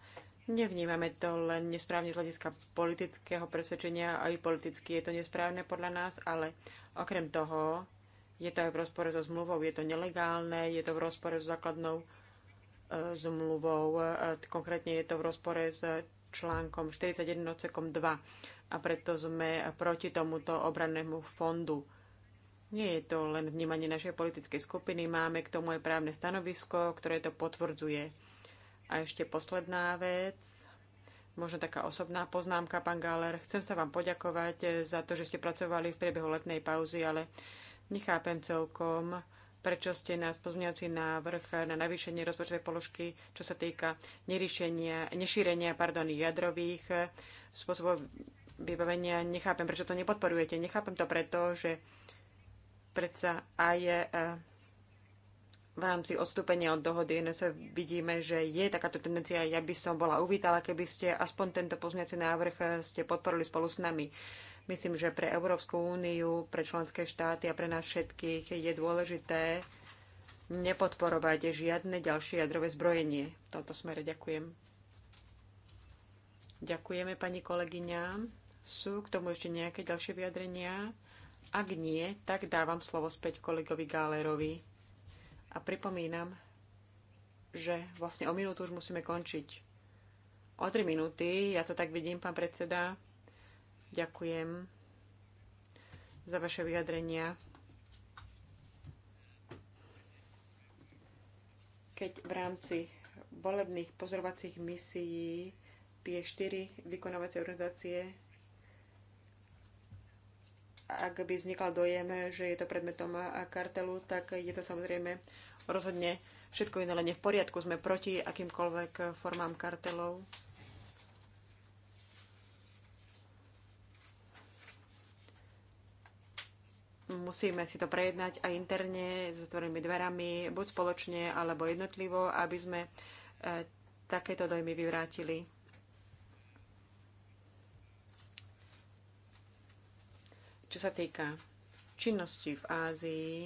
Nevnímame to len nesprávne z hľadiska politického presvedčenia, aj politicky je to nesprávne podľa nás, ale okrem toho je to aj v rozpore so zmluvou, je to nelegálne, je to v rozpore so základnou e, zmluvou, e, konkrétne je to v rozpore s článkom 41 2 a preto sme proti tomuto obrannému fondu. Nie je to len vnímanie našej politickej skupiny, máme k tomu aj právne stanovisko, ktoré to potvrdzuje. A ešte posledná vec, možno taká osobná poznámka, pán Galer. Chcem sa vám poďakovať za to, že ste pracovali v priebehu letnej pauzy, ale nechápem celkom, prečo ste nás pozmeňovací návrh na navýšenie rozpočtovej položky, čo sa týka nešírenia pardon, jadrových eh, spôsobov vybavenia. Nechápem, prečo to nepodporujete. Nechápem to preto, že predsa aj eh, v rámci odstúpenia od dohody sa vidíme, že je takáto tendencia. Ja by som bola uvítala, keby ste aspoň tento pozmeňovací návrh eh, ste podporili spolu s nami. Myslím, že pre Európsku úniu, pre členské štáty a pre nás všetkých je dôležité nepodporovať žiadne ďalšie jadrové zbrojenie. V tomto smere ďakujem. Ďakujeme, pani kolegyňa. Sú k tomu ešte nejaké ďalšie vyjadrenia? Ak nie, tak dávam slovo späť kolegovi Gálerovi. A pripomínam, že vlastne o minútu už musíme končiť. O tri minúty, ja to tak vidím, pán predseda. Ďakujem za vaše vyjadrenia. Keď v rámci volebných pozorovacích misií tie štyri vykonávacie organizácie, ak by vznikal dojem, že je to predmetom a kartelu, tak je to samozrejme rozhodne všetko iné len v poriadku. Sme proti akýmkoľvek formám kartelov. musíme si to prejednať aj interne, s zatvorenými dverami, buď spoločne alebo jednotlivo, aby sme e, takéto dojmy vyvrátili. Čo sa týka činnosti v Ázii,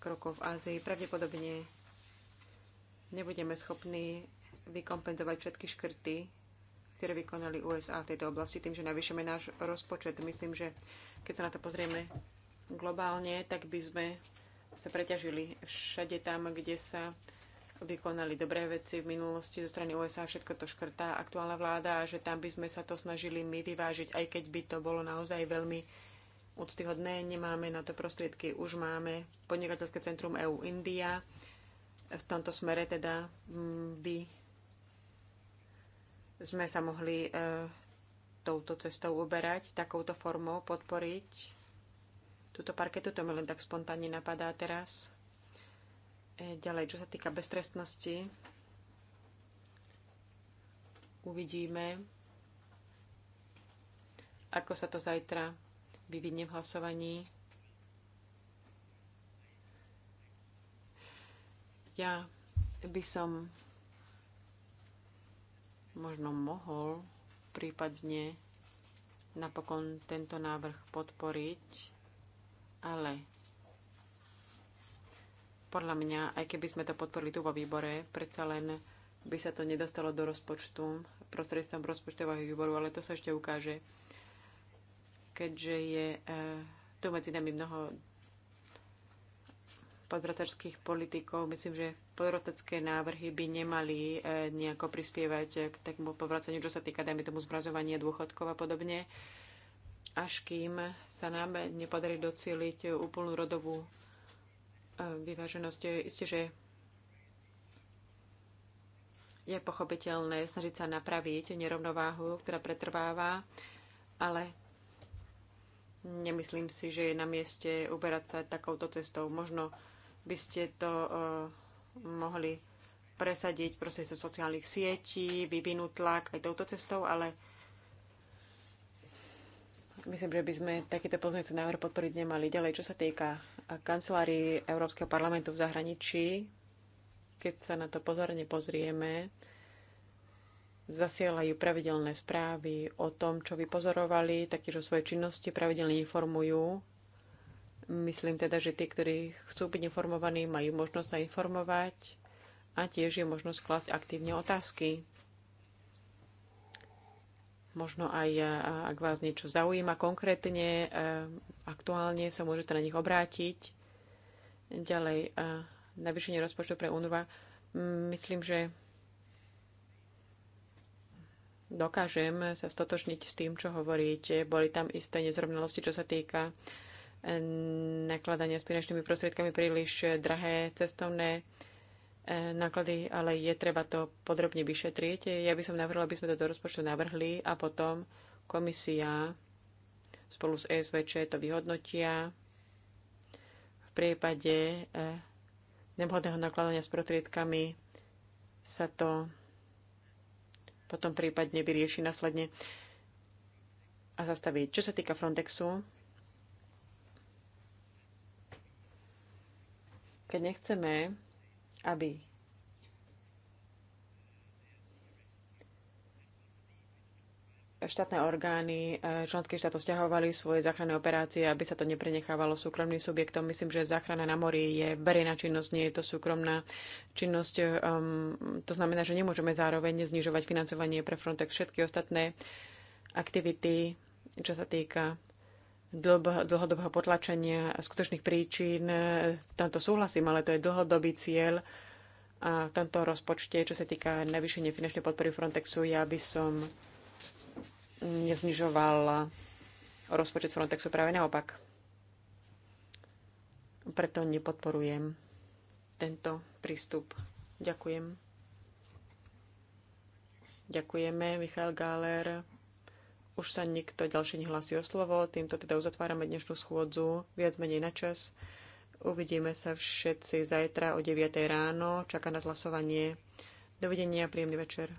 krokov v Ázii, pravdepodobne nebudeme schopní vykompenzovať všetky škrty, ktoré vykonali USA v tejto oblasti, tým, že navýšime náš rozpočet. Myslím, že keď sa na to pozrieme globálne, tak by sme sa preťažili všade tam, kde sa vykonali dobré veci v minulosti zo strany USA, všetko to škrtá aktuálna vláda a že tam by sme sa to snažili my vyvážiť, aj keď by to bolo naozaj veľmi úctyhodné. Nemáme na to prostriedky, už máme podnikateľské centrum EU India. V tomto smere teda by mm, sme sa mohli e, touto cestou uberať, takouto formou podporiť túto parketu. To mi len tak spontánne napadá teraz. E, ďalej, čo sa týka beztrestnosti, uvidíme, ako sa to zajtra vyvinie v hlasovaní. Ja by som možno mohol prípadne napokon tento návrh podporiť, ale podľa mňa, aj keby sme to podporili tu vo výbore, predsa len by sa to nedostalo do rozpočtu prostredstvom rozpočtového výboru, ale to sa ešte ukáže, keďže je e, tu medzi nami mnoho podvratačských politikov. Myslím, že podrotecké návrhy by nemali e, nejako prispievať e, k takému povracaniu, čo sa týka, dajme tomu, zmrazovania dôchodkov a podobne, až kým sa nám nepodarí docieliť úplnú rodovú e, vyváženosť. Isté, že je pochopiteľné snažiť sa napraviť nerovnováhu, ktorá pretrváva, ale nemyslím si, že je na mieste uberať sa takouto cestou. Možno by ste to mohli presadiť proste zo sociálnych sietí, vyvinúť tlak aj touto cestou, ale myslím, že by sme takýto pozmeňujúci návrh podporiť nemali. Ďalej, čo sa týka kancelárii Európskeho parlamentu v zahraničí, keď sa na to pozorne pozrieme, zasielajú pravidelné správy o tom, čo vypozorovali, taktiež o svojej činnosti pravidelne informujú Myslím teda, že tí, ktorí chcú byť informovaní, majú možnosť sa informovať a tiež je možnosť klásť aktívne otázky. Možno aj, e, ak vás niečo zaujíma konkrétne, e, aktuálne sa môžete na nich obrátiť. Ďalej, e, navýšenie rozpočtu pre UNRWA. Mm, myslím, že dokážem sa stotočniť s tým, čo hovoríte. Boli tam isté nezrovnalosti, čo sa týka nakladania s finančnými prostriedkami príliš drahé cestovné e, náklady, ale je treba to podrobne vyšetriť. Ja by som navrhla, aby sme to do rozpočtu navrhli a potom komisia spolu s ESVČ to vyhodnotia. V prípade e, nevhodného nakladania s prostriedkami sa to potom prípadne vyrieši následne a zastaviť. Čo sa týka Frontexu, Keď nechceme, aby štátne orgány e, členské štáto stiahovali svoje záchranné operácie, aby sa to neprenechávalo súkromným subjektom. Myslím, že záchrana na mori je verejná činnosť, nie je to súkromná činnosť. E, um, to znamená, že nemôžeme zároveň znižovať financovanie pre Frontex všetky ostatné aktivity, čo sa týka dlhodobého potlačenia skutočných príčin. Tamto súhlasím, ale to je dlhodobý cieľ. A v tomto rozpočte, čo sa týka navýšenia finančnej podpory Frontexu, ja by som neznižoval rozpočet Frontexu práve naopak. Preto nepodporujem tento prístup. Ďakujem. Ďakujeme, Michal Gáler. Už sa nikto ďalší nehlási o slovo, týmto teda uzatvárame dnešnú schôdzu viac menej na čas. Uvidíme sa všetci zajtra o 9. ráno. Čaká na hlasovanie. Dovidenia, príjemný večer.